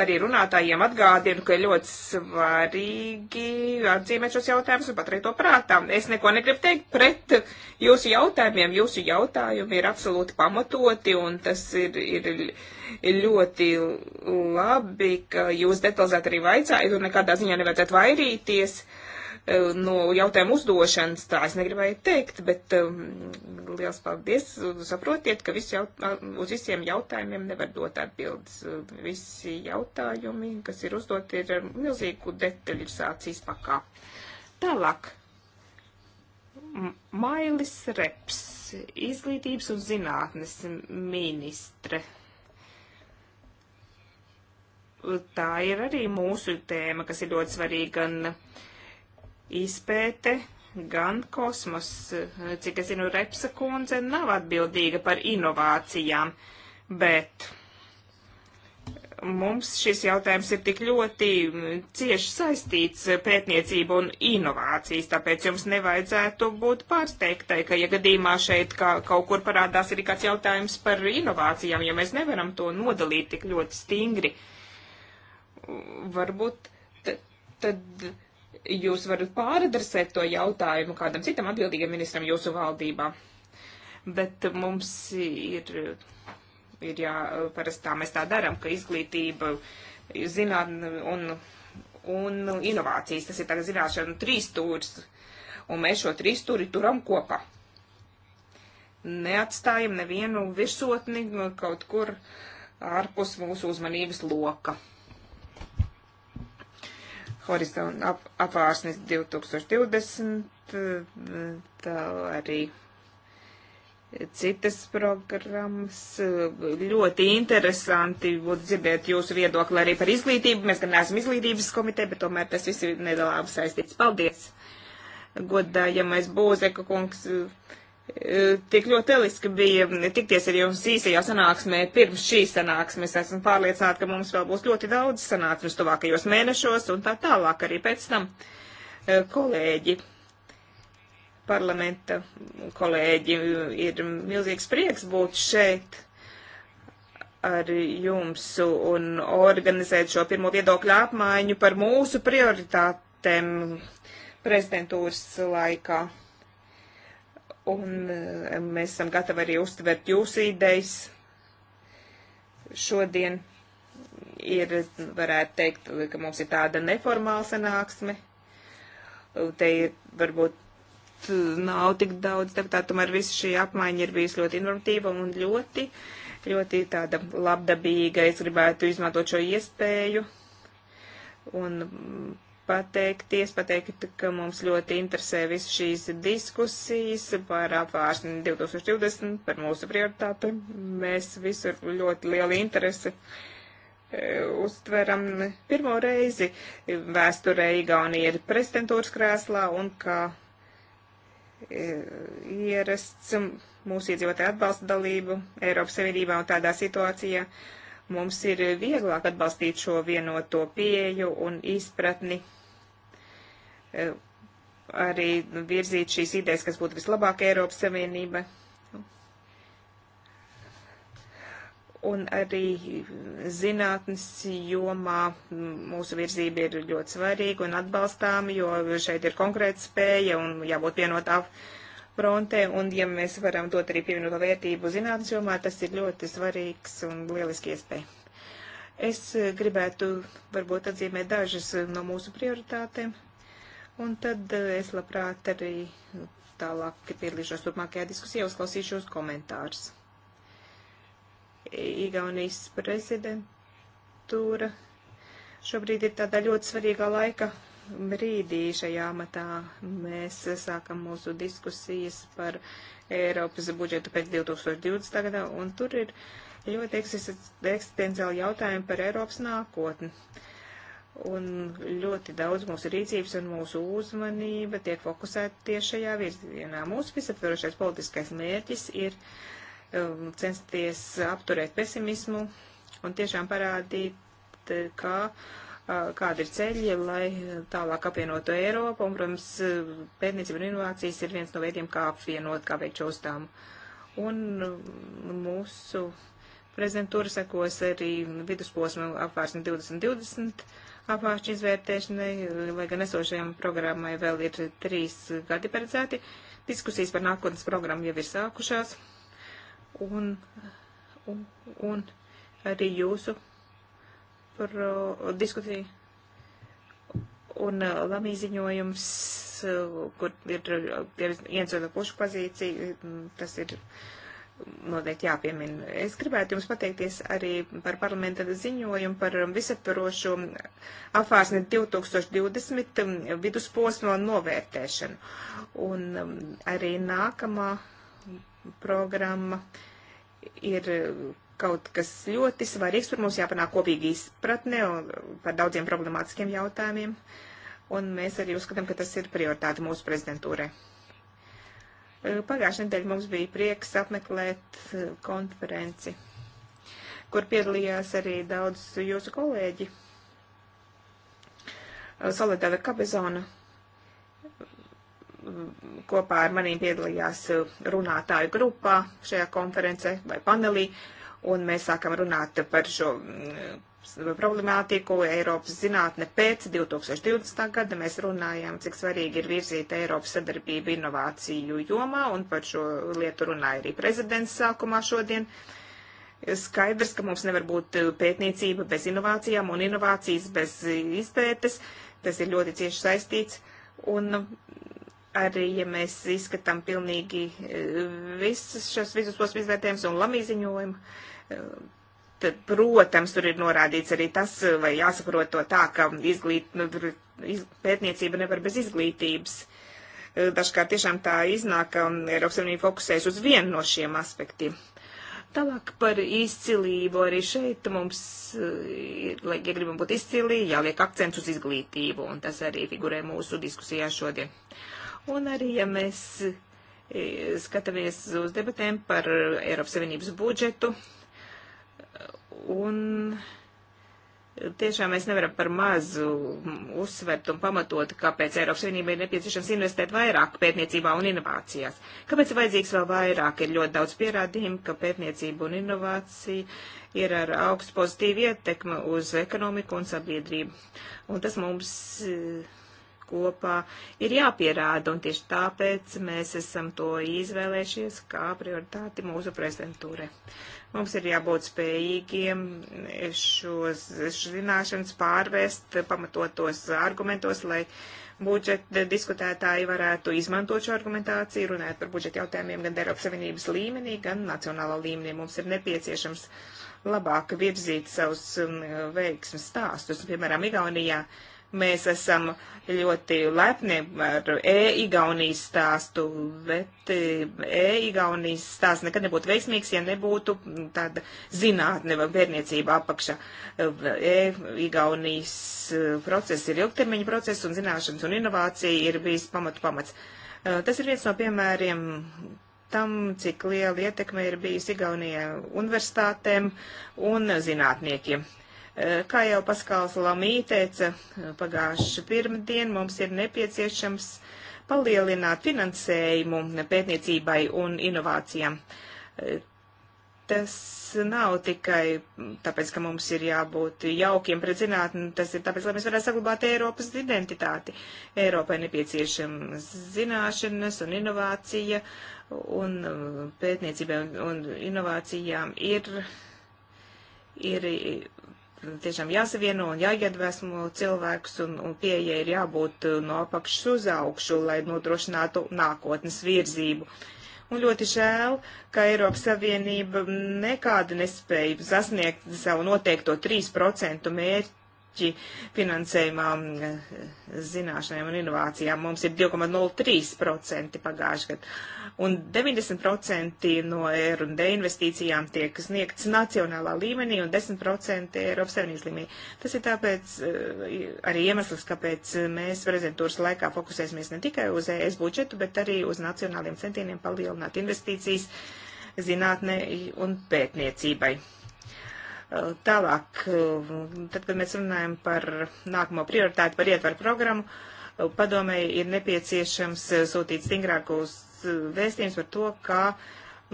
arī runātājiem atgādinu, ka ļoti svarīgi atzīmēt šos jautājumus un paturēt to prātā. Es neko negribu teikt pret jūsu jautājumiem. Jūsu jautājumi ir absolūti pamatoti un tas ir, ir ļoti labi, ka jūs detalizēti arī vaicājat un nekādā ziņā nevajadzētu vairīties. Uh, Eh, no jautājumu uzdošanas, tā es negribēju teikt, bet eh, liels paldies, saprotiet, ka visu jaut, uz visiem jautājumiem nevar dot atbildes. Visi jautājumi, kas ir uzdot, ir ar milzīgu detaļizācijas pakā. Tālāk. Mailis Reps, izglītības un zinātnes ministre. Tā ir arī mūsu tēma, kas ir ļoti svarīga gan izpēte, gan kosmos. Cik es zinu, Repsa kundze nav atbildīga par inovācijām, bet mums šis jautājums ir tik ļoti cieši saistīts pētniecību un inovācijas, tāpēc jums nevajadzētu būt pārsteigtai, ka, ja gadījumā šeit kā, kaut kur parādās arī kāds jautājums par inovācijām, ja mēs nevaram to nodalīt tik ļoti stingri, varbūt tad. tad jūs varat pāradresēt to jautājumu kādam citam atbildīgam ministram jūsu valdībā. Bet mums ir, ir jā, parasti tā mēs tā darām, ka izglītība, zinātne un, un inovācijas, tas ir tāds zināšanu trīs stūris, un mēs šo trīs stūri turam kopā. Neatstājam nevienu virsotni kaut kur ārpus mūsu uzmanības loka horizon ap, apvārsnes 2020, tā arī citas programmas. Ļoti interesanti būtu dzirdēt jūsu viedokli arī par izglītību. Mēs gan neesam izglītības komiteja, bet tomēr tas viss ir nedalāms saistīts. Paldies! Godājamais Būzeka kungs. Uh, E, tik ļoti lieliski bija tikties ar jums īsajā sanāksmē pirms šīs sanāksmes. Esmu pārliecināta, ka mums vēl būs ļoti daudz sanāksmes tuvākajos mēnešos un tā tālāk arī pēc tam e, kolēģi, parlamenta kolēģi, ir milzīgs prieks būt šeit ar jums un organizēt šo pirmo viedokļu apmaiņu par mūsu prioritātēm prezidentūras laikā un eh, mēs esam gatavi arī uztvert jūsu idejas. Šodien ir, varētu teikt, ka mums ir tāda neformāla sanāksme. Te ir varbūt eh, nav tik daudz deputātu, tomēr visa šī apmaiņa ir bijusi ļoti informatīva un ļoti, ļoti tāda labdabīga. Es gribētu izmantot šo iespēju un pateikties, pateikt, ka mums ļoti interesē visu šīs diskusijas par apvārsni 2020, par mūsu prioritāti. Mēs visur ļoti lielu interesi e, uztveram pirmo reizi vēsturē Igaunija ir prezidentūras krēslā un kā e, ierasts mūsu iedzīvotāju atbalsta dalību Eiropas Savienībā un tādā situācijā mums ir vieglāk atbalstīt šo vienoto pieju un izpratni Eh, arī virzīt šīs idejas, kas būtu vislabāk Eiropas Savienība. Un arī zinātnes jomā mūsu virzība ir ļoti svarīga un atbalstāma, jo šeit ir konkrēta spēja un jābūt vienotā frontē. Un ja mēs varam dot arī pievienoto vērtību zinātnes jomā, tas ir ļoti svarīgs un lieliski iespēja. Es gribētu varbūt atzīmēt dažas no mūsu prioritātēm. Un tad eh, es labprāt arī tālāk piedalīšos turpmākajā diskusijā, uzklausīšos komentārus. Igaunijas prezidentūra šobrīd ir tādā ļoti svarīgā laika brīdī šajā amatā. Mēs sākam mūsu diskusijas par Eiropas budžetu pēc 2020. gadā, un tur ir ļoti eksistenciāli jautājumi par Eiropas nākotni. Uh, Un ļoti daudz mūsu rīcības un mūsu uzmanība tiek fokusēta tieši šajā virzienā. Mūsu visaptverošais politiskais mērķis ir um, censties apturēt pesimismu un tiešām parādīt, kā, kāda ir ceļa, lai tālāk apvienotu Eiropu. Un, protams, pētniecība un inovācijas ir viens no veidiem, kā apvienot, kā veikt šo uzdevumu. Un um, mūsu prezidentūra sekos arī vidusposma apvērsni 2020 apvāršu izvērtēšanai, lai gan esošajam programmai vēl ir trīs gadi paredzēti. Diskusijas par nākotnes programmu jau ir sākušās. Un, un, un arī jūsu par uh, diskusiju un uh, lamī ziņojums, uh, kur ir uh, ienzēta pušu pozīcija, mm, tas ir. Uh, noteikti jāpiemina. Es gribētu jums pateikties arī par parlamenta ziņojumu par visaptvarošo apvārsni 2020 um, vidusposma novērtēšanu. Un um, arī nākamā programma ir kaut kas ļoti svarīgs, par mums jāpanāk kopīgi izpratne um, par daudziem problemātiskiem jautājumiem. Un mēs arī uzskatām, ka tas ir prioritāte mūsu prezidentūrai. Eh, pagājušajā nedēļā mums bija prieks apmeklēt eh, konferenci, kur piedalījās arī daudz jūsu kolēģi. Eh, Solidāra Kabezona kopā ar maniem piedalījās runātāju grupā šajā konferencē vai panelī, un mēs sākam runāt par šo mm, problemātiku Eiropas zinātne pēc 2020. gada. Mēs runājām, cik svarīgi ir virzīt Eiropas sadarbību inovāciju jomā, un par šo lietu runāja arī prezidents sākumā šodien. Skaidrs, ka mums nevar būt pētniecība bez inovācijām un inovācijas bez izpētes. Tas ir ļoti cieši saistīts. Un arī, ja mēs izskatām pilnīgi eh, visus šos visus posmu izvērtējumus un lamīziņojumu, eh, Protams, tur ir norādīts arī tas, vai jāsaprot to tā, ka izglīt, nu, pētniecība nevar bez izglītības. E, dažkārt tiešām tā iznāk, ka Eiropas Savienība fokusēs uz vienu no šiem aspektiem. Tālāk par izcilību arī šeit mums, e, ir, lai ja gribam būt izcili, jāliek akcents uz izglītību, un tas arī figurē mūsu diskusijā šodien. Un arī, ja mēs e, skatāmies uz debatēm par Eiropas Savienības budžetu, Un tiešām mēs nevaram par mazu uzsvert un pamatot, kāpēc Eiropas Savienībai ir nepieciešams investēt vairāk pētniecībā un inovācijās. Kāpēc ir vajadzīgs vēl vairāk? Ir ļoti daudz pierādījumu, ka pētniecība un inovācija ir ar augstu pozitīvu ietekmi uz ekonomiku un sabiedrību. Un tas mums. Uh, kopā ir jāpierāda, un tieši tāpēc mēs esam to izvēlējušies kā prioritāti mūsu prezidentūrē. Mums ir jābūt spējīgiem šos zināšanas pārvest pamatotos argumentos, lai budžeta diskutētāji varētu izmantot šo argumentāciju, runājot par budžeta jautājumiem gan Eiropas Savienības līmenī, gan nacionālā līmenī. Mums ir nepieciešams labāk virzīt savus um, veiksmes stāstus. Piemēram, Igaunijā uh, Mēs esam ļoti lepni ar e-Igaunijas stāstu, bet e, e-Igaunijas stāsts nekad nebūtu veiksmīgs, ja nebūtu tāda zinātne vai bērniecība apakšā. E-Igaunijas e, process ir ilgtermiņa process, un zināšanas un inovācija ir bijis pamatu pamats. E, tas ir viens no piemēriem tam, cik liela ietekme ir bijusi Igaunijai universitātēm un zinātniekiem. Eh, kā jau Paskāls Lamī teica eh, pagājuši pirmdien, mums ir nepieciešams palielināt finansējumu pētniecībai un inovācijām. Eh, tas nav tikai tāpēc, ka mums ir jābūt jaukiem pret zinātni, tas ir tāpēc, lai mēs varētu saglabāt Eiropas identitāti. Eiropai nepieciešama zināšanas un inovācija, un pētniecībai un, un inovācijām ir, ir tiešām jāsavieno un jāiedvesmo cilvēks, un, un pieeja ir jābūt uh, no apakšas uz augšu, lai nodrošinātu nākotnes virzību. Un ļoti žēl, ka Eiropas Savienība nekādu nespēju sasniegt savu noteikto 3% mērķi mērķi finansējumām zināšanām un inovācijām. Mums ir 2,03% pagājuši gadu. Un 90% no R&D investīcijām tiek sniegts nacionālā līmenī un 10% Eiropas Savienības līmenī. Tas ir tāpēc eh, arī iemesls, kāpēc mēs prezidentūras laikā fokusēsimies ne tikai uz ES budžetu, bet arī uz nacionāliem centieniem palielināt investīcijas zinātnē un pētniecībai. Eh, tālāk, eh, tad, kad mēs runājam par nākamo prioritāti, par ietvaru programmu, eh, padomēji ir nepieciešams sūtīt stingrākus vēstījumus par to, kā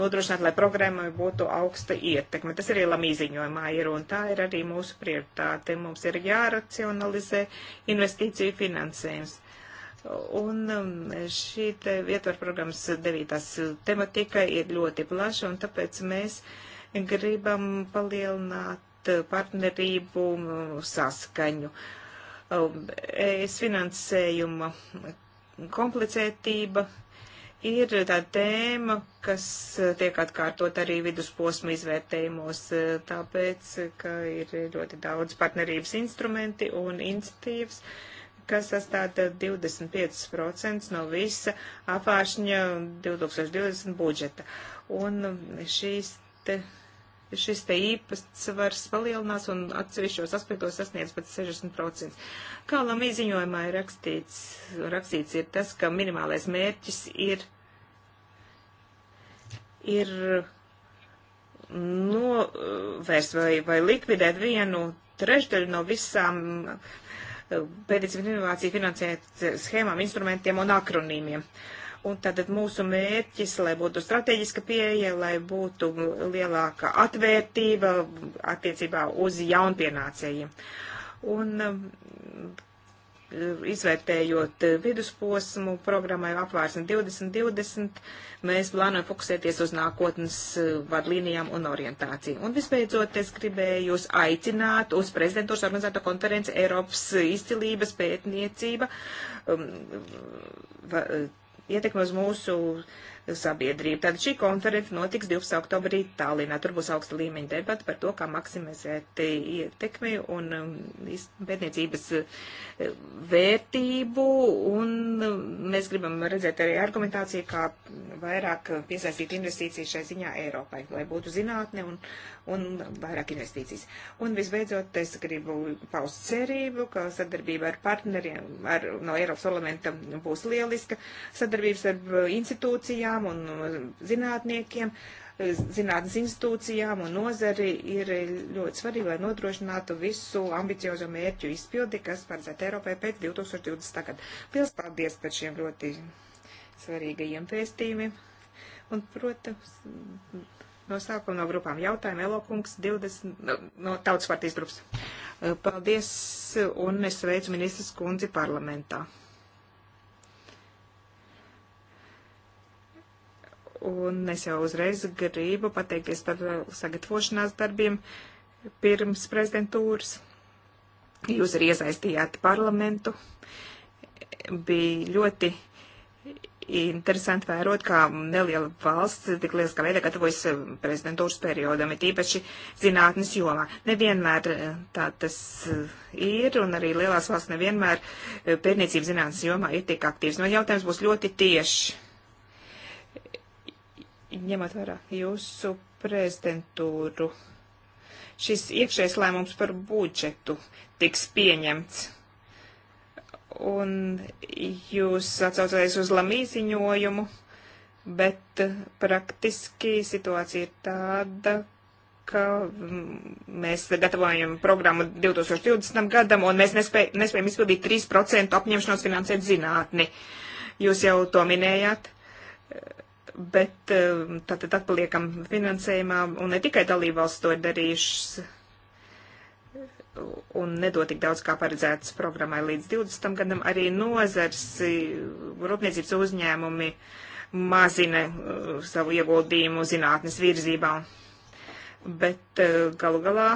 nodrošināt, lai programmai būtu augsta ietekme. Tas arī lamīziņojumā ir, un tā ir arī mūsu prioritāte. Mums ir jāracionalizē investīciju finansējums. Un um, šī ietvaru programmas devītās tematika ir ļoti plaša, un tāpēc mēs. Uh, gribam palielināt partnerību saskaņu. Um, es finansējuma komplicētība ir tā tēma, kas tiek atkārtot arī vidusposma izvērtējumos, tāpēc, ka ir ļoti daudz partnerības instrumenti un iniciatīvas kas sastāda 25% no visa apvāršņa 2020 budžeta. Un šīs te šis te īpatsvars palielinās un atsevišķos aspektos sasniedz pat 60%. Kā Lamī ziņojumā ir rakstīts, rakstīts ir tas, ka minimālais mērķis ir, ir novērst vai, vai likvidēt vienu trešdaļu no visām eh, pēdējiem inovāciju finansēt schēmām, instrumentiem un akronīmiem. Uh, Un tātad mūsu mērķis, lai būtu strateģiska pieeja, lai būtu lielāka atvērtība attiecībā uz jaunpienācējiem. Un um, izvērtējot vidusposmu programmai apvārsni 2020, mēs plānojam fokusēties uz nākotnes uh, vadlīnijām un orientāciju. Un visbeidzot, es gribēju jūs aicināt uz prezidentūras organizēto konferenci Eiropas izcilības pētniecība. Um, va, ietekmi uz mūsu sabiedrību. Tad šī konference notiks 2. oktobrī Tallinā. Tur būs augsta līmeņa debata par to, kā maksimizēt ietekmi un um, pētniecības uh, vērtību. Un um, mēs gribam redzēt arī argumentāciju, kā vairāk piesaistīt investīcijas šai ziņā Eiropai, lai būtu zinātne un, un vairāk investīcijas. Un visbeidzot, es gribu paust cerību, ka sadarbība ar partneriem ar, no Eiropas parlamenta būs lieliska. Sadarbības ar uh, institūcijām bankām un zinātniekiem, zinātnes institūcijām un nozari ir ļoti svarīgi, lai nodrošinātu visu ambiciozo mērķu izpildi, kas paredzēta Eiropai pēc 2020. gada. Pils paldies par šiem ļoti svarīgajiem pēstījumiem. Un, protams, no sākuma no grupām jautājumu Elokungs 20, no, nu, no Tautas partijas grupas. Paldies un es sveicu ministras kundzi parlamentā. un es jau uzreiz gribu pateikties par sagatavošanās darbiem pirms prezidentūras. Jūs arī iesaistījāt parlamentu. Bija ļoti interesanti vērot, kā neliela valsts tik lieliskā veidā gatavojas prezidentūras periodam, ir īpaši zinātnes jomā. Nevienmēr eh, tā tas eh, ir, un arī lielās valsts nevienmēr eh, pērniecības zinātnes jomā ir tik aktīvs. Man jautājums būs ļoti tieši ņemot vērā jūsu prezidentūru, šis iekšējais lēmums par budžetu tiks pieņemts. Un jūs atsaucāties uz lamīziņojumu, bet praktiski situācija ir tāda, ka mēs gatavojam programmu 2020. gadam, un mēs nespēj, nespējam izpildīt 3% apņemšanos finansēt zinātni. Jūs jau to minējāt bet um, tātad atpaliekam finansējumā, un ne tikai dalībvalsts to ir darījušas un nedod tik daudz, kā paredzēts programmai līdz 20. gadam, arī nozars, um, rūpniecības uzņēmumi mazina uh, savu ieguldījumu zinātnes virzībā. Bet uh, galu galā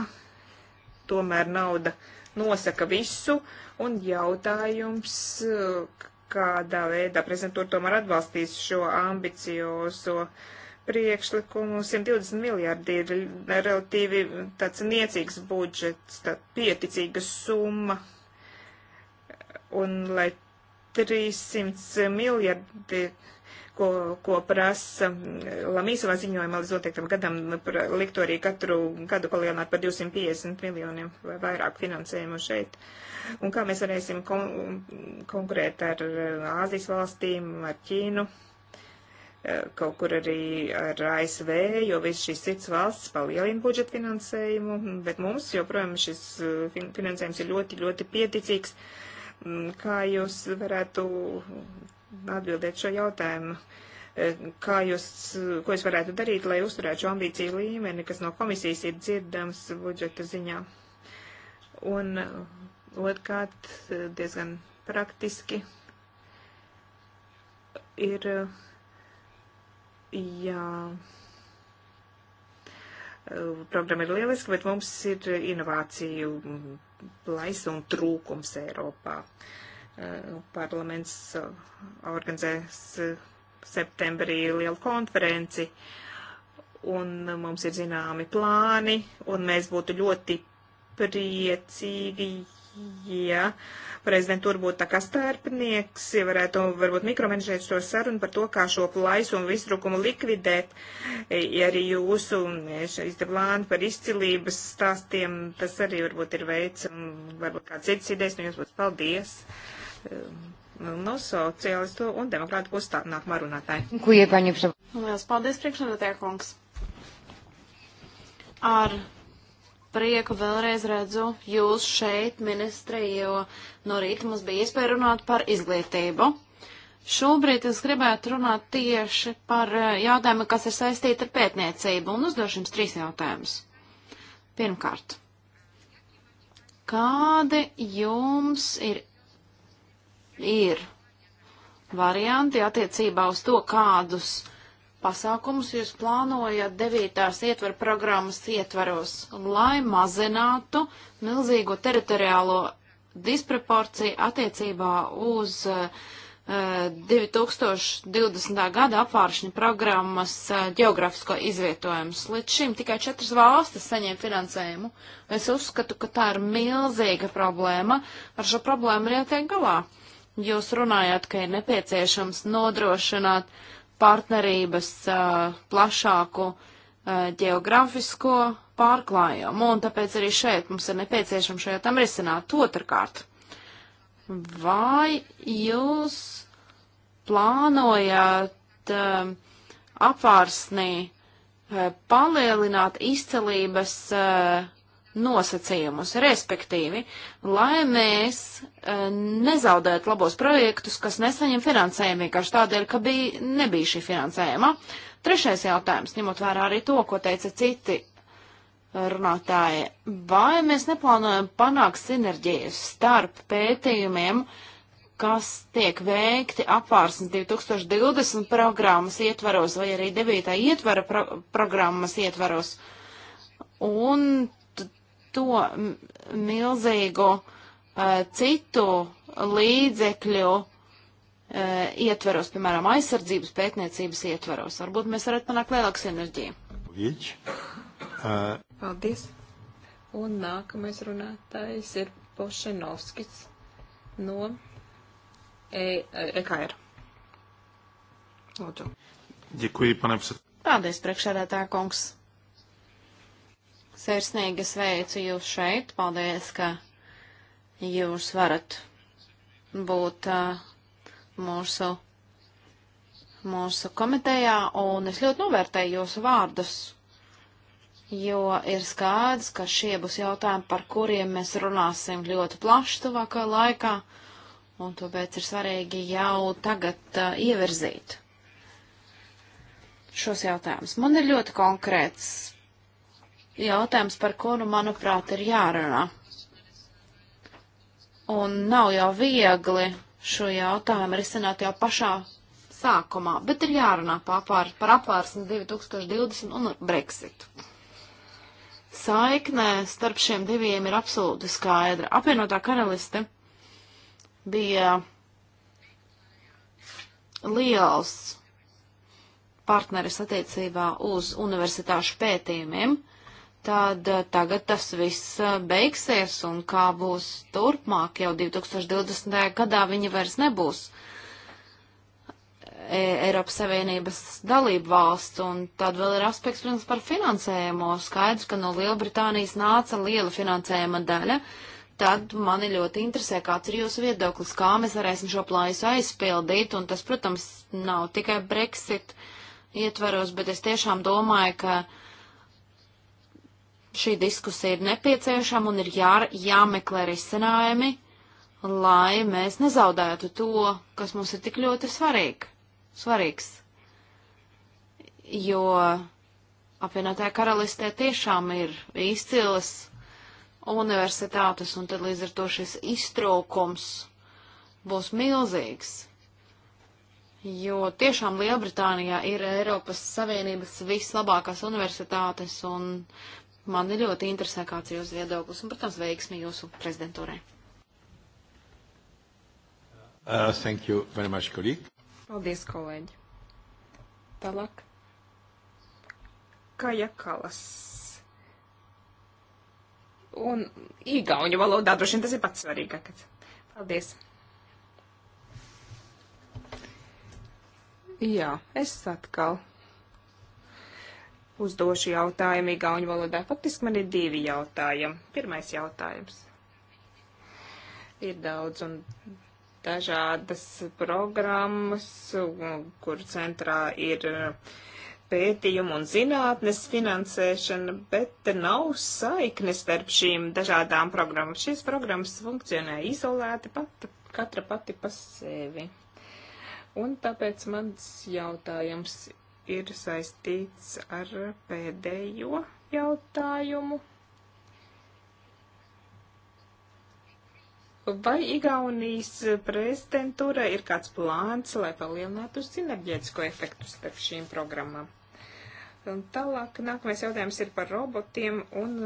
tomēr nauda nosaka visu, un jautājums, uh, kādā veidā prezidentūra tomēr atbalstīs šo ambiciozo priekšlikumu. 120 miljardi ir relatīvi tāds niecīgs budžets, tā pieticīga summa. Un lai 300 miljardi ko, ko prasa mm, Lamī savā ziņojumā līdz noteiktam gadam likt arī katru gadu palielināt par 250 miljoniem vai vairāk finansējumu šeit. Un kā mēs varēsim kon konkurēt ar eh, Āzijas valstīm, ar Ķīnu, eh, kaut kur arī ar ASV, jo viss šīs cits valsts palielina budžeta finansējumu, bet mums joprojām šis eh, finansējums ir ļoti, ļoti pieticīgs. Mm, kā jūs varētu atbildēt šo jautājumu. E, kā jūs, ko jūs varētu darīt, lai uzturētu šo ambīciju līmeni, kas no komisijas ir dzirdams budžeta ziņā? Un e, otrkārt, e, diezgan praktiski ir jā programma ir lieliska, bet mums ir inovāciju plaisa un trūkums Eiropā. Eh, parlaments eh, organizēs septembrī lielu konferenci, un mums ir zināmi plāni, un mēs būtu ļoti priecīgi, ja prezidentūra būtu tā kā starpnieks, ja varētu varbūt mikromenedžēt šo sarunu par to, kā šo plaisu un visrukumu likvidēt, ja eh, arī jūsu izdeplāni par izcilības stāstiem, tas arī varbūt ir veids, mm, varbūt kāds cits idejas, nu jums būtu paldies. Um, no sociālistu un demokrātu puses tā nākamā runātāja. Lielas paldies, priekšsēdētāja kungs. Ar prieku vēlreiz redzu jūs šeit, ministri, jo no rīta mums bija iespēja runāt par izglītību. Šobrīd es gribētu runāt tieši par eh, jautājumu, kas ir saistīta ar pētniecību, un uzdošu jums trīs jautājumus. Pirmkārt, kādi jums ir ir varianti attiecībā uz to, kādus pasākumus jūs plānojat devītās ietver programmas ietvaros, lai mazinātu milzīgo teritoriālo disproporciju attiecībā uz uh, eh, 2020. gada apvāršņa programmas uh, eh, geografisko izvietojumus. Līdz šim tikai četras valstis saņem finansējumu. Es uzskatu, ka tā ir milzīga problēma. Ar šo problēmu ir jātiek galā. Uh, Jūs runājāt, ka ir nepieciešams nodrošināt partnerības uh, plašāku uh, geogrāfisko pārklājumu, un tāpēc arī šeit mums ir nepieciešams šajā tam risināt. Otrkārt, vai jūs plānojat um, uh, apvārsnī palielināt izcelības uh, nosacījumus, respektīvi, lai mēs uh, nezaudētu labos projektus, kas nesaņem finansējumu vienkārši tādēļ, ka bija, nebija šī finansējuma. Trešais jautājums, ņemot vērā arī to, ko teica citi runātāji, vai mēs neplānojam panākt sinerģijas starp pētījumiem, kas tiek veikti apvārsnes 2020 programmas ietvaros vai arī 9. ietvara pro programmas ietvaros. Un to milzīgu uh, citu līdzekļu uh, ietveros, piemēram, aizsardzības pētniecības ietveros. Varbūt mēs varētu panākt lielāku sinerģiju. E. Paldies. Un nākamais runātājs ir Pošenovskis no e, EKR. Er. Lūdzu. Děkuji, pane předsedo. Paldies, priekšsēdētā kungs. Sirsnīgi sveicu jūs šeit. Paldies, ka jūs varat būt uh, mūsu, mūsu komitejā, un es ļoti novērtēju jūsu vārdus, jo ir skaidrs, ka šie būs jautājumi, par kuriem mēs runāsim ļoti plaši tuvākajā laikā, un tāpēc ir svarīgi jau tagad uh, ievirzīt šos jautājumus. Man ir ļoti konkrēts jautājums, par kuru, nu, manuprāt, ir jārunā. Un nav jau viegli šo jautājumu risināt jau pašā sākumā, bet ir jārunā papār, par apvārsni 2020 un Brexitu. Saiknē starp šiem diviem ir absolūti skaidra. Apvienotā karaliste bija liels partneris attiecībā uz universitāšu pētījumiem tad eh, tagad tas viss eh, beigsies un kā būs turpmāk jau 2020. gadā viņi vairs nebūs e Eiropas Savienības dalību valsts. Un tad vēl ir aspekts, protams, par finansējumu. Skaidrs, ka no Lielbritānijas nāca liela finansējuma daļa. Tad mani ļoti interesē, kāds ir jūsu viedoklis, kā mēs varēsim šo plājas aizpildīt. Un tas, protams, nav tikai Brexit ietvaros, bet es tiešām domāju, ka uh, Šī diskusija ir nepieciešama un ir jā, jāmeklē risinājumi, lai mēs nezaudētu to, kas mums ir tik ļoti svarīgi. svarīgs. Jo apvienotajā karalistē tiešām ir izcilas universitātes, un tad līdz ar to šis iztrūkums būs milzīgs. Jo tiešām Lielbritānijā ir Eiropas Savienības vislabākās universitātes, un Mani ļoti interesē, kāds ir jūsu viedoklis un, protams, veiksmi jūsu prezidentūrē. Uh, thank you very much, kolēģi. Paldies, kolēģi. Tālāk. Kaja Kalas. Un īgauņu valodā droši vien tas ir pats svarīgākais. Paldies. Jā, es atkal uzdošu jautājumu igauņu valodā. Faktiski man ir divi jautājumi. Pirmais jautājums. Ir daudz un dažādas programmas, kur centrā ir pētījumu un zinātnes finansēšana, bet nav saiknes starp šīm dažādām programmām. Šīs programmas funkcionē izolēti, pat, katra pati pa sevi. Un tāpēc mans jautājums ir saistīts ar pēdējo jautājumu. Vai Igaunijas prezidentūra ir kāds plāns, lai palielinātu sinerģētisko efektu starp šīm programmām? Un tālāk nākamais jautājums ir par robotiem un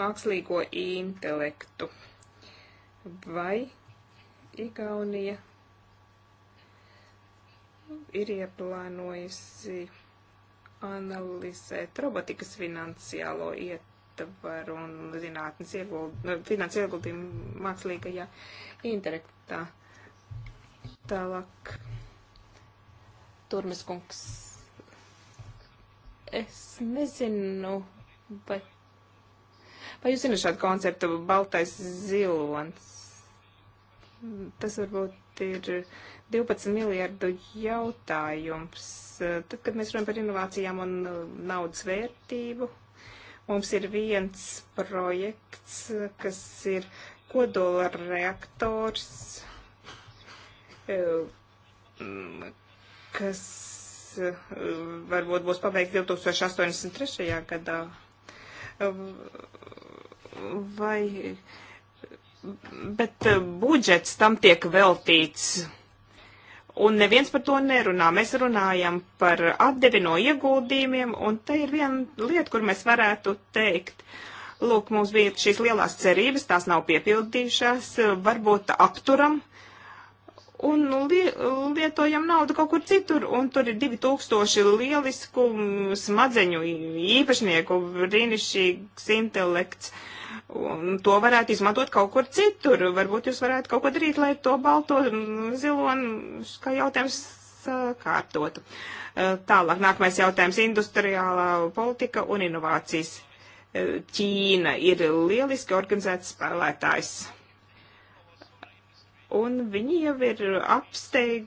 mākslīgo intelektu. Vai Igaunija ir ieplānojusi analizēt robotikas finansiālo ietvaru un zinātnes ieguld, nu, finansu ieguldījumu mākslīgajā intelektā. Tālāk, Turmes kungs. Es nezinu, vai, vai jūs zināt šādu konceptu, baltais zilonis. Tas varbūt ir 12 miljardu jautājums. Tad, kad mēs runājam par inovācijām un uh, naudas vērtību, mums ir viens projekts, kas ir kodola reaktors, uh, mm, kas uh, varbūt būs pabeigts 2083. gadā. Vai, bet budžets tam tiek veltīts Un neviens par to nerunā. Mēs runājam par atdevi no ieguldījumiem, un te ir viena lieta, kur mēs varētu teikt, lūk, mums bija šīs lielās cerības, tās nav piepildījušās, varbūt apturam un li lietojam naudu kaut kur citur, un tur ir 2000 lielisku smadzeņu īpašnieku, brīnišķīgs intelekts. Uh, Un to varētu izmantot kaut kur citur. Varbūt jūs varētu kaut ko darīt, lai to balto zilonu kā jautājums uh, kārtotu. Uh, tālāk nākamais jautājums - industriālā politika un inovācijas. Uh, Ķīna ir lieliski organizēts spēlētājs. Un viņi jau ir apsteig,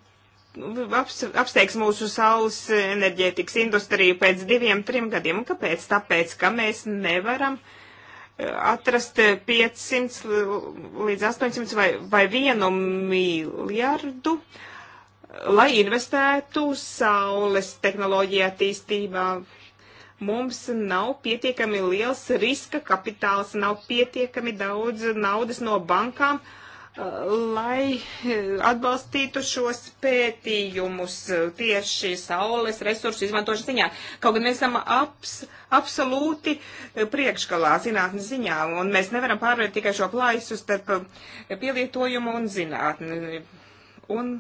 aps, apsteigs mūsu saules enerģētikas industriju pēc diviem, trim gadiem. Un kāpēc? Tāpēc, ka mēs nevaram uh, atrast 500 eh, līdz 800 vai, vai 1 miljardu, lai investētu saules tehnoloģija attīstībā. Mums nav pietiekami liels riska kapitāls, nav pietiekami daudz naudas no bankām, uh, lai eh, atbalstītu šos pētījumus eh, tieši saules resursu izmantošanas ziņā. Kaut gan mēs esam abs, absolūti eh, priekšgalā zinātnes ziņā, un mēs nevaram pārvērt tikai šo plaisu starp pielietojumu un zinātni. Un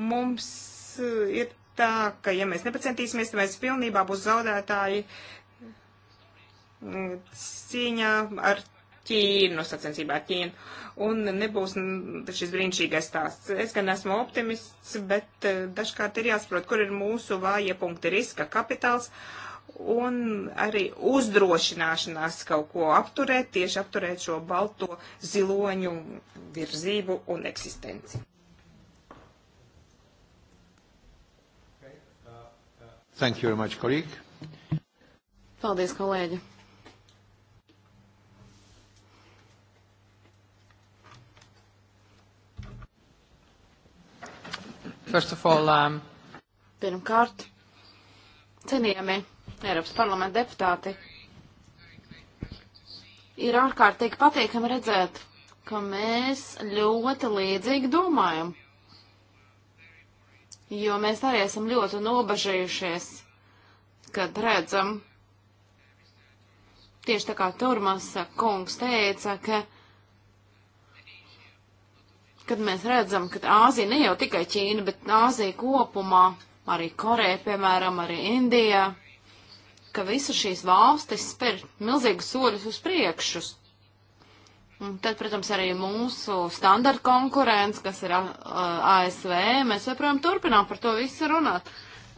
mums ir tā, ka ja mēs nepacentīsimies, tad mēs pilnībā būs zaudētāji mm, cīņā ar Ķīnu, sacensībā Ķīnu. Un nebūs šis brīnišķīgais stāsts. Es gan esmu optimists, bet eh, dažkārt ir jāsaprot, kur ir mūsu vāja punkti riska kapitāls un arī uzdrošināšanās kaut ko apturēt, tieši apturēt šo balto ziloņu virzību un eksistenci. Thank you very much, kolēģi. Paldies, kolēģi. First of all, um... Pirmkārt, cienījamie Eiropas parlamenta deputāti, ir ārkārtīgi patīkami redzēt, ka mēs ļoti līdzīgi domājam, jo mēs arī esam ļoti nobežījušies, kad redzam, tieši tā kā Turmas kungs teica, ka kad mēs redzam, ka Āzija ne jau tikai Ķīna, bet Āzija kopumā, arī Koreja, piemēram, arī Indija, ka visas šīs valstis spēr milzīgus soļus uz priekšus. Un tad, protams, arī mūsu standarta konkurence, kas ir ASV, mēs joprojām turpinām par to visu runāt.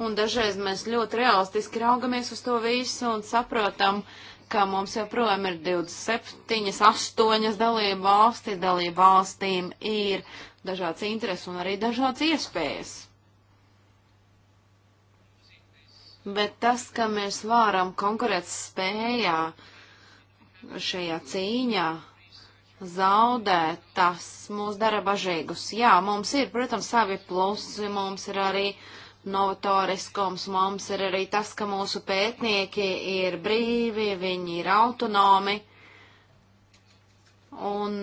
Un dažreiz mēs ļoti realistiski raugamies uz to visu un saprotam, uh, ka mums joprojām ir 27, 8 dalība valsti, dalība valstīm ir dažāds intereses un arī dažāds iespējas. Bet tas, ka mēs varam konkurēt spējā šajā cīņā, zaudēt, tas mūs dara bažīgus. Jā, mums ir, protams, savi plusi, mums ir arī uh, novatoriskums mums ir arī tas, ka mūsu pētnieki ir brīvi, viņi ir autonomi. Un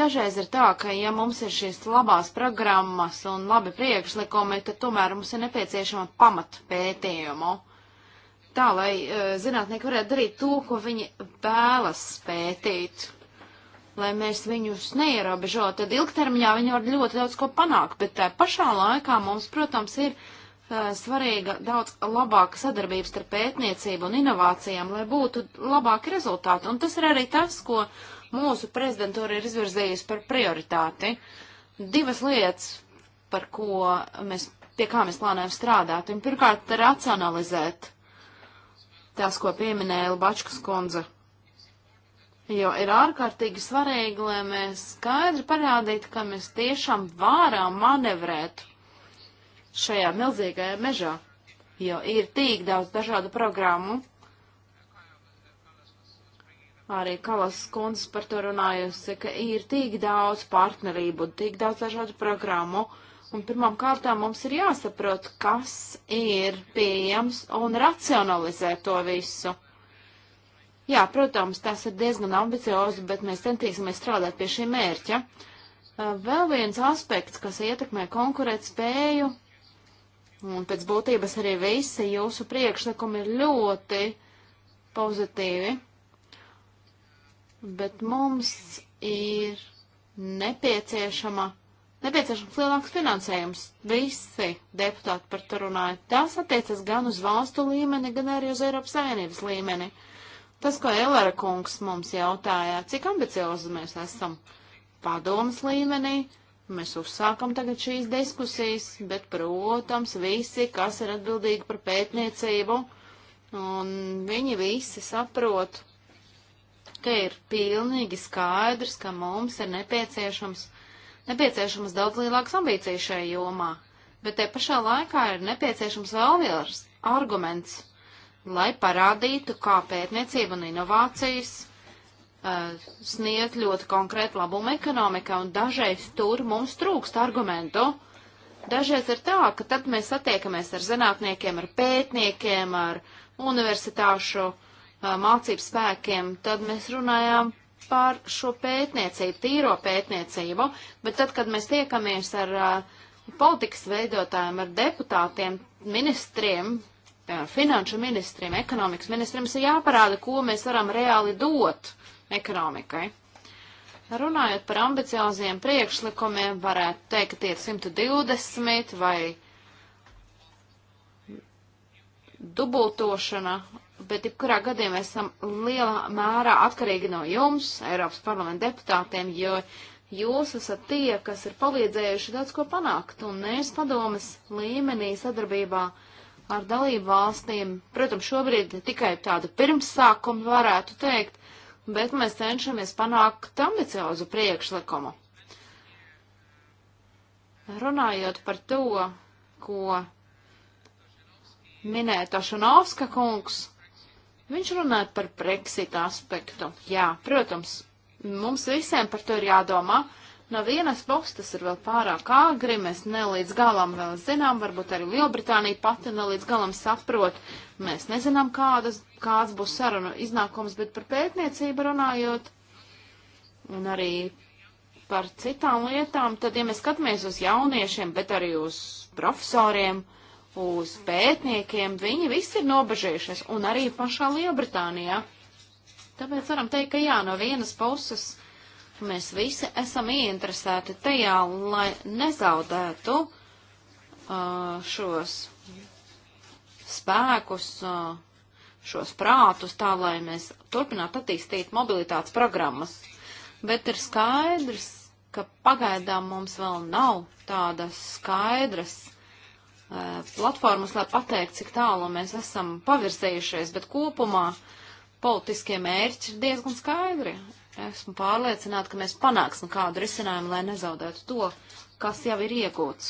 dažreiz ir tā, ka ja mums ir šīs labās programmas un labi priekšlikumi, tad tomēr mums ir nepieciešama pamatpētījumu. Tā, lai eh, zinātnieki varētu darīt to, ko viņi vēlas pētīt lai mēs viņus neierobežotu, tad ilgtermiņā viņi var ļoti daudz ko panākt, bet tā pašā laikā mums, protams, ir uh, svarīga daudz labāka sadarbības starp pētniecību un inovācijām, lai būtu labāki rezultāti. Un tas ir arī tas, ko mūsu prezidentūra ir izvirzījusi par prioritāti. Divas lietas, par ko mēs, pie kā mēs plānojam strādāt. Un pirmkārt, racionalizēt tās, ko pieminēja Bačkas kundze jo ir ārkārtīgi svarīgi, lai mēs skaidri parādītu, ka mēs tiešām varam manevrēt šajā milzīgajā mežā, jo ir tik daudz dažādu programmu. Arī Kalas kundze par to runājusi, ka ir tik daudz partnerību, tik daudz dažādu programmu, un pirmām kārtām mums ir jāsaprot, kas ir pieejams un racionalizē to visu. Jā, protams, tas ir diezgan ambiciozi, bet mēs centīsimies strādāt pie šī mērķa. Vēl viens aspekts, kas ietekmē konkurēt spēju, un pēc būtības arī visi jūsu priekšlikumi ir ļoti pozitīvi, bet mums ir nepieciešama nepieciešams lielāks finansējums. Visi deputāti par to runāja. Tas attiecas gan uz valstu līmeni, gan arī uz Eiropas Savienības līmeni. Uh, Tas, ko Elera kungs mums jautāja, cik ambiciozi mēs esam padomas līmenī, mēs uzsākam tagad šīs diskusijas, bet, protams, visi, kas ir atbildīgi par pētniecību, un viņi visi saprot, ka ir pilnīgi skaidrs, ka mums ir nepieciešams, nepieciešams daudz lielāks ambīcijas šajā jomā, bet te pašā laikā ir nepieciešams vēl viens arguments lai parādītu, kā pētniecība un inovācijas uh, sniedz ļoti konkrētu labumu ekonomikā, un dažreiz tur mums trūkst argumentu. Dažreiz ir tā, ka tad mēs satiekamies ar zinātniekiem, ar pētniekiem, ar universitāšu uh, mācību spēkiem, tad mēs runājām par šo pētniecību, tīro pētniecību, bet tad, kad mēs tiekamies ar uh, politikas veidotājiem, ar deputātiem, ministriem, piemēram, finanšu ministriem, ekonomikas ministriem, ir jāparāda, ko mēs varam reāli dot ekonomikai. Runājot par ambicioziem priekšlikumiem, varētu teikt, ka tie ir 120 vai dubultošana, bet jebkurā gadījumā esam lielā mērā atkarīgi no jums, Eiropas parlamenta deputātiem, jo jūs esat tie, kas ir palīdzējuši daudz ko panākt, un mēs padomas līmenī sadarbībā uh, ar dalību valstīm. Protams, šobrīd tikai tādu pirmsākumu varētu teikt, bet mēs cenšamies panākt ambiciozu priekšlikumu. Runājot par to, ko minēja Tošanovska kungs, viņš runāja par Brexit aspektu. Jā, protams, mums visiem par to ir jādomā. Uh, No vienas puses tas ir vēl pārāk āgri, mēs ne līdz galam vēl zinām, varbūt arī Lielbritānija pati ne līdz galam saprot. Mēs nezinām, kādas, kāds būs sarunu iznākums, bet par pētniecību runājot un arī par citām lietām, tad, ja mēs skatāmies uz jauniešiem, bet arī uz profesoriem, uz pētniekiem, viņi visi ir nobežējušies, un arī pašā Lielbritānijā. Tāpēc varam teikt, ka jā, no vienas puses. Mēs visi esam ieinteresēti tajā, lai nezaudētu uh, šos spēkus, uh, šos prātus, tā lai mēs turpinātu attīstīt mobilitātes programmas. Bet ir skaidrs, ka pagaidām mums vēl nav tādas skaidras uh, platformas, lai pateikt, cik tālu mēs esam pavirzējušies, bet kopumā politiskie mērķi ir diezgan skaidri. Esmu pārliecināta, ka mēs panāksim kādu risinājumu, lai nezaudētu to, kas jau ir iegūts.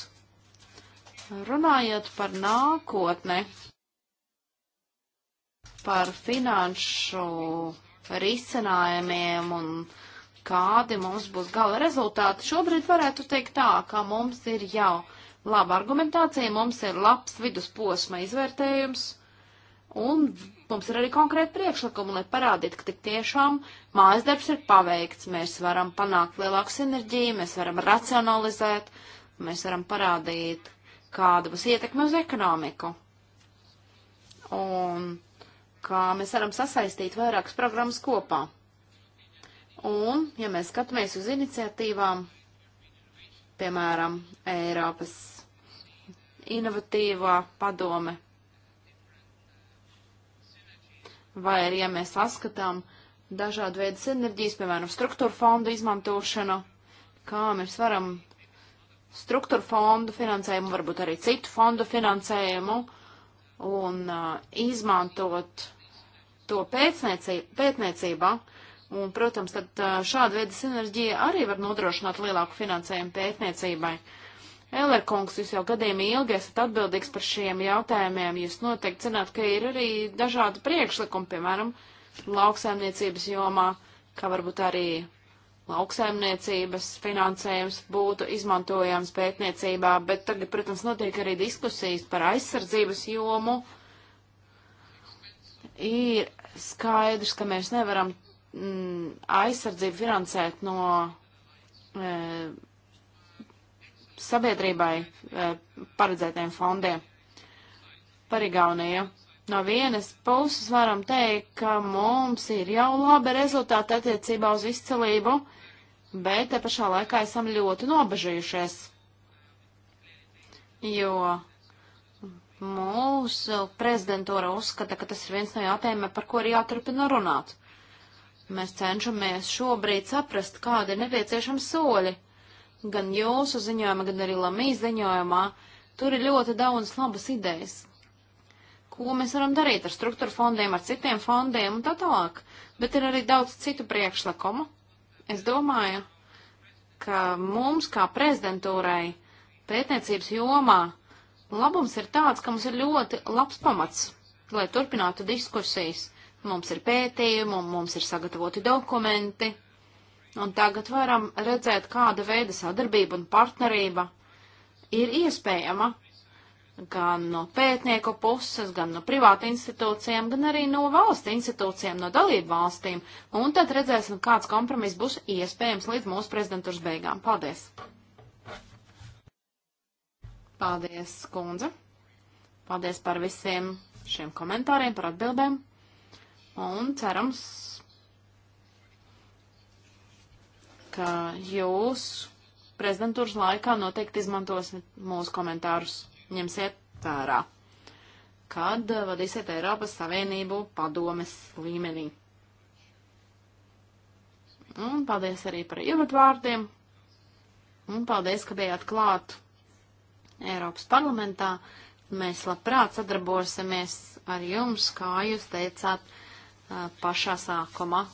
Runājot par nākotni, par finanšu risinājumiem un kādi mums būs gala rezultāti, šobrīd varētu teikt tā, ka mums ir jau laba argumentācija, mums ir labs vidusposma izvērtējums un Mums ir arī konkrēti priekšlikumi, lai parādītu, ka tik tiešām mājas darbs ir paveikts, mēs varam panākt lielāku sinerģiju, mēs varam racionalizēt, mēs varam parādīt, kāda būs ietekme uz ekonomiku. Un kā mēs varam sasaistīt vairākas programmas kopā. Un, ja mēs skatāmies uz iniciatīvām, piemēram, Eiropas inovatīvā padome vai arī, ja mēs saskatām dažādu veidu sinerģijas, piemēram, struktūra fondu izmantošanu, kā mēs varam struktūra fondu finansējumu, varbūt arī citu fondu finansējumu un uh, izmantot to pētniecībā. Un, protams, tad šāda veida sinerģija arī var nodrošināt lielāku finansējumu pētniecībai. Uh, Ellerkungs, jūs jau gadiem ilgi esat atbildīgs par šiem jautājumiem. Jūs noteikti zināt, ka ir arī dažādi priekšlikumi, piemēram, lauksaimniecības jomā, kā varbūt arī lauksaimniecības finansējums būtu izmantojams pētniecībā, bet tagad, protams, notiek arī diskusijas par aizsardzības jomu. Ir skaidrs, ka mēs nevaram mm, aizsardzību finansēt no. E, sabiedrībai eh, paredzētiem fondiem. Par Igauniju. No vienas puses varam teikt, ka mums ir jau labi rezultāti attiecībā uz izcelību, bet te pašā laikā esam ļoti nobežījušies, jo mūsu prezidentūra uzskata, ka tas ir viens no jautājumiem, par ko ir jāturpina runāt. Mēs cenšamies šobrīd saprast, kāda ir nepieciešama soļi gan jūsu ziņojumā, gan arī Lamijas ziņojumā, tur ir ļoti daudz labas idejas. Ko mēs varam darīt ar struktūra fondiem, ar citiem fondiem un tā tālāk. Bet ir arī daudz citu priekšlikumu. Es domāju, ka mums kā prezidentūrai pētniecības jomā labums ir tāds, ka mums ir ļoti labs pamats, lai turpinātu diskusijas. Mums ir pētījumi, mums ir sagatavoti dokumenti, Un tagad varam redzēt, kāda veida sadarbība un partnerība ir iespējama gan no pētnieku puses, gan no privāta institūcijām, gan arī no valsts institūcijām, no dalību valstīm. Un tad redzēsim, kāds kompromiss būs iespējams līdz mūsu prezidentūras beigām. Paldies! Paldies, kundze! Paldies par visiem šiem komentāriem, par atbildēm! Un cerams, ka jūs prezidentūras laikā noteikti izmantosiet mūsu komentārus, ņemsiet vērā, kad eh, vadīsiet Eiropas Savienību padomes līmenī. Un paldies arī par ievadvārdiem. Un paldies, ka bijāt klāt Eiropas parlamentā. Mēs labprāt sadarbosimies ar jums, kā jūs teicāt eh, pašā sākumā.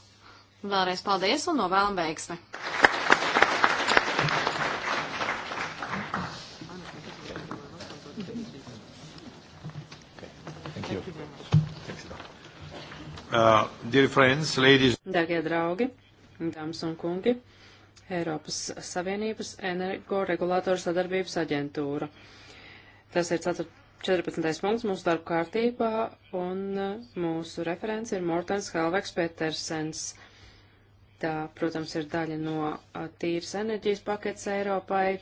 Vēlreiz paldies un novēlam veiksmi! Uh, friends, ladies... Dargie draugi, dāmas un kungi, Eiropas Savienības energoregulātoru sadarbības aģentūra. Tas ir 14. punkts mūsu darba kārtībā, un uh, mūsu referents ir Mortens Helveks Petersens. Tā, protams, ir daļa no tīras enerģijas paketes Eiropai,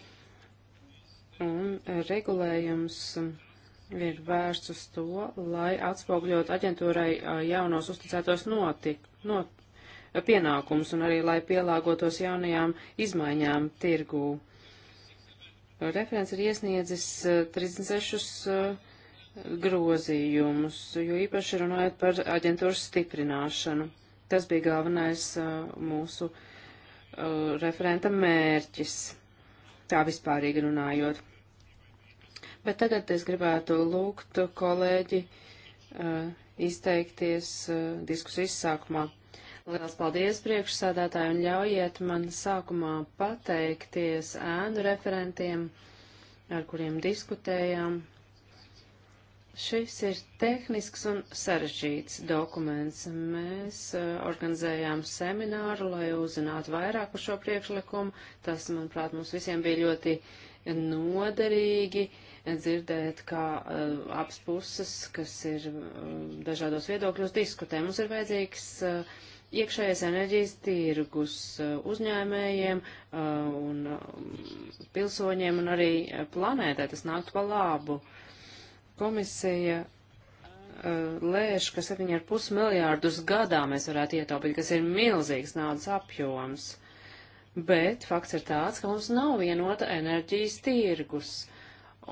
un regulējums ir vērsts uz to, lai atspogļot aģentūrai jaunos uzticētos notik, not, pienākumus un arī lai pielāgotos jaunajām izmaiņām tirgū. Referents ir iesniedzis 36 grozījumus, jo īpaši runājot par aģentūras stiprināšanu. Tas bija galvenais mūsu referenta mērķis, tā vispārīgi runājot. Bet tagad es gribētu lūgt kolēģi izteikties diskusijas sākumā. Liels paldies priekšsādātāji un ļaujiet man sākumā pateikties ēnu referentiem, ar kuriem diskutējām Šis ir tehnisks un sarežģīts dokuments. Mēs uh, organizējām semināru, lai uzzinātu vairāk par šo priekšlikumu. Tas, manuprāt, mums visiem bija ļoti noderīgi dzirdēt, kā uh, eh, abas puses, kas ir uh, dažādos viedokļos diskutē. Mums ir vajadzīgs uh, iekšējais enerģijas tirgus uzņēmējiem un pilsoņiem un arī planētai. Tas nāktu pa labu. Uh, komisija eh, lēš, ka 7,5 miljārdus gadā mēs varētu ietaupīt, kas ir milzīgs naudas apjoms. Bet fakts ir tāds, ka mums nav vienota enerģijas tirgus.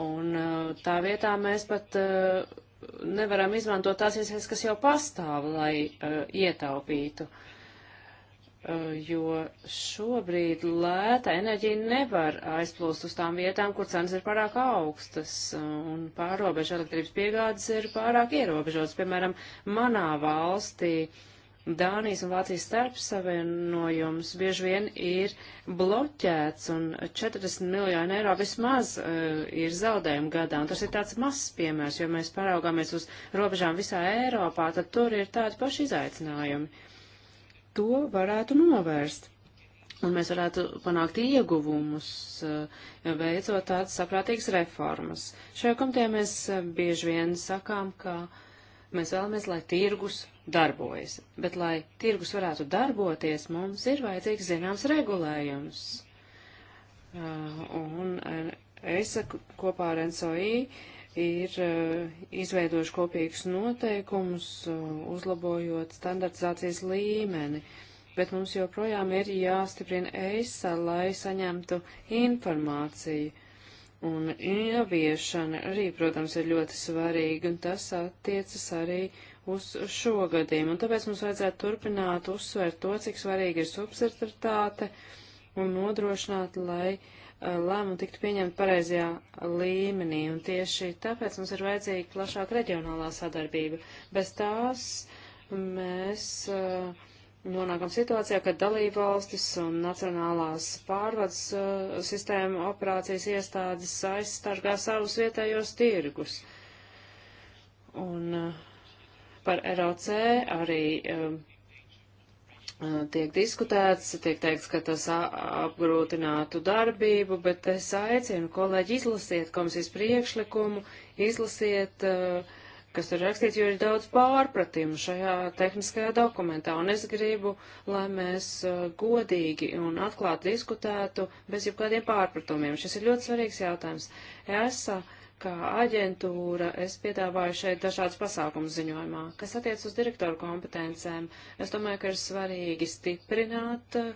Un eh, tā vietā mēs pat eh, nevaram izmantot tās iespējas, kas jau pastāv, lai ietaupītu. Uh, Eh, jo šobrīd lēta enerģija nevar aizplūst uz tām vietām, kur cenas ir pārāk augstas eh, un pārobežu elektrības piegādes ir pārāk ierobežotas. Piemēram, manā valstī Dānijas un Vācijas starpsavienojums bieži vien ir bloķēts un 40 miljoni eiro vismaz uh, ir zaudējumi gadā. Un tas ir tāds mazs piemērs, jo mēs paraugāmies uz robežām visā Eiropā, tad tur ir tādi paši izaicinājumi. Uh, to varētu novērst. Un mēs varētu panākt ieguvumus, eh, veicot tādas saprātīgas reformas. Šajā komitē mēs eh, bieži vien sakām, ka mēs vēlamies, lai tirgus darbojas. Bet, lai tirgus varētu darboties, mums ir vajadzīgs zināms regulējums. Eh, un es kopā ar NSOI ir eh, izveidojuši kopīgus noteikumus, eh, uzlabojot standartizācijas līmeni, bet mums joprojām ir jāstiprina EISA, lai saņemtu informāciju. Un ieviešana arī, protams, ir ļoti svarīga, un tas attiecas arī uz šo gadījumu. Un tāpēc mums vajadzētu turpināt uzsvērt to, cik svarīga ir subsidiaritāte un nodrošināt, lai uh, Eh, lēmumi tiktu pieņemti pareizajā līmenī, un tieši tāpēc mums ir vajadzīga plašāka reģionālā sadarbība. Bez tās mēs uh, nonākam situācijā, kad dalībvalstis un nacionālās pārvades uh, sistēma operācijas iestādes aizstargā savus vietējos tirgus. Un uh, par ROC arī tiek diskutēts, tiek teikts, ka tas apgrūtinātu darbību, bet es aicinu kolēģi izlasiet komisijas priekšlikumu, izlasiet, kas tur rakstīts, jo ir daudz pārpratimu šajā tehniskajā dokumentā, un es gribu, lai mēs godīgi un atklāti diskutētu bez jebkādiem pārpratumiem. Šis ir ļoti svarīgs jautājums. ESA. Es kā aģentūra es piedāvāju šeit dažādas pasākumas ziņojumā, kas attiec uz direktoru kompetencēm. Es domāju, ka ir svarīgi stiprināt uh,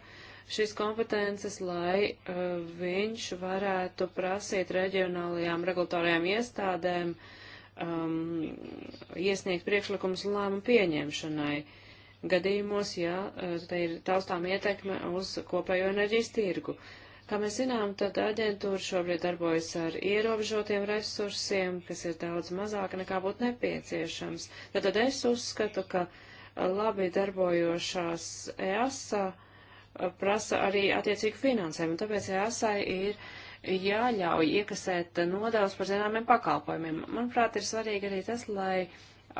šīs kompetences, lai uh, viņš varētu prasīt reģionālajām regulatorijām iestādēm um, iesniegt priekšlikumus lēmumu pieņemšanai gadījumos, ja uh, te ir taustām ietekme uz kopējo enerģijas tirgu. Uh, Kā mēs zinām, tad aģentūra šobrīd darbojas ar ierobežotiem resursiem, kas ir daudz mazāk nekā būtu nepieciešams. Tad, tad es uzskatu, ka labi darbojošās EASA prasa arī attiecīgu finansējumu, tāpēc EASA ir jāļauj iekasēt nodevas par zināmiem pakalpojumiem. Manuprāt, ir svarīgi arī tas, lai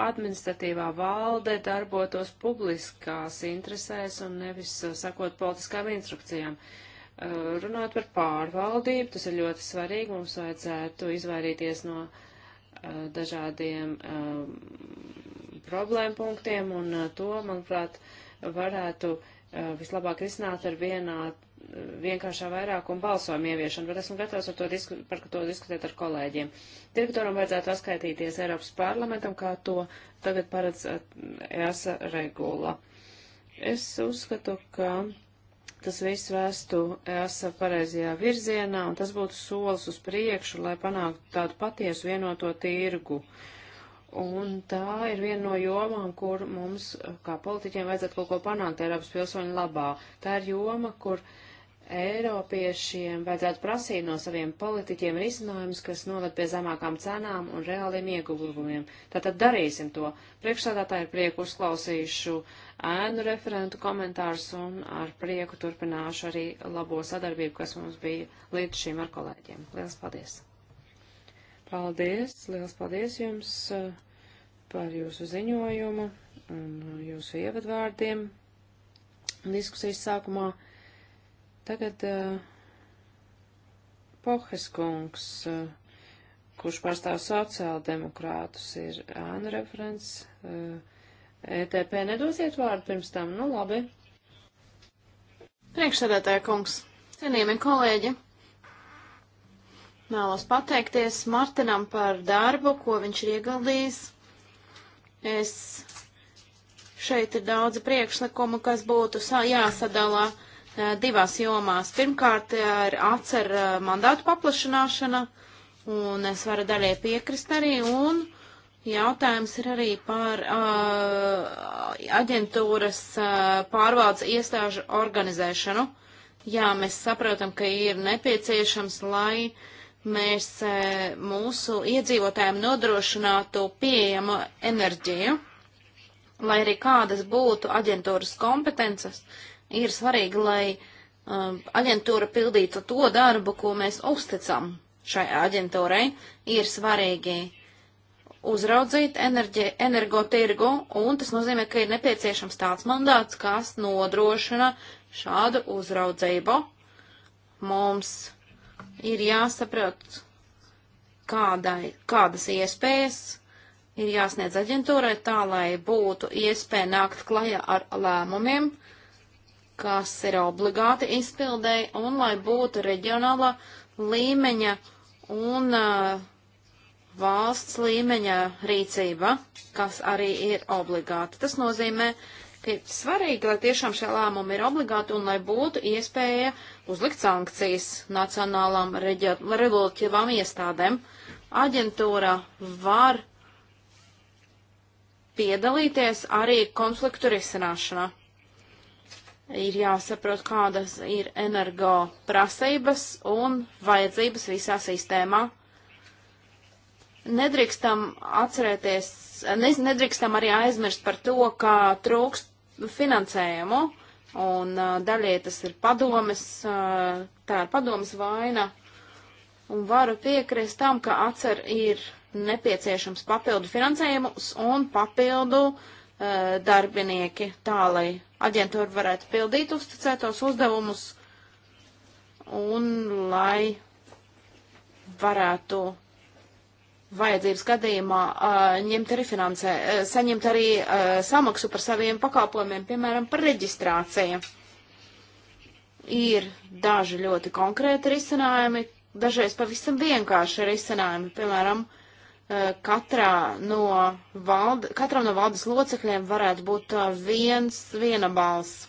administratīvā valde darbotos publiskās interesēs un nevis sakot politiskām instrukcijām. Uh, Eh, runāt par pārvaldību, tas ir ļoti svarīgi. Mums vajadzētu izvairīties no eh, dažādiem eh, problēmu punktiem, un to, manuprāt, varētu vislabāk risināt ar vienā vienkāršā vairākuma balsojuma ieviešanu, bet esmu gatavs ar to disku, par to diskutēt ar kolēģiem. Direktoram vajadzētu atskaitīties Eiropas parlamentam, kā to tagad paredz ESA regula. Es uzskatu, ka tas viss vēstu ESA pareizajā virzienā, un tas būtu solis uz priekšu, lai panāktu tādu patiesu vienoto tirgu. Un tā ir viena no jomām, kur mums, kā politiķiem, vajadzētu kaut ko panākt Eiropas pilsoņu labā. Tā ir joma, kur Eiropiešiem vajadzētu prasīt no saviem politiķiem risinājumus, kas noved pie zemākām cenām un reāliem ieguvumiem. Tātad darīsim to. Priekšsādātāji ir prieku uzklausījuši ēnu referentu komentārus un ar prieku turpināšu arī labo sadarbību, kas mums bija līdz šim ar kolēģiem. Lielas paldies! Paldies! Lielas paldies jums eh, par jūsu ziņojumu un jūsu ievadvārdiem diskusijas sākumā. Tagad uh, Pohes kungs, uh, kurš pārstāv sociāldemokrātus, ir ēnu referents. Uh, ETP nedosiet vārdu pirms tam, nu labi. Priekšsēdētāja kungs, cienījami kolēģi, vēlos pateikties Martinam par darbu, ko viņš ir ieguldījis. Es šeit ir daudzi priekšlikumi, kas būtu jāsadalā e, divās jomās. Pirmkārt ir atcer e, mandātu paplašināšana, un es varu daļai piekrist arī, un uh, Jautājums ir arī par uh, aģentūras uh, pārvaldes iestāžu organizēšanu. Jā, mēs saprotam, ka ir nepieciešams, lai mēs uh, mūsu iedzīvotājiem nodrošinātu pieejamu enerģiju, lai arī kādas būtu aģentūras kompetences, ir svarīgi, lai uh, aģentūra pildītu to darbu, ko mēs uzticam šai aģentūrai, ir svarīgi uzraudzīt enerģi, energotirgu, un tas nozīmē, ka ir nepieciešams tāds mandāts, kas nodrošina šādu uzraudzību. Mums ir jāsaprot, kādai, kādas iespējas ir jāsniedz aģentūrai tā, lai būtu iespēja nākt klajā ar lēmumiem, kas ir obligāti izpildēji, un lai būtu reģionāla līmeņa un uh, valsts līmeņa rīcība, kas arī ir obligāta. Tas nozīmē, ka ir svarīgi, lai tiešām šie lēmumi ir obligāti un lai būtu iespēja uzlikt sankcijas nacionālām regulatīvām iestādēm. Aģentūra var piedalīties arī konfliktu risināšanā. Ir jāsaprot, kādas ir energo prasības un vajadzības visā sistēmā Nedrīkstam atcerēties, nedrīkstam arī aizmirst par to, ka trūkst finansējumu, un daļai tas ir padomes, tā ir padomes vaina, un varu piekrist tam, ka atcer ir nepieciešams papildu finansējums un papildu uh, darbinieki tā, lai aģentūra varētu pildīt uzticētos uzdevumus un lai varētu vajadzības gadījumā ņemt arī finansē, saņemt arī samaksu par saviem pakalpojumiem, piemēram, par reģistrāciju. Ir daži ļoti konkrēti risinājumi, dažreiz pavisam vienkārši risinājumi, piemēram, katrā no valde, katram no valdes locekļiem varētu būt viens, viena balss.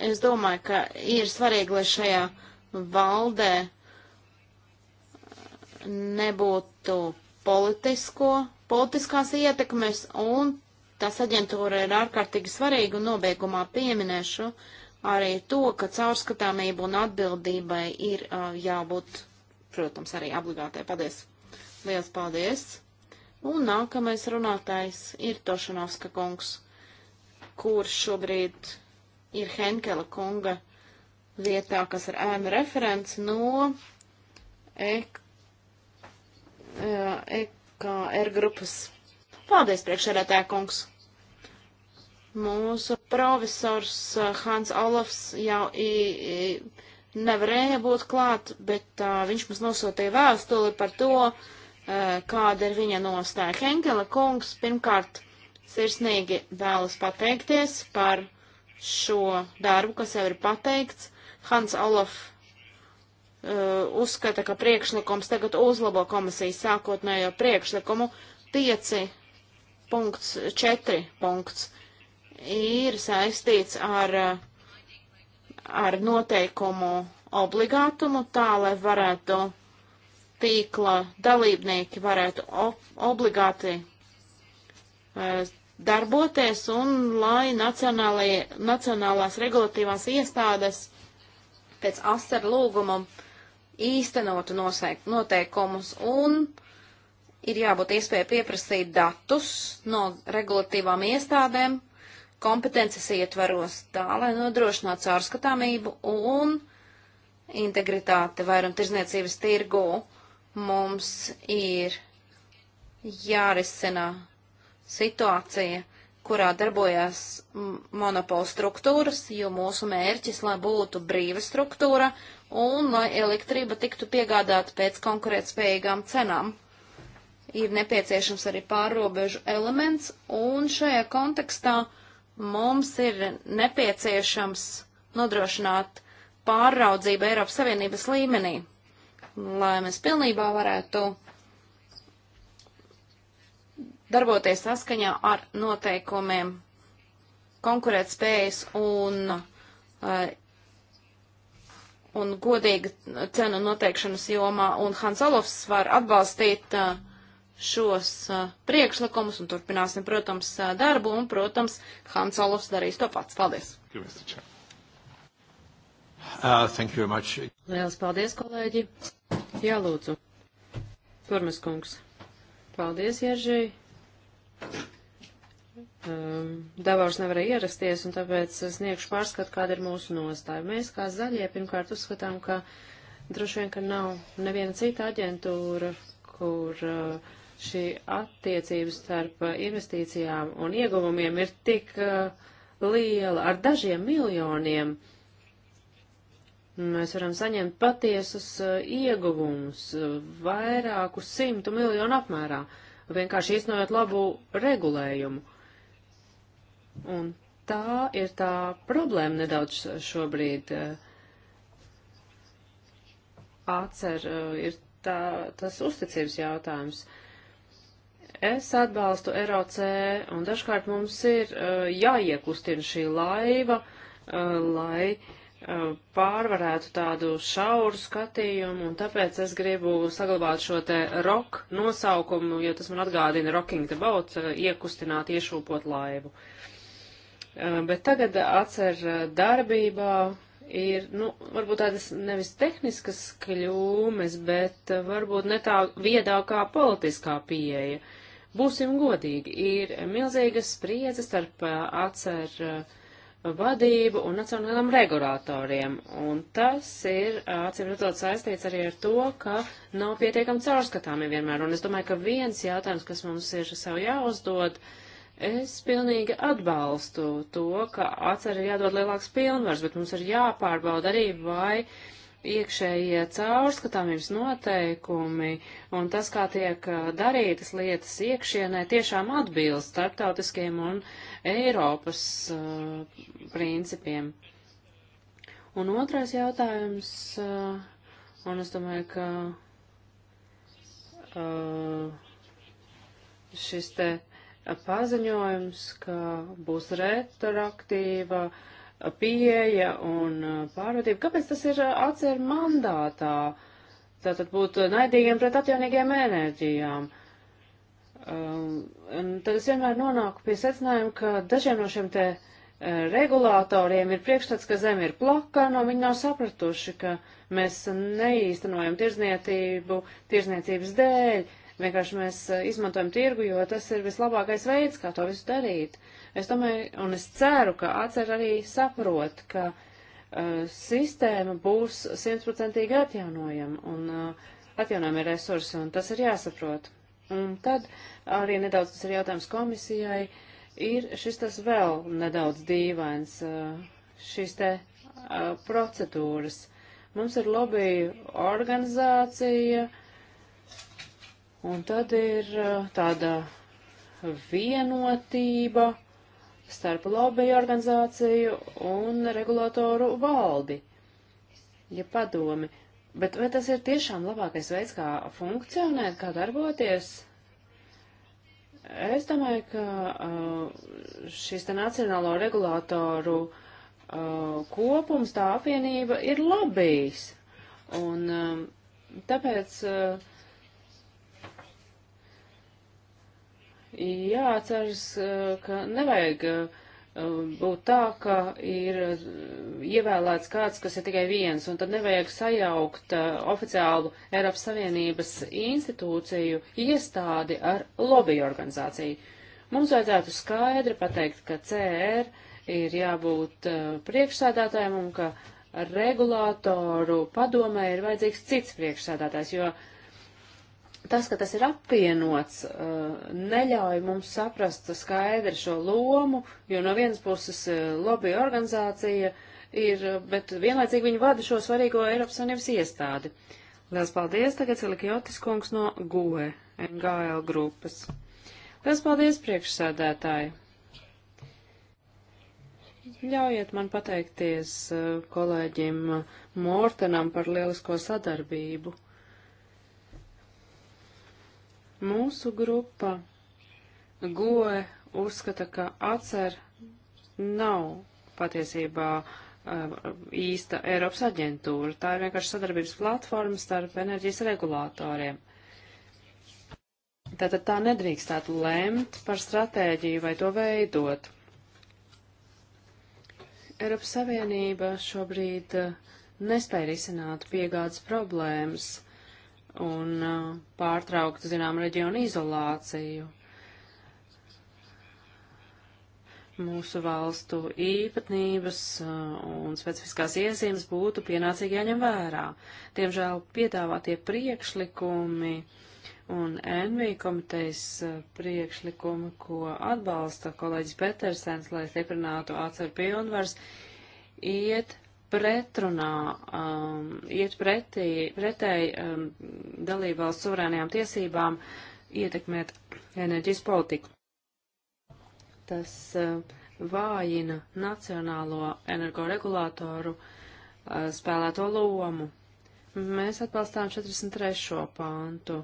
Es domāju, ka ir svarīgi, lai šajā valdē uh, nebūtu politisko, politiskās ietekmes, un tas aģentūra ir ārkārtīgi svarīga, un nobeigumā pieminēšu arī to, ka caurskatāmību un atbildībai ir uh, jābūt, protams, arī obligātai. Paldies! Liels paldies! Un nākamais runātājs ir Tošanovska kungs, kurš šobrīd ir Henkela kunga vietā, kas ir ēnu referents no ek EKR eh, e grupas. Paldies, priekšsēdētāja kungs! Mūsu profesors eh, Hans Olofs jau i, i nevarēja būt klāt, bet uh, viņš mums nosūtīja vēstuli par to, uh, kāda ir viņa nostāja. Henkela kungs pirmkārt sirsnīgi vēlas pateikties par šo darbu, kas jau ir pateikts. Hans Olofs Uh, uzskata, ka priekšlikums tagad uzlabo komisijas sākotnējo priekšlikumu 5.4. punkts ir saistīts ar, uh, ar noteikumu obligātumu tā, lai varētu tīkla dalībnieki varētu obligāti e, darboties un lai nacionālās regulatīvās iestādes pēc ASER lūguma īstenotu noteikumus un ir jābūt iespēja pieprasīt datus no regulatīvām iestādēm kompetences ietvaros tā, lai nodrošinātu caurskatāmību un integritāti vairum tirzniecības tirgū. Mums ir jārisina situācija, kurā darbojas monopola struktūras, jo mūsu mērķis, lai būtu brīva struktūra un lai elektrība tiktu piegādāta pēc konkurētspējīgām cenām. Ir nepieciešams arī pārrobežu elements, un šajā kontekstā mums ir nepieciešams nodrošināt pārraudzību Eiropas Savienības līmenī, lai mēs pilnībā varētu darboties saskaņā ar noteikumiem konkurētspējas un uh, un godīga cenu noteikšanas jomā, un Hans Olofs var atbalstīt uh, šos uh, priekšlikumus, un turpināsim, protams, uh, darbu, un, protams, Hans Olofs darīs to pats. Paldies! Uh, thank you very much. Lielas paldies, kolēģi! Jā, lūdzu. Turmas kungs. Paldies, Jeržī um, Davors nevarēja ierasties, un tāpēc sniegšu pārskatu, kāda ir mūsu nostāja. Mēs kā zaļie pirmkārt uzskatām, ka droši vien, ka nav neviena cita aģentūra, kur uh, šī attiecības starp uh, investīcijām un ieguvumiem ir tik uh, liela ar dažiem miljoniem. Mēs varam saņemt patiesus uh, ieguvumus vairāku simtu miljonu apmērā, vienkārši iznojot labu regulējumu. Un tā ir tā problēma nedaudz šobrīd. Atcer eh, ir tā, tas uzticības jautājums. Es atbalstu ROC, un dažkārt mums ir eh, jāiekustina šī laiva, eh, lai pārvarētu tādu šauru skatījumu, un tāpēc es gribu saglabāt šo te rock nosaukumu, jo tas man atgādina rocking the boat, iekustināt, iešūpot laivu. Uh, Eh, bet tagad atcer eh, darbībā ir, nu, varbūt tādas nevis tehniskas kļūmes, bet eh, varbūt ne tā viedākā politiskā pieeja. Būsim godīgi, ir milzīgas spriedzes starp atcer vadību un nacionālām regulātoriem, un tas ir, acīm redzot, saistīts arī ar to, ka nav pietiekami caurskatāmi vienmēr, un es domāju, ka viens jautājums, kas mums ir sev jāuzdod, uh, Es pilnīgi atbalstu to, ka atcer ir jādod lielāks pilnvars, bet mums ir jāpārbauda arī, vai iekšējie caurskatāmības noteikumi un tas, kā tiek uh, darītas lietas iekšienē, tiešām atbilst starptautiskiem un Eiropas uh, principiem. Un otrais jautājums, uh, un es domāju, ka uh, šis te paziņojums, ka būs retroaktīva pieeja un pārvadība. Kāpēc tas ir atcer mandātā? Tātad būt naidīgiem pret atjaunīgiem enerģijām. Um, tad es vienmēr nonāku pie secinājuma, ka dažiem no šiem te eh, regulātoriem ir priekšstats, ka zem ir plakana, un viņi nav sapratuši, ka mēs neīstenojam tirzniecību tirzniecības dēļ, Vienkārši mēs eh, izmantojam tirgu, jo tas ir vislabākais veids, kā to visu darīt. Es domāju, un es ceru, ka atcer arī saprot, ka uh, sistēma būs simtprocentīgi atjaunojama un uh, atjaunojami resursi, un tas ir jāsaprot. Un tad arī nedaudz tas ir jautājums komisijai, ir šis tas vēl nedaudz dīvains, uh, šīs te uh, procedūras. Mums ir lobby organizācija, uh, Un tad ir uh, tāda vienotība starp lobby organizāciju un regulatoru valdi, ja padomi. Bet vai tas ir tiešām labākais veids, kā funkcionēt, kā darboties? Es domāju, ka uh, šis te nacionālo regulātoru uh, kopums, tā apvienība ir lobbyis. Un um, tāpēc uh, jāatceras, ka nevajag uh, būt tā, ka ir uh, ievēlēts kāds, kas ir tikai viens, un tad nevajag sajaukt uh, oficiālu Eiropas Savienības institūciju iestādi ar lobby organizāciju. Mums vajadzētu skaidri pateikt, ka CR ir jābūt priekšsēdātājiem un ka regulātoru padomē ir vajadzīgs cits priekšsēdātājs, jo tas, ka tas ir apvienots, eh, neļauj mums saprast skaidri šo lomu, jo no vienas puses eh, lobby organizācija ir, eh, bet vienlaicīgi viņi vada šo svarīgo Eiropas Savienības iestādi. Lielas paldies, tagad Silikjotis kungs no GUE, NGL grupas. Lielas paldies, priekšsēdētāji! Ļaujiet man pateikties kolēģim Mortenam par lielisko sadarbību Mūsu grupa goe uzskata, ka atcer nav patiesībā eh, īsta Eiropas aģentūra. Tā ir vienkārši sadarbības platforma starp enerģijas regulātoriem. Tātad tā nedrīkstētu lemt par stratēģiju vai to veidot. Eiropas Savienība šobrīd eh, nespēja risināt piegādes problēmas un uh, pārtraukt, zinām, reģionu izolāciju. Mūsu valstu īpatnības uh, un specifiskās iezīmes būtu pienācīgi jāņem vērā. Diemžēl piedāvātie priekšlikumi un NV komitejas uh, priekšlikumi, ko atbalsta kolēģis Petersens, lai stiprinātu atceru pilnvars, iet pretrunā, um, iet pretī, pretēji um, dalībvalsts suverēnajām tiesībām ietekmēt enerģijas politiku. Tas uh, vājina nacionālo energoregulātoru uh, spēlēto lomu. Mēs atbalstām 43. pāntu.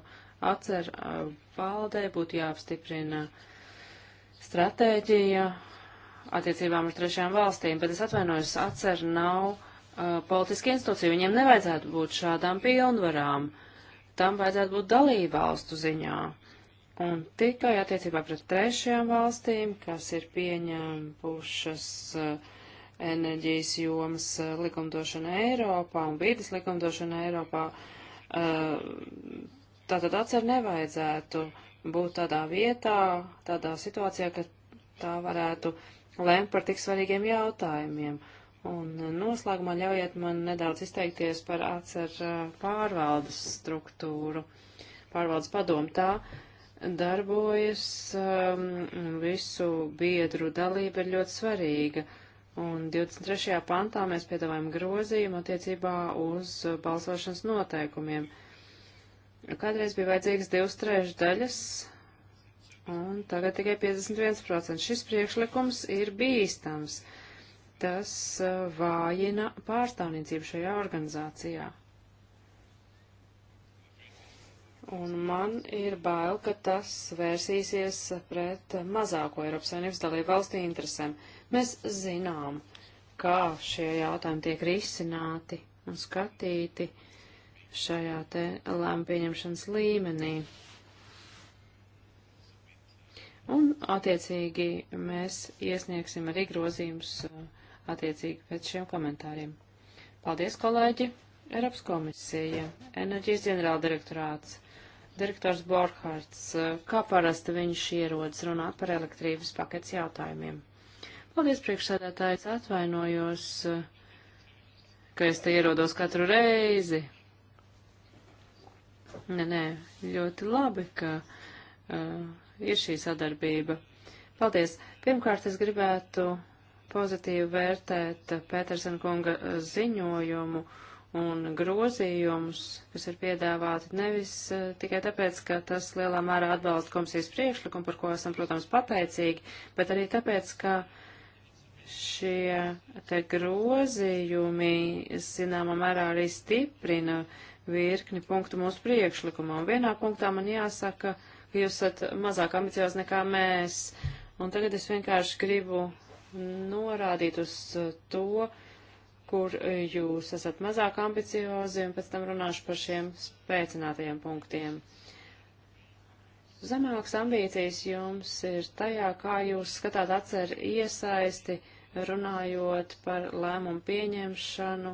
Atcer uh, valdē būtu jāapstiprina stratēģija attiecībām ar trešajām valstīm, bet es atvainojos, atcer nav uh, politiski institūcija, viņiem nevajadzētu būt šādām pilnvarām, tam vajadzētu būt dalību valstu ziņā. Un tikai attiecībā pret trešajām valstīm, kas ir pieņēmušas uh, enerģijas jomas uh, likumdošana Eiropā un vīdes likumdošana Eiropā, uh, tātad atcer nevajadzētu būt tādā vietā, tādā situācijā, ka tā varētu lemt par tik svarīgiem jautājumiem. Un eh, noslēgumā ļaujiet man nedaudz izteikties par atcer eh, pārvaldes struktūru. Pārvaldes padomu tā darbojas, um, visu biedru dalība ir ļoti svarīga. Un 23. pantā mēs piedāvājam grozījumu attiecībā uz balsošanas noteikumiem. Kādreiz bija vajadzīgas divas trešdaļas un tagad tikai 51%. Šis priekšlikums ir bīstams. Tas uh, vājina pārstāvniecību šajā organizācijā. Un man ir bail, ka tas vērsīsies pret mazāko Eiropas Savienības dalību valstu interesēm. Mēs zinām, kā šie jautājumi tiek risināti un skatīti šajā te lēmu pieņemšanas līmenī. Un, attiecīgi, mēs iesniegsim arī grozījumus uh, attiecīgi pēc šiem komentāriem. Paldies, kolēģi! Eiropas komisija, enerģijas ģenerāldirektorāts, direktors Borhards, uh, kā parasti viņš ierodas runāt par elektrības paketes jautājumiem. Paldies, priekšsēdētājs, atvainojos, uh, ka es te ierodos katru reizi. Nē, nē, ļoti labi, ka uh, ir šī sadarbība. Paldies! Pirmkārt, es gribētu pozitīvi vērtēt Pētersena kunga eh, ziņojumu un grozījumus, kas ir piedāvāti nevis eh, tikai tāpēc, ka tas lielā mērā atbalsta komisijas priekšlikumu, par ko esam, protams, pateicīgi, bet arī tāpēc, ka šie te grozījumi, zināmā mērā, arī stiprina virkni punktu mūsu priekšlikumā. Un vienā punktā man jāsaka, ka jūs esat mazāk ambiciozi nekā mēs. Un tagad es vienkārši gribu norādīt uz to, kur jūs esat mazāk ambiciozi, un pēc tam runāšu par šiem spēcinātajiem punktiem. Zemāks ambīcijas jums ir tajā, kā jūs skatāt atcer iesaisti, runājot par lēmumu pieņemšanu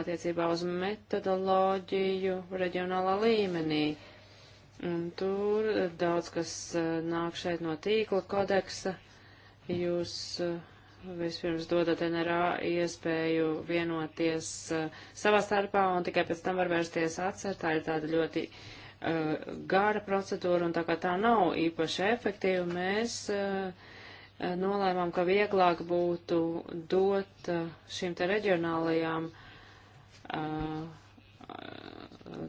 attiecībā uz metodoloģiju reģionālā līmenī. Un tur daudz kas eh, nāk šeit no tīkla kodeksa. Jūs eh, vispirms dodat NRA iespēju vienoties eh, savā starpā un tikai pēc tam var vērsties atcer. Tā ir tāda ļoti uh, gara procedūra un tā kā tā nav īpaši efektīva, mēs uh, nolēmām, ka vieglāk būtu dot uh, šīm te reģionālajām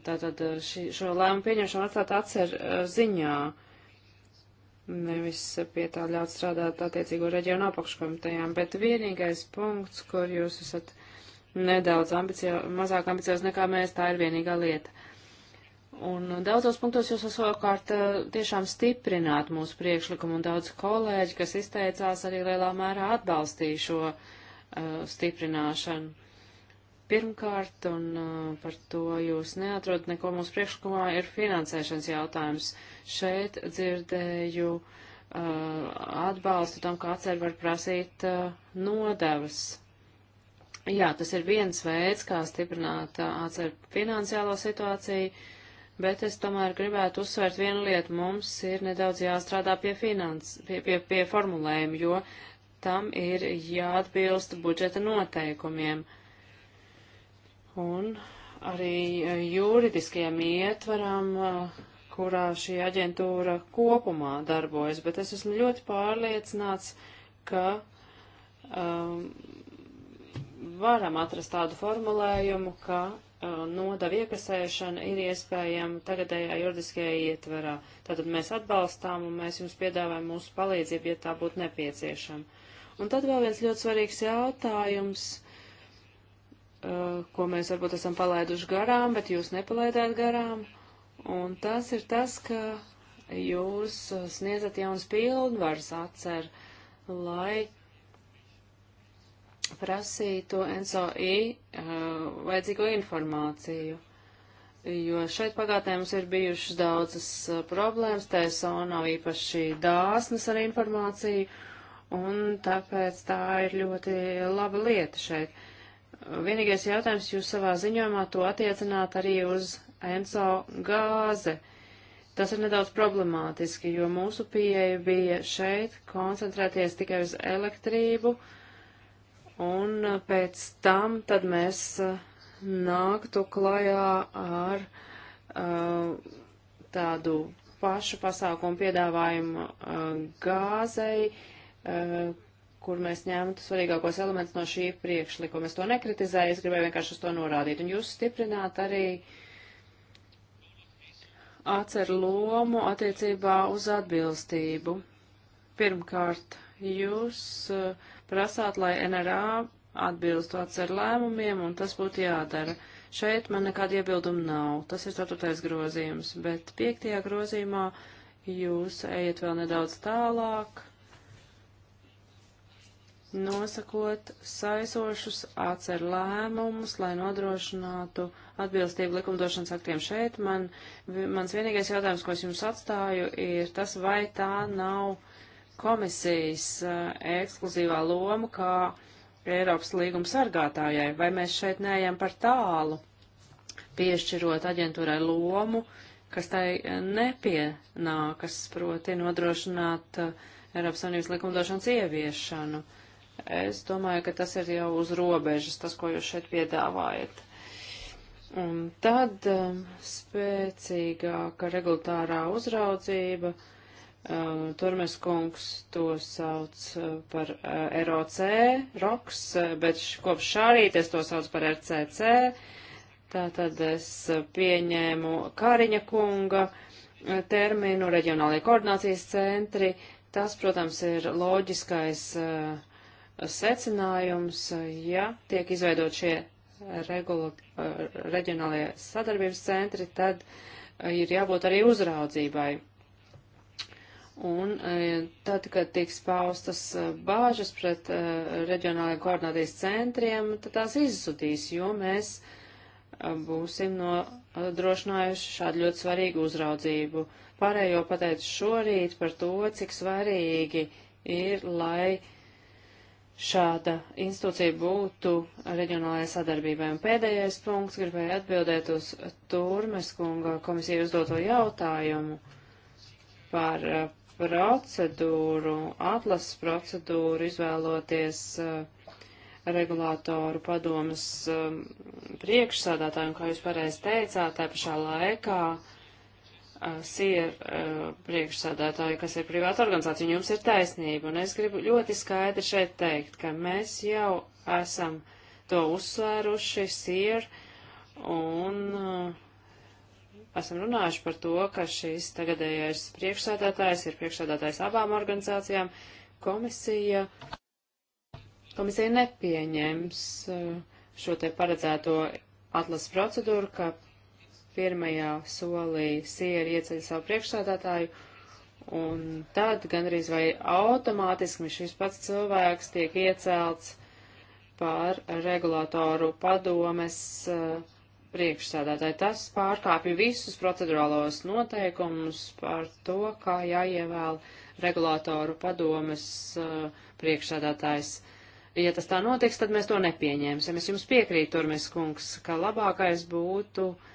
tātad eh, šī, šo lēmu pieņemšanu atstāt atcer eh, ziņā, nevis pie tā ļaut strādāt attiecīgo reģionu apakškomitejām, bet vienīgais punkts, kur jūs esat nedaudz ambicio, mazāk ambiciozs nekā mēs, tā ir vienīgā lieta. Un daudzos punktos jūs savukārt eh, tiešām stiprināt mūsu priekšlikumu, un daudz kolēģi, kas izteicās, arī lielā mērā atbalstīja šo uh, stiprināšanu. Pirmkārt, un uh, par to jūs neatrodat neko mūsu priekšlikumā, ir finansēšanas jautājums. Šeit dzirdēju uh, atbalstu tam, kā atcer var prasīt uh, nodevas. Jā, tas ir viens veids, kā stiprināt uh, atcer finansiālo situāciju, bet es tomēr gribētu uzsvērt vienu lietu. Mums ir nedaudz jāstrādā pie, finans, pie, pie, pie formulējuma, jo tam ir jāatbilst budžeta noteikumiem. Uh, un arī e, juridiskajam ietvaram, e, kurā šī aģentūra kopumā darbojas, bet es esmu ļoti pārliecināts, ka um, varam atrast tādu formulējumu, ka nodavu iekasēšana ir iespējama tagadējā juridiskajā ietverā. Tātad mēs atbalstām un mēs jums piedāvājam mūsu palīdzību, ja tā būtu nepieciešama. Un tad vēl viens ļoti svarīgs jautājums Uh, ko mēs varbūt esam palaiduši garām, bet jūs nepalaidāt garām. Un tas ir tas, ka jūs sniedzat jaunas pilnvaras atcer, lai prasītu NSOI uh, vajadzīgo informāciju. Jo šeit pagātnē mums ir bijušas daudzas uh, problēmas, TSO nav īpaši dāsnas ar informāciju, un tāpēc tā ir ļoti laba lieta šeit. Uh, Vienīgais jautājums, jūs savā ziņojumā to attiecināt arī uz Enso gāze. Tas ir nedaudz problemātiski, jo mūsu pieeja bija šeit koncentrēties tikai uz elektrību, un pēc tam tad mēs uh, nāktu klajā ar uh, tādu pašu pasākumu piedāvājumu uh, gāzei, uh, kur mēs ņemtu svarīgākos elementus no šī priekšlikuma. Es to nekritizēju, es gribēju vienkārši uz to norādīt. Un jūs stiprināt arī atceru lomu attiecībā uz atbilstību. Pirmkārt, jūs eh, prasāt, lai NRA atbilstu atceru lēmumiem, un tas būtu jādara. Šeit man nekāda iebilduma nav. Tas ir ceturtais grozījums, bet piektajā grozījumā jūs ejat vēl nedaudz tālāk nosakot saisošus atcer lēmumus, lai nodrošinātu atbilstību likumdošanas aktiem šeit. Man, mans vienīgais jautājums, ko es jums atstāju, ir tas, vai tā nav komisijas uh, ekskluzīvā loma kā Eiropas līguma sargātājai, vai mēs šeit neejam par tālu, piešķirot aģentūrai lomu, kas tai eh, nepienākas, proti nodrošināt uh, Eiropas Savienības likumdošanas ieviešanu. Uh, Es domāju, ka tas ir jau uz robežas, tas, ko jūs šeit piedāvājat. Un tad um, spēcīgāka regulārā uzraudzība. Um, Turmes kungs to sauc uh, par uh, ROC, ROX, uh, bet kopš šā rīta es to saucu par RCC. Tātad es pieņēmu Kāriņa kunga terminu reģionālajie koordinācijas centri. Tas, protams, ir loģiskais uh, secinājums, ja tiek izveidot šie regula, eh, reģionālie sadarbības centri, tad eh, ir jābūt arī uzraudzībai. Un eh, tad, kad tiks paustas bāžas pret reģionālajiem koordinātīs centriem, tad tās izzudīs, jo mēs būsim nodrošinājuši šādu ļoti svarīgu uzraudzību. Pārējo pateicu šorīt par to, cik svarīgi ir, lai uh, šāda institūcija būtu reģionālajai sadarbībai. Un pēdējais punkts gribēja atbildēt uz Turmeskunga komisiju uzdoto jautājumu par eh, procedūru, atlases procedūru, izvēloties uh, regulātoru padomas um, priekšsādātāju, un kā jūs pareizi teicāt, tā pašā laikā uh, Uh, SIR uh, priekšsādātāju, kas ir privāta organizācija, un jums ir taisnība. Un es gribu ļoti skaidri šeit teikt, ka mēs jau esam to uzsvēruši SIR un uh, esam runājuši par to, ka šis tagadējais priekšsādātājs ir priekšsādātājs abām organizācijām. Komisija, komisija nepieņems šo te paredzēto atlases procedūru, ka pirmajā solī Sieri ieceļ savu priekšstādātāju, un tad gandrīz vai automātiski šis pats cilvēks tiek iecelts par regulātoru padomes uh, eh, priekšsādātāji. Tas pārkāpja visus procedurālos noteikumus par to, kā jāievēl regulātoru padomes uh, priekšsādātājs. Ja tas tā notiks, tad mēs to nepieņemsim. Es jums piekrītu, Turmes kungs, ka labākais būtu uh,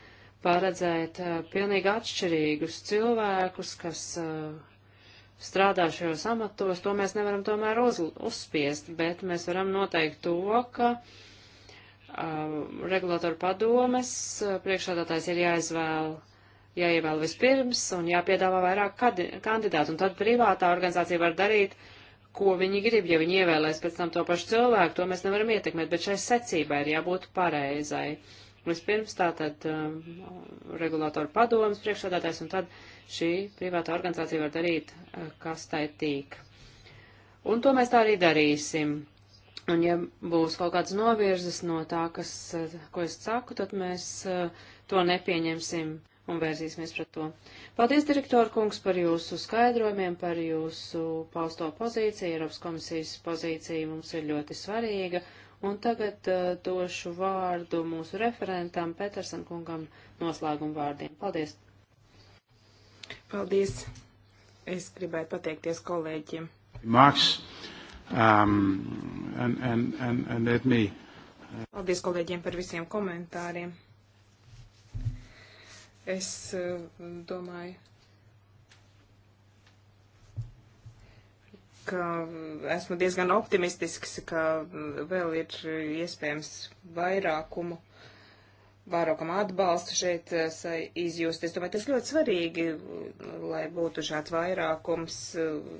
paredzēt eh, pilnīgi atšķirīgus cilvēkus, kas eh, strādā šajos amatos, to mēs nevaram tomēr uz, uzspiest, bet mēs varam noteikt to, ka uh, regulātoru padomes priekšādātājs ir jāizvēl, jāievēl vispirms un jāpiedāvā vairāk kandidātu, un tad privātā organizācija var darīt, ko viņi grib, ja viņi ievēlēs pēc tam to pašu cilvēku, to mēs nevaram ietekmēt, bet šai secībai ir jābūt pareizai. Uh, Vispirms tātad um, regulātoru padomas priekšsādātājs un tad šī privāta organizācija var darīt, uh, kas tai tīk. Un to mēs tā arī darīsim. Un ja būs kaut kāds novirzes no tā, kas, uh, ko es saku, tad mēs uh, to nepieņemsim un vērsīsimies pret to. Paldies, direktora kungs, par jūsu skaidrojumiem, par jūsu pausto pozīciju. Eiropas komisijas pozīcija mums ir ļoti svarīga, Un tagad uh, došu vārdu mūsu referentam Petersen kungam noslēguma vārdiem. Paldies! Paldies! Es gribētu pateikties kolēģiem. Marks, um, and, and, and, and let me. Paldies kolēģiem par visiem komentāriem. Es uh, domāju ka esmu diezgan optimistisks, ka vēl ir iespējams vairākumu, vairākam atbalstu šeit eh, izjust. Es domāju, tas ļoti svarīgi, lai būtu šāds vairākums eh,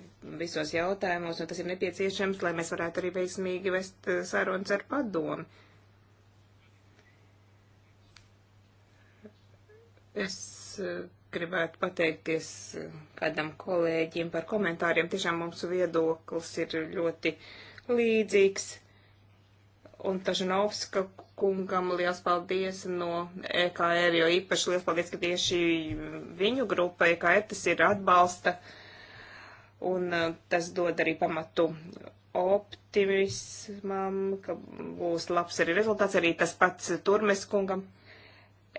visos jautājumos, un tas ir nepieciešams, lai mēs varētu arī veiksmīgi vest eh, sarunas ar padomu. Es gribētu pateikties eh, kādam kolēģim par komentāriem. Tiešām mums viedoklis ir ļoti līdzīgs. Un Tažanovska kungam liels paldies no EKR, jo īpaši liels paldies, ka tieši viņu grupa EKR tas ir atbalsta. Un eh, tas dod arī pamatu optimismam, ka būs labs arī rezultāts, arī tas pats Turmes kungam.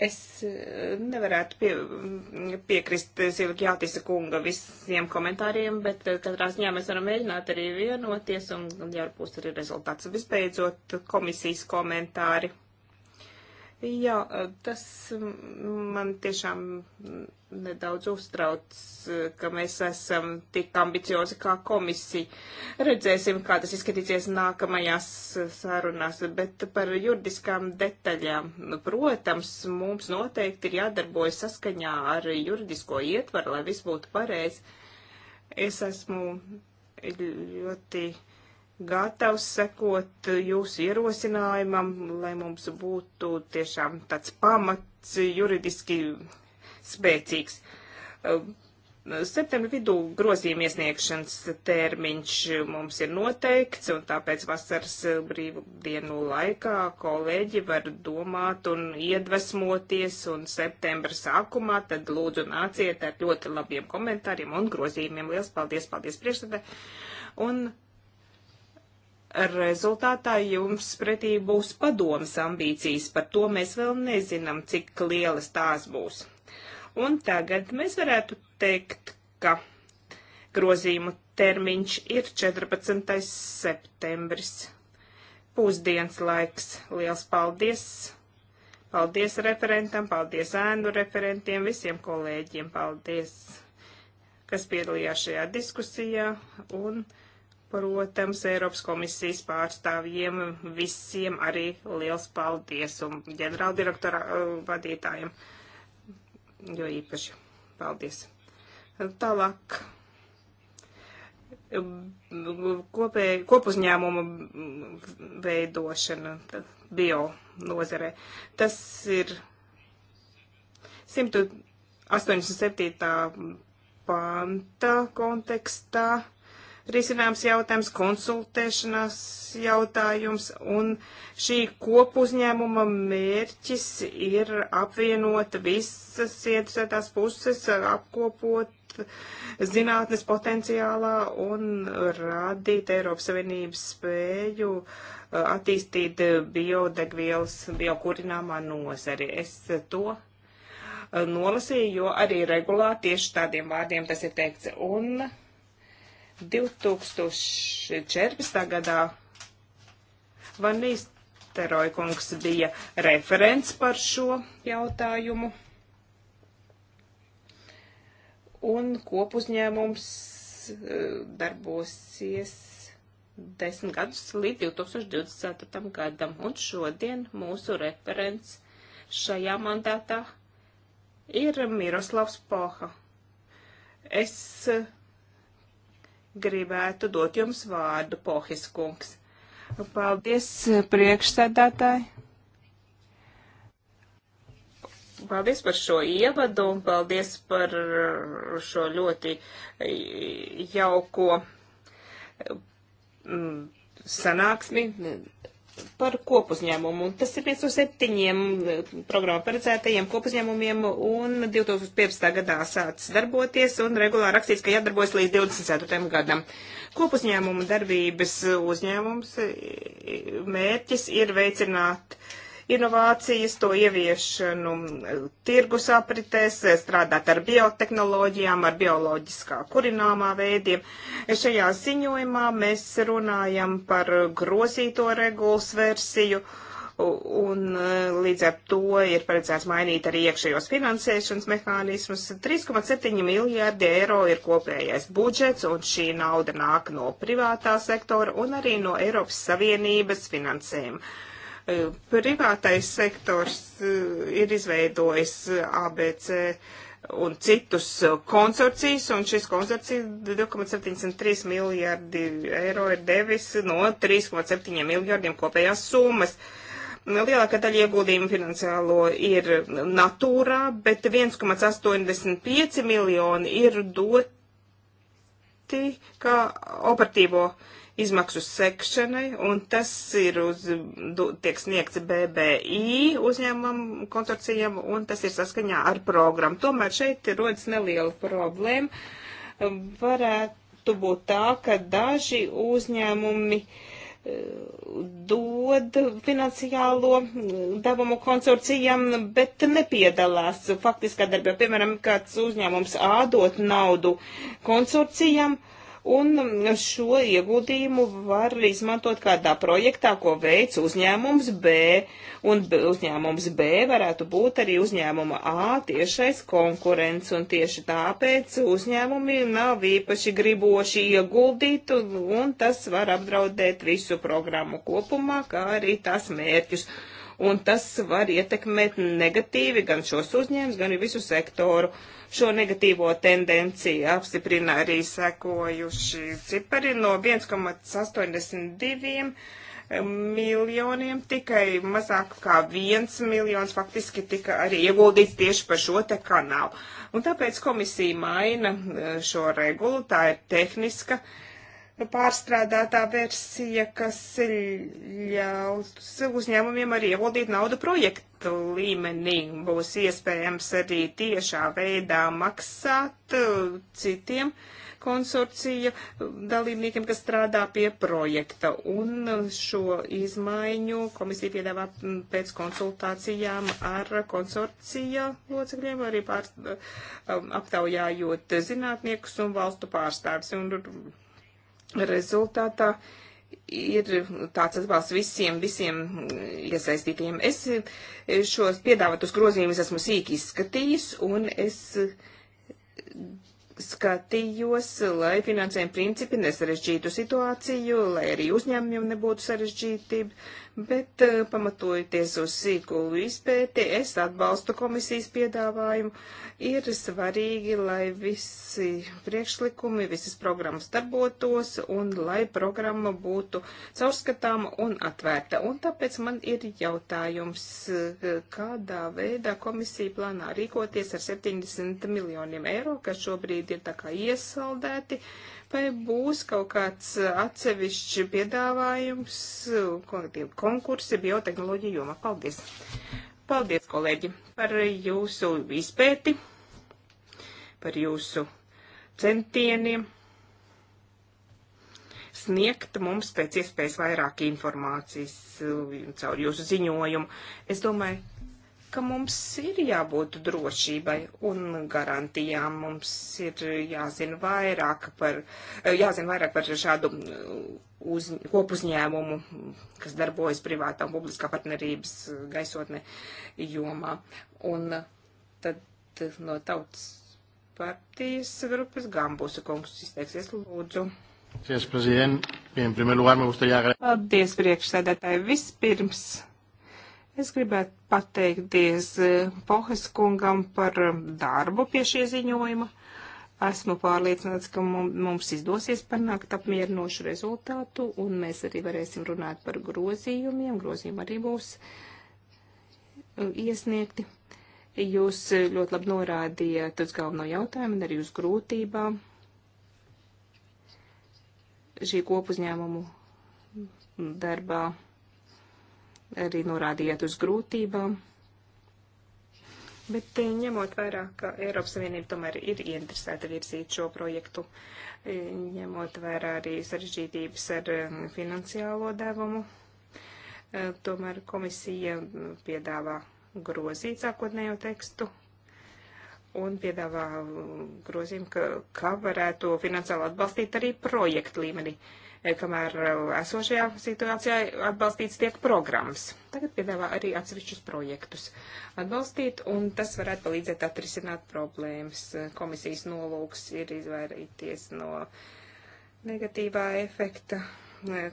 Es eh, nevarētu pie, mm, piekrist Silvijātisa kunga visiem komentāriem, bet eh, katrā ziņā mēs varam mēģināt arī vienoties un, un jābūt arī rezultāts. Visbeidzot, komisijas komentāri Jā, tas man tiešām nedaudz uztrauc, ka mēs esam tik ambiciozi kā komisija. Redzēsim, kā tas izskatīsies nākamajās sarunās, bet par juridiskām detaļām. Protams, mums noteikti ir jādarbojas saskaņā ar juridisko ietvaru, lai viss būtu pareizi. Es esmu ļoti. Uh, gatavs sekot jūsu ierosinājumam, lai mums būtu tiešām tāds pamats juridiski spēcīgs. Ehm, septembra vidū grozījuma iesniegšanas termiņš mums ir noteikts, un tāpēc vasaras brīvu dienu laikā kolēģi var domāt un iedvesmoties, un septembra sākumā tad lūdzu nāciet ar ļoti labiem komentāriem un grozījumiem. Lielas paldies, paldies priekšsēdē! Un rezultātā jums pretī būs padomas ambīcijas. Par to mēs vēl nezinām, cik lielas tās būs. Un tagad mēs varētu teikt, ka grozījumu termiņš ir 14. septembris. Pusdienas laiks. Liels paldies! Paldies referentam, paldies ēnu referentiem, visiem kolēģiem, paldies, kas piedalījās šajā diskusijā. Un protams, Eiropas komisijas pārstāvjiem visiem arī liels paldies un ģenerāldirektora uh, vadītājiem, jo īpaši paldies. Tālāk. Kopē, kopuzņēmuma veidošana bio nozarē. Tas ir 187. panta kontekstā risināms jautājums, konsultēšanās jautājums, un šī kopuzņēmuma mērķis ir apvienot visas iedusētās puses, apkopot zinātnes potenciālā un radīt Eiropas Savienības spēju uh, attīstīt biodegvielas, biokurināmā nozari. Es to uh, nolasīju, jo arī regulā tieši tādiem vārdiem tas ir teikts. Un 2014. gadā Van Nīsteroja kungs bija referents par šo jautājumu. Un kopuzņēmums eh, darbosies desmit gadus līdz 2024. gadam. Un šodien mūsu referents šajā mandātā ir Miroslavs Poha. Es eh, gribētu dot jums vārdu, Pohis kungs. Paldies, priekšsēdētāji. Paldies par šo ievadu un paldies par šo ļoti jauko mm, sanāksmi par kopuzņēmumu, un tas ir 5 no 7 eh, programmu paredzētajiem kopuzņēmumiem, un 2015. gadā sācis darboties, un regulāri rakstīts, ka jādarbojas līdz 24. gadam. Kopuzņēmumu darbības uzņēmums eh, mērķis ir veicināt uh, inovācijas, to ieviešanu eh, tirgus apritēs, eh, strādāt ar biotehnoloģijām, ar bioloģiskā kurināmā veidiem. Eh, šajā ziņojumā mēs runājam par grozīto regulas versiju. Un līdz ar to ir paredzēts mainīt arī iekšējos finansēšanas mehānismus. 3,7 miljārdi eiro ir kopējais budžets, un šī nauda nāk no privātā sektora un arī no Eiropas Savienības finansējuma. Privātais sektors eh, ir izveidojis ABC un citus konsorcijas, un šis konsorcijas 2,73 miljardi eiro ir devis no 3,7 miljardiem kopējās summas. Lielākā daļa ieguldījumu finansiālo ir natūrā, bet 1,85 miljoni ir doti kā operatīvo uh, izmaksu sekšanai, un tas ir uz, tiek sniegts BBI uzņēmumam konsorcijam, un tas ir saskaņā ar programmu. Tomēr šeit rodas neliela problēma. Varētu būt tā, ka daži uzņēmumi eh, dod finansiālo eh, devumu konsorcijam, bet nepiedalās faktiskā darbā. Piemēram, kāds uzņēmums ādot naudu konsorcijam, uh, un šo ieguldījumu var izmantot kādā projektā, ko veic uzņēmums B, un uzņēmums B varētu būt arī uzņēmuma A tiešais konkurents, un tieši tāpēc uzņēmumi nav īpaši griboši ieguldīt, un, un tas var apdraudēt visu programmu kopumā, kā arī tās mērķus un tas var ietekmēt negatīvi gan šos uzņēmumus, gan visu sektoru. Šo negatīvo tendenciju apstiprina arī sekojuši cipari no 1,82 um, miljoniem, tikai mazāk kā viens miljons faktiski tika arī ieguldīts tieši par šo te kanālu. Un tāpēc komisija maina uh, šo regulu, tā ir tehniska uh, nu, pārstrādātā versija, kas ļaus uzņēmumiem arī ieguldīt naudu projektu līmenī. Būs iespējams arī tiešā veidā maksāt uh, citiem konsorcija dalībniekiem, kas strādā pie projekta. Un uh, šo izmaiņu komisija piedāvā mm, pēc konsultācijām ar konsorcija locekļiem, arī pār, uh, um, aptaujājot zinātniekus un valstu pārstāvis. Un rezultātā ir tāds atbalsts visiem, visiem iesaistītiem. Es eh, šos piedāvātus grozījumus esmu sīki izskatījis, un es skatījos, lai finansējuma principi nesarežģītu situāciju, lai arī uzņēmumiem nebūtu sarežģītība bet eh, pamatojoties uz sīkulu izpēti, es atbalstu komisijas piedāvājumu. Ir svarīgi, lai visi priekšlikumi, visas programmas darbotos un lai programma būtu caurskatāma un atvērta. Un tāpēc man ir jautājums, eh, kādā veidā komisija plānā rīkoties ar 70 miljoniem eiro, kas šobrīd ir tā kā iesaldēti. Uh, grupai būs kaut kāds atsevišķi piedāvājums, konkursi biotehnoloģiju jomā. Paldies! Paldies, kolēģi, par jūsu izpēti, par jūsu centieniem sniegt mums pēc iespējas vairāk informācijas uh, caur jūsu ziņojumu. Es domāju, ka mums ir jābūt drošībai un garantijām. Mums ir jāzina vairāk par, jāzina vairāk par šādu uz, kopuzņēmumu, kas darbojas privātā un publiskā partnerības gaisotne jomā. Un tad no tautas partijas grupas Gambusa kungs izteiksies lūdzu. Paldies, priekšsēdētāji. Vispirms Es gribētu pateikties eh, Pohes kungam par um, darbu pie šie ziņojuma. Esmu pārliecināts, ka mums izdosies panākt apmierinošu rezultātu, un mēs arī varēsim runāt par grozījumiem. Grozījumi arī būs uh, iesniegti. Jūs uh, ļoti labi norādījāt uz galveno jautājumu un arī uz grūtībām šī kopuzņēmumu darbā arī norādījāt uz grūtībām. Bet eh, ņemot vērā, ka Eiropas Savienība tomēr ir ieinteresēta virzīt šo projektu, eh, ņemot vērā arī sarežģītības ar eh, finansiālo devumu, tomēr komisija piedāvā grozīt sākotnējo tekstu un piedāvā grozījumu, ka, ka varētu finansiāli atbalstīt arī projektu līmenī. Uh, E, kamēr e, esošajā situācijā atbalstīts tiek programmas. Tagad piedāvā arī atsevišķus projektus atbalstīt, un tas varētu palīdzēt atrisināt problēmas. E, komisijas nolūks ir izvairīties no negatīvā efekta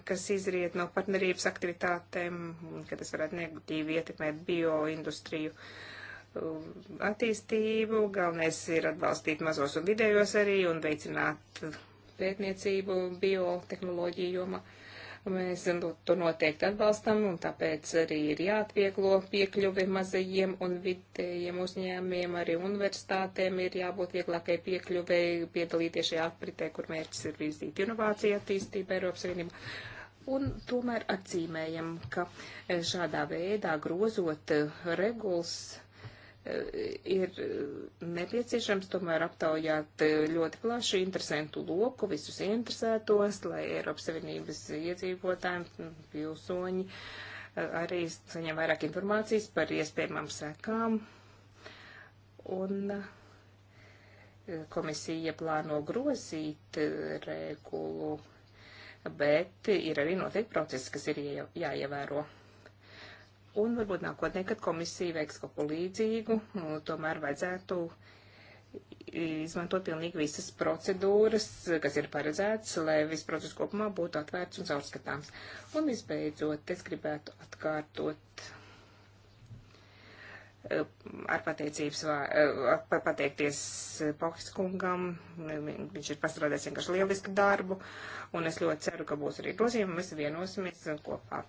kas izriet no partnerības aktivitātēm, ka tas varētu negatīvi ietekmēt bioindustriju attīstību. Galvenais ir atbalstīt mazos un vidējos arī un veicināt pētniecību biotehnoloģiju jomā. Mēs nu, to noteikti atbalstam, un tāpēc arī ir jāatvieglo piekļuvi mazajiem un vidējiem uzņēmiem, arī universitātēm ir jābūt vieglākai piekļuvei piedalīties šajā apritē, kur mērķis ir virzīt inovāciju attīstību Eiropas Savienībā. Un tomēr atzīmējam, ka eh, šādā veidā grozot eh, regulas ir eh, nepieciešams tomēr aptaujāt eh, ļoti plašu interesantu loku, visus interesētos, lai Eiropas Savienības iedzīvotājiem, pilsoņi eh, arī saņem vairāk informācijas par iespējamām sekām. Un komisija plāno grozīt regulu, bet ir arī noteikti procesi, kas ir jāievēro. Un varbūt nākotnē, kad komisija veiks kaut ko līdzīgu, nu, tomēr vajadzētu izmantot pilnīgi visas procedūras, kas ir paredzētas, lai viss process kopumā būtu atvērts un caurskatāms. Un visbeidzot, es gribētu atkārtot ar pateicības, eh, par pateikties Pohis kungam. Viņš ir pastrādājis vienkārši lielisku darbu, un es ļoti ceru, ka būs arī grozījumi, mēs vienosimies kopā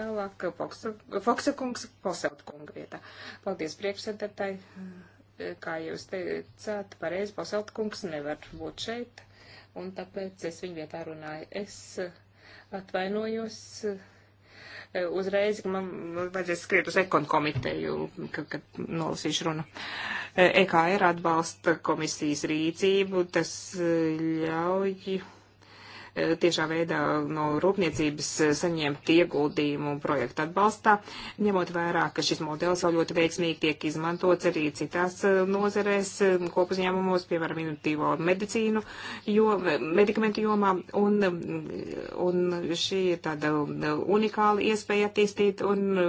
tālāk Foksa, Foksa kungs, Poselt kunga vietā. Paldies priekšsēdētāji, kā jūs teicāt, pareizi Poselt kungs nevar būt šeit, un tāpēc es viņu vietā runāju. Es atvainojos uzreiz, ka man vajadzēs skriet uz ekonu komiteju, kad, kad nolasīšu runu. EKR e atbalsta komisijas rīcību, tas ļauj tiešā veidā no rūpniecības saņemt ieguldījumu projektu atbalstā, ņemot vērā, ka šis modelis vēl ļoti veiksmīgi tiek izmantots arī citās eh, nozerēs, eh, kopuzņēmumos, piemēram, inutīvo medicīnu, jo, medikamentu jomā, un, un šī ir tāda unikāla iespēja attīstīt, un nu,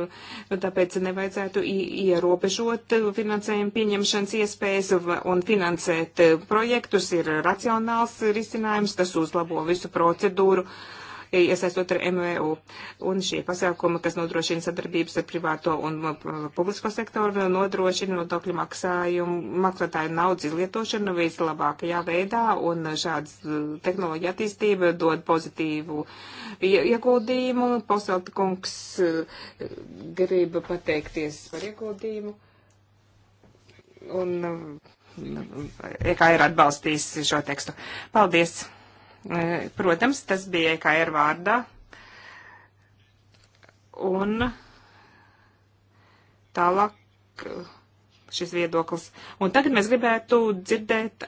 tāpēc nevajadzētu ierobežot finansējumu pieņemšanas iespējas un finansēt eh, projektus, ir racionāls risinājums, tas uzlabo visu procedūru iesaistot ar MVU. Un šie pasākumi, kas nodrošina sadarbības ar privāto un publisko sektoru, nodrošina nodokļu maksājumu, maksātāju naudas izlietošanu vislabākajā veidā, un šāds e, tehnoloģija attīstība dod pozitīvu ieguldījumu. Poselta kungs e, grib pateikties par ieguldījumu. Un e, EKR atbalstīs šo tekstu. Paldies! E, protams, tas bija EKR vārdā. Un tālāk e, šis viedoklis. Un tagad mēs gribētu dzirdēt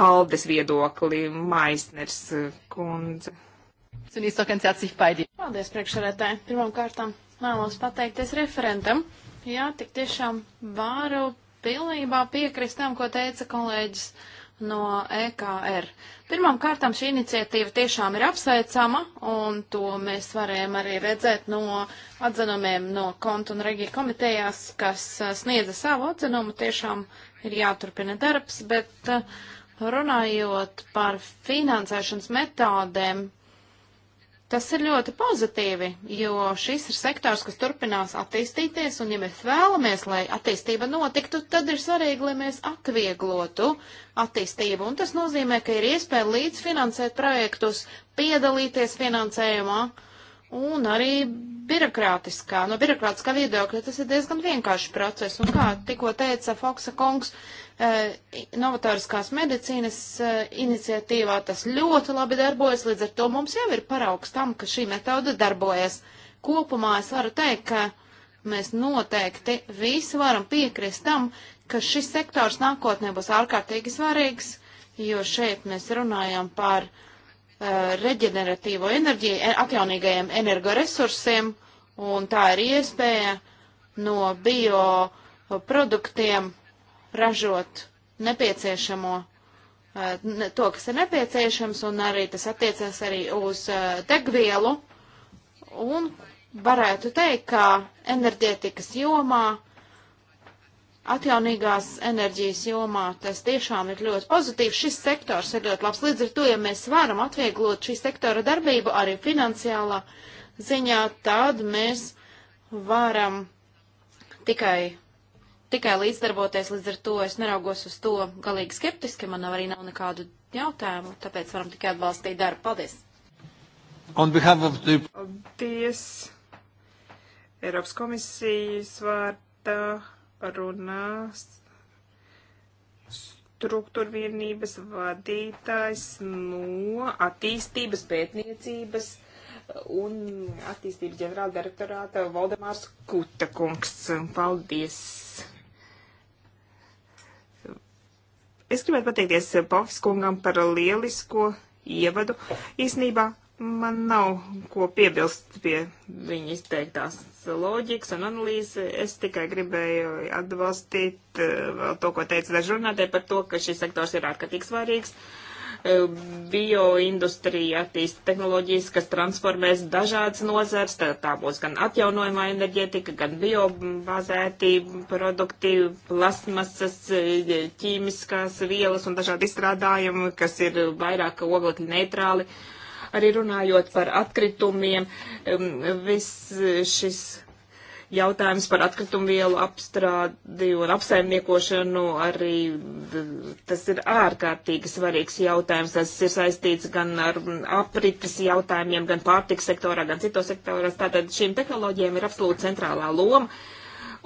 Aldes viedokli, Maisners e, kundze. Zunīst, okens jācīk paidī. Paldies, priekšsarētāji. Pirmām kārtām vēlos pateikties referentam. Jā, tik tiešām varu pilnībā piekrist tam, ko teica kolēģis. Uh, no EKR. Pirmām kārtām šī iniciatīva tiešām ir apsveicama, un to mēs varējām arī redzēt no atzinumiem no kontu un regiju komitejās, kas uh, sniedza savu atzinumu. Tiešām ir jāturpina darbs, bet uh, runājot par finansēšanas metodēm, Tas ir ļoti pozitīvi, jo šis ir sektors, kas turpinās attīstīties, un ja mēs vēlamies, lai attīstība notiktu, tad ir svarīgi, lai mēs atvieglotu attīstību, un tas nozīmē, ka ir iespēja līdzfinansēt projektus, piedalīties finansējumā, un arī birokrātiskā, no birokrātiskā viedokļa tas ir diezgan vienkāršs process, un kā tikko teica Foksa kungs, uh, Eh, novatoriskās medicīnas eh, iniciatīvā tas ļoti labi darbojas, līdz ar to mums jau ir paraugs tam, ka šī metode darbojas. Kopumā es varu teikt, ka mēs noteikti visi varam piekrist tam, ka šis sektors nākotnē būs ārkārtīgi svarīgs, jo šeit mēs runājam par uh, reģeneratīvo enerģiju, e, atjaunīgajiem energoresursiem, un tā ir iespēja no bio produktiem ražot nepieciešamo, eh, ne, to, kas ir nepieciešams, un arī tas attiecas arī uz eh, degvielu. Un varētu teikt, ka enerģētikas jomā, atjaunīgās enerģijas jomā, tas tiešām ir ļoti pozitīvs. Šis sektors ir ļoti labs. Līdz ar to, ja mēs varam atvieglot šī sektora darbību arī finansiālā ziņā, tad mēs varam tikai tikai līdzdarboties, līdz ar to es neraugos uz to galīgi skeptiski, man arī nav nekādu jautājumu, tāpēc varam tikai atbalstīt darbu. Paldies! On behalf of the... Paldies! Eiropas komisijas vārdā runās struktūrvienības vadītājs no attīstības pētniecības un attīstības ģenerāla direktorāta Valdemārs Kutakungs. Paldies! Es gribētu pateikties Pofs kungam par lielisko ievadu. Īsnībā man nav ko piebilst pie viņa izteiktās loģikas un analīzes. Es tikai gribēju atbalstīt eh, to, ko teica daži runātāji par to, ka šis sektors ir ārkārtīgi svarīgs. Uh, E, bioindustrija attīsta tehnoloģijas, kas transformēs dažādas nozars, tā, tā būs gan atjaunojumā enerģētika, gan biobāzēti produkti, plasmasas, e, ķīmiskās vielas un dažādi izstrādājumi, kas ir vairāk oglekļi neitrāli. Arī runājot par atkritumiem, e, viss šis jautājums par atkritumu vielu apstrādi un apsaimniekošanu arī tas ir ārkārtīgi svarīgs jautājums. Tas ir saistīts gan ar aprites jautājumiem, gan pārtiks sektorā, gan citos sektoros. Tātad šīm tehnoloģijām ir absolūti centrālā loma.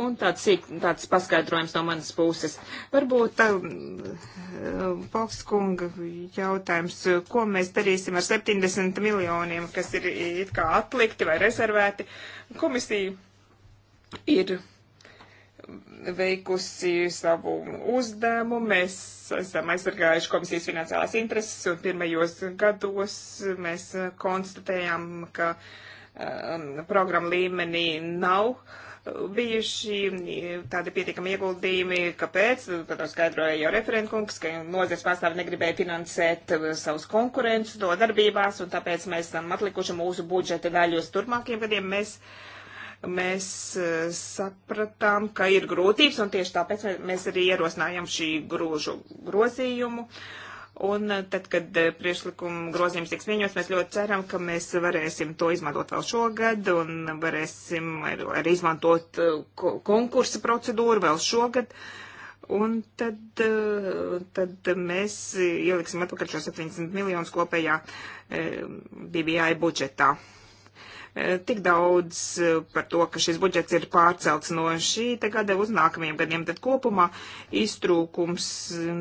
Un tāds, tāds paskaidrojums no manas puses. Varbūt um, Polskunga jautājums, ko mēs darīsim ar 70 miljoniem, kas ir it kā atlikti vai rezervēti. Komisija ir veikusi savu uzdevumu. Mēs esam aizsargājuši komisijas finansiālās intereses, un pirmajos gados mēs konstatējām, ka um, programma līmenī nav uh, bijuši tādi pietiekami ieguldījumi, kāpēc, tad to skaidroja jau referentkungs, ka nozars pārstāvi negribēja finansēt uh, savus konkurentus to darbībās, un tāpēc mēs esam atlikuši mūsu budžeta daļu uz turpmākiem gadiem. Mēs uh, mēs eh, sapratām, ka ir grūtības, un tieši tāpēc mēs arī ierosinājām šī grūžu grozījumu. Un eh, tad, kad eh, priekšlikuma grozījums tiks pieņemts, mēs ļoti ceram, ka mēs varēsim to izmantot vēl šogad un varēsim arī izmantot konkursa procedūru vēl šogad. Un tad, tad mēs ieliksim atpakaļ šo 70 miljonus kopējā BBI budžetā. Eh, tik daudz eh, par to, ka šis budžets ir pārcelts no šī te gada uz nākamajiem gadiem, tad kopumā iztrūkums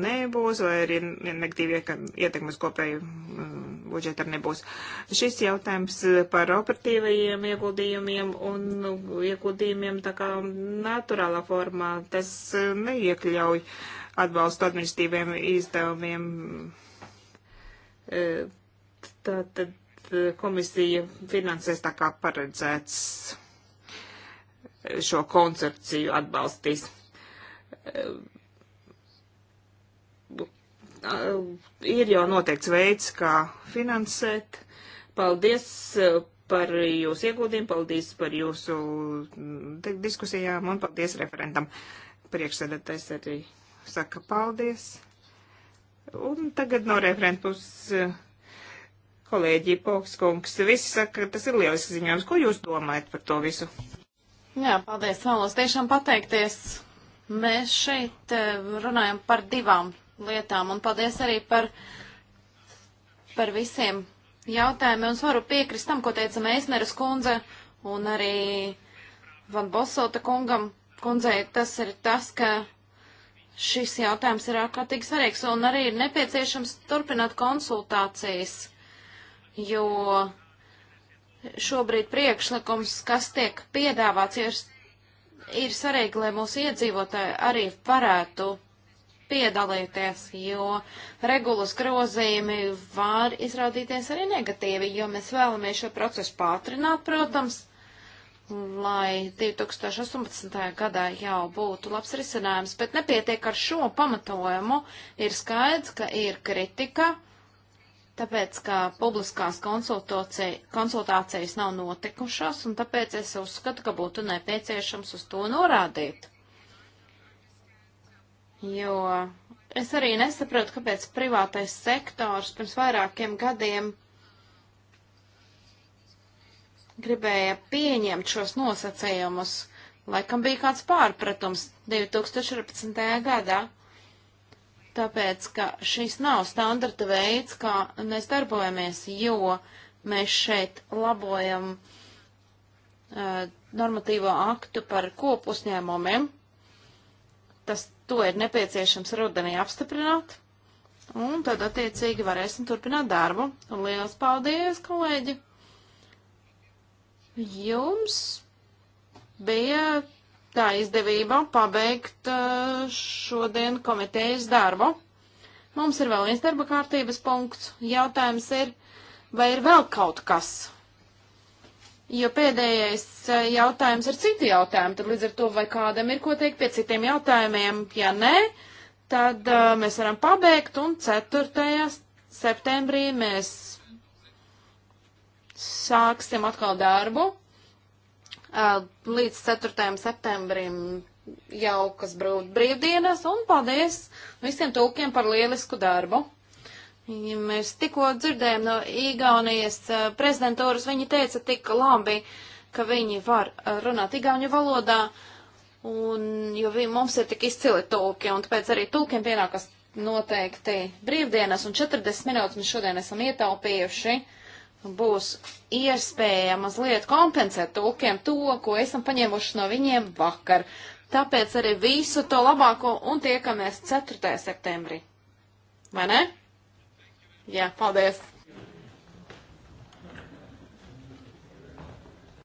nebūs vai arī negatīvi ietekmes kopēju eh, budžetam nebūs. Šis jautājums par operatīvajiem ieguldījumiem un ieguldījumiem tā kā naturālā formā, tas neiekļauj atbalstu administratīviem izdevumiem. Tātad E, komisija finansēs tā kā paredzēts e, šo koncepciju atbalstīs. E, ir jau noteikts veids, kā finansēt. Paldies par jūsu ieguldījumu, paldies par jūsu diskusijām un paldies referentam. Priekšsēdētājs arī saka paldies. Un tagad no referenta puses kolēģi Pokskungs. Visi saka, ka tas ir lielisks ziņojums. Ko jūs domājat par to visu? Jā, paldies. Vēlos tiešām pateikties. Mēs šeit eh, runājam par divām lietām un paldies arī par, par visiem jautājumiem. Un varu piekrist tam, ko teica Meisneres kundze un arī Van Bosota kungam. Kundzei tas ir tas, ka šis jautājums ir ārkārtīgi svarīgs un arī ir nepieciešams turpināt konsultācijas jo šobrīd priekšlikums, kas tiek piedāvāts, ir, ir svarīgi, lai mūsu iedzīvotāji arī varētu piedalīties, jo regulas grozījumi var izrādīties arī negatīvi, jo mēs vēlamies šo procesu pātrināt, protams, lai 2018. gadā jau būtu labs risinājums, bet nepietiek ar šo pamatojumu. Ir skaidrs, ka ir kritika tāpēc, ka publiskās konsultācijas nav notikušas, un tāpēc es uzskatu, ka būtu nepieciešams uz to norādīt. Jo es arī nesaprotu, kāpēc privātais sektors pirms vairākiem gadiem gribēja pieņemt šos nosacījumus. Laikam bija kāds pārpratums 2014. gadā tāpēc, ka šis nav standarta veids, kā mēs darbojamies, jo mēs šeit labojam uh, normatīvo aktu par kopu uzņēmumiem. Tas to ir nepieciešams rudenī apstiprināt, un tad attiecīgi varēsim turpināt darbu. Lielas paldies, kolēģi! Jums bija tā izdevība pabeigt eh, šodien komitejas darbu. Mums ir vēl viens darba kārtības punkts. Jautājums ir, vai ir vēl kaut kas? Jo pēdējais eh, jautājums ir citi jautājumi, tad līdz ar to, vai kādam ir ko teikt pie citiem jautājumiem, ja nē, tad uh, mēs varam pabeigt un 4. septembrī mēs sāksim atkal darbu. Uh, līdz 4. septembrim jaukas brīvdienas un paldies visiem tūkiem par lielisku darbu. Ja mēs tikko dzirdējām no Igaunijas uh, prezidentūras, viņi teica tik labi, ka viņi var uh, runāt Igauņu valodā, un, jo vi, mums ir tik izcili tūki, un tāpēc arī tūkiem pienākas noteikti brīvdienas, un 40 minūtes mēs šodien esam ietaupījuši būs iespēja mazliet kompensēt tūkiem to, ko esam paņēmuši no viņiem vakar. Tāpēc arī visu to labāko un tiekamies 4. septembrī. Vai ne? Jā, paldies!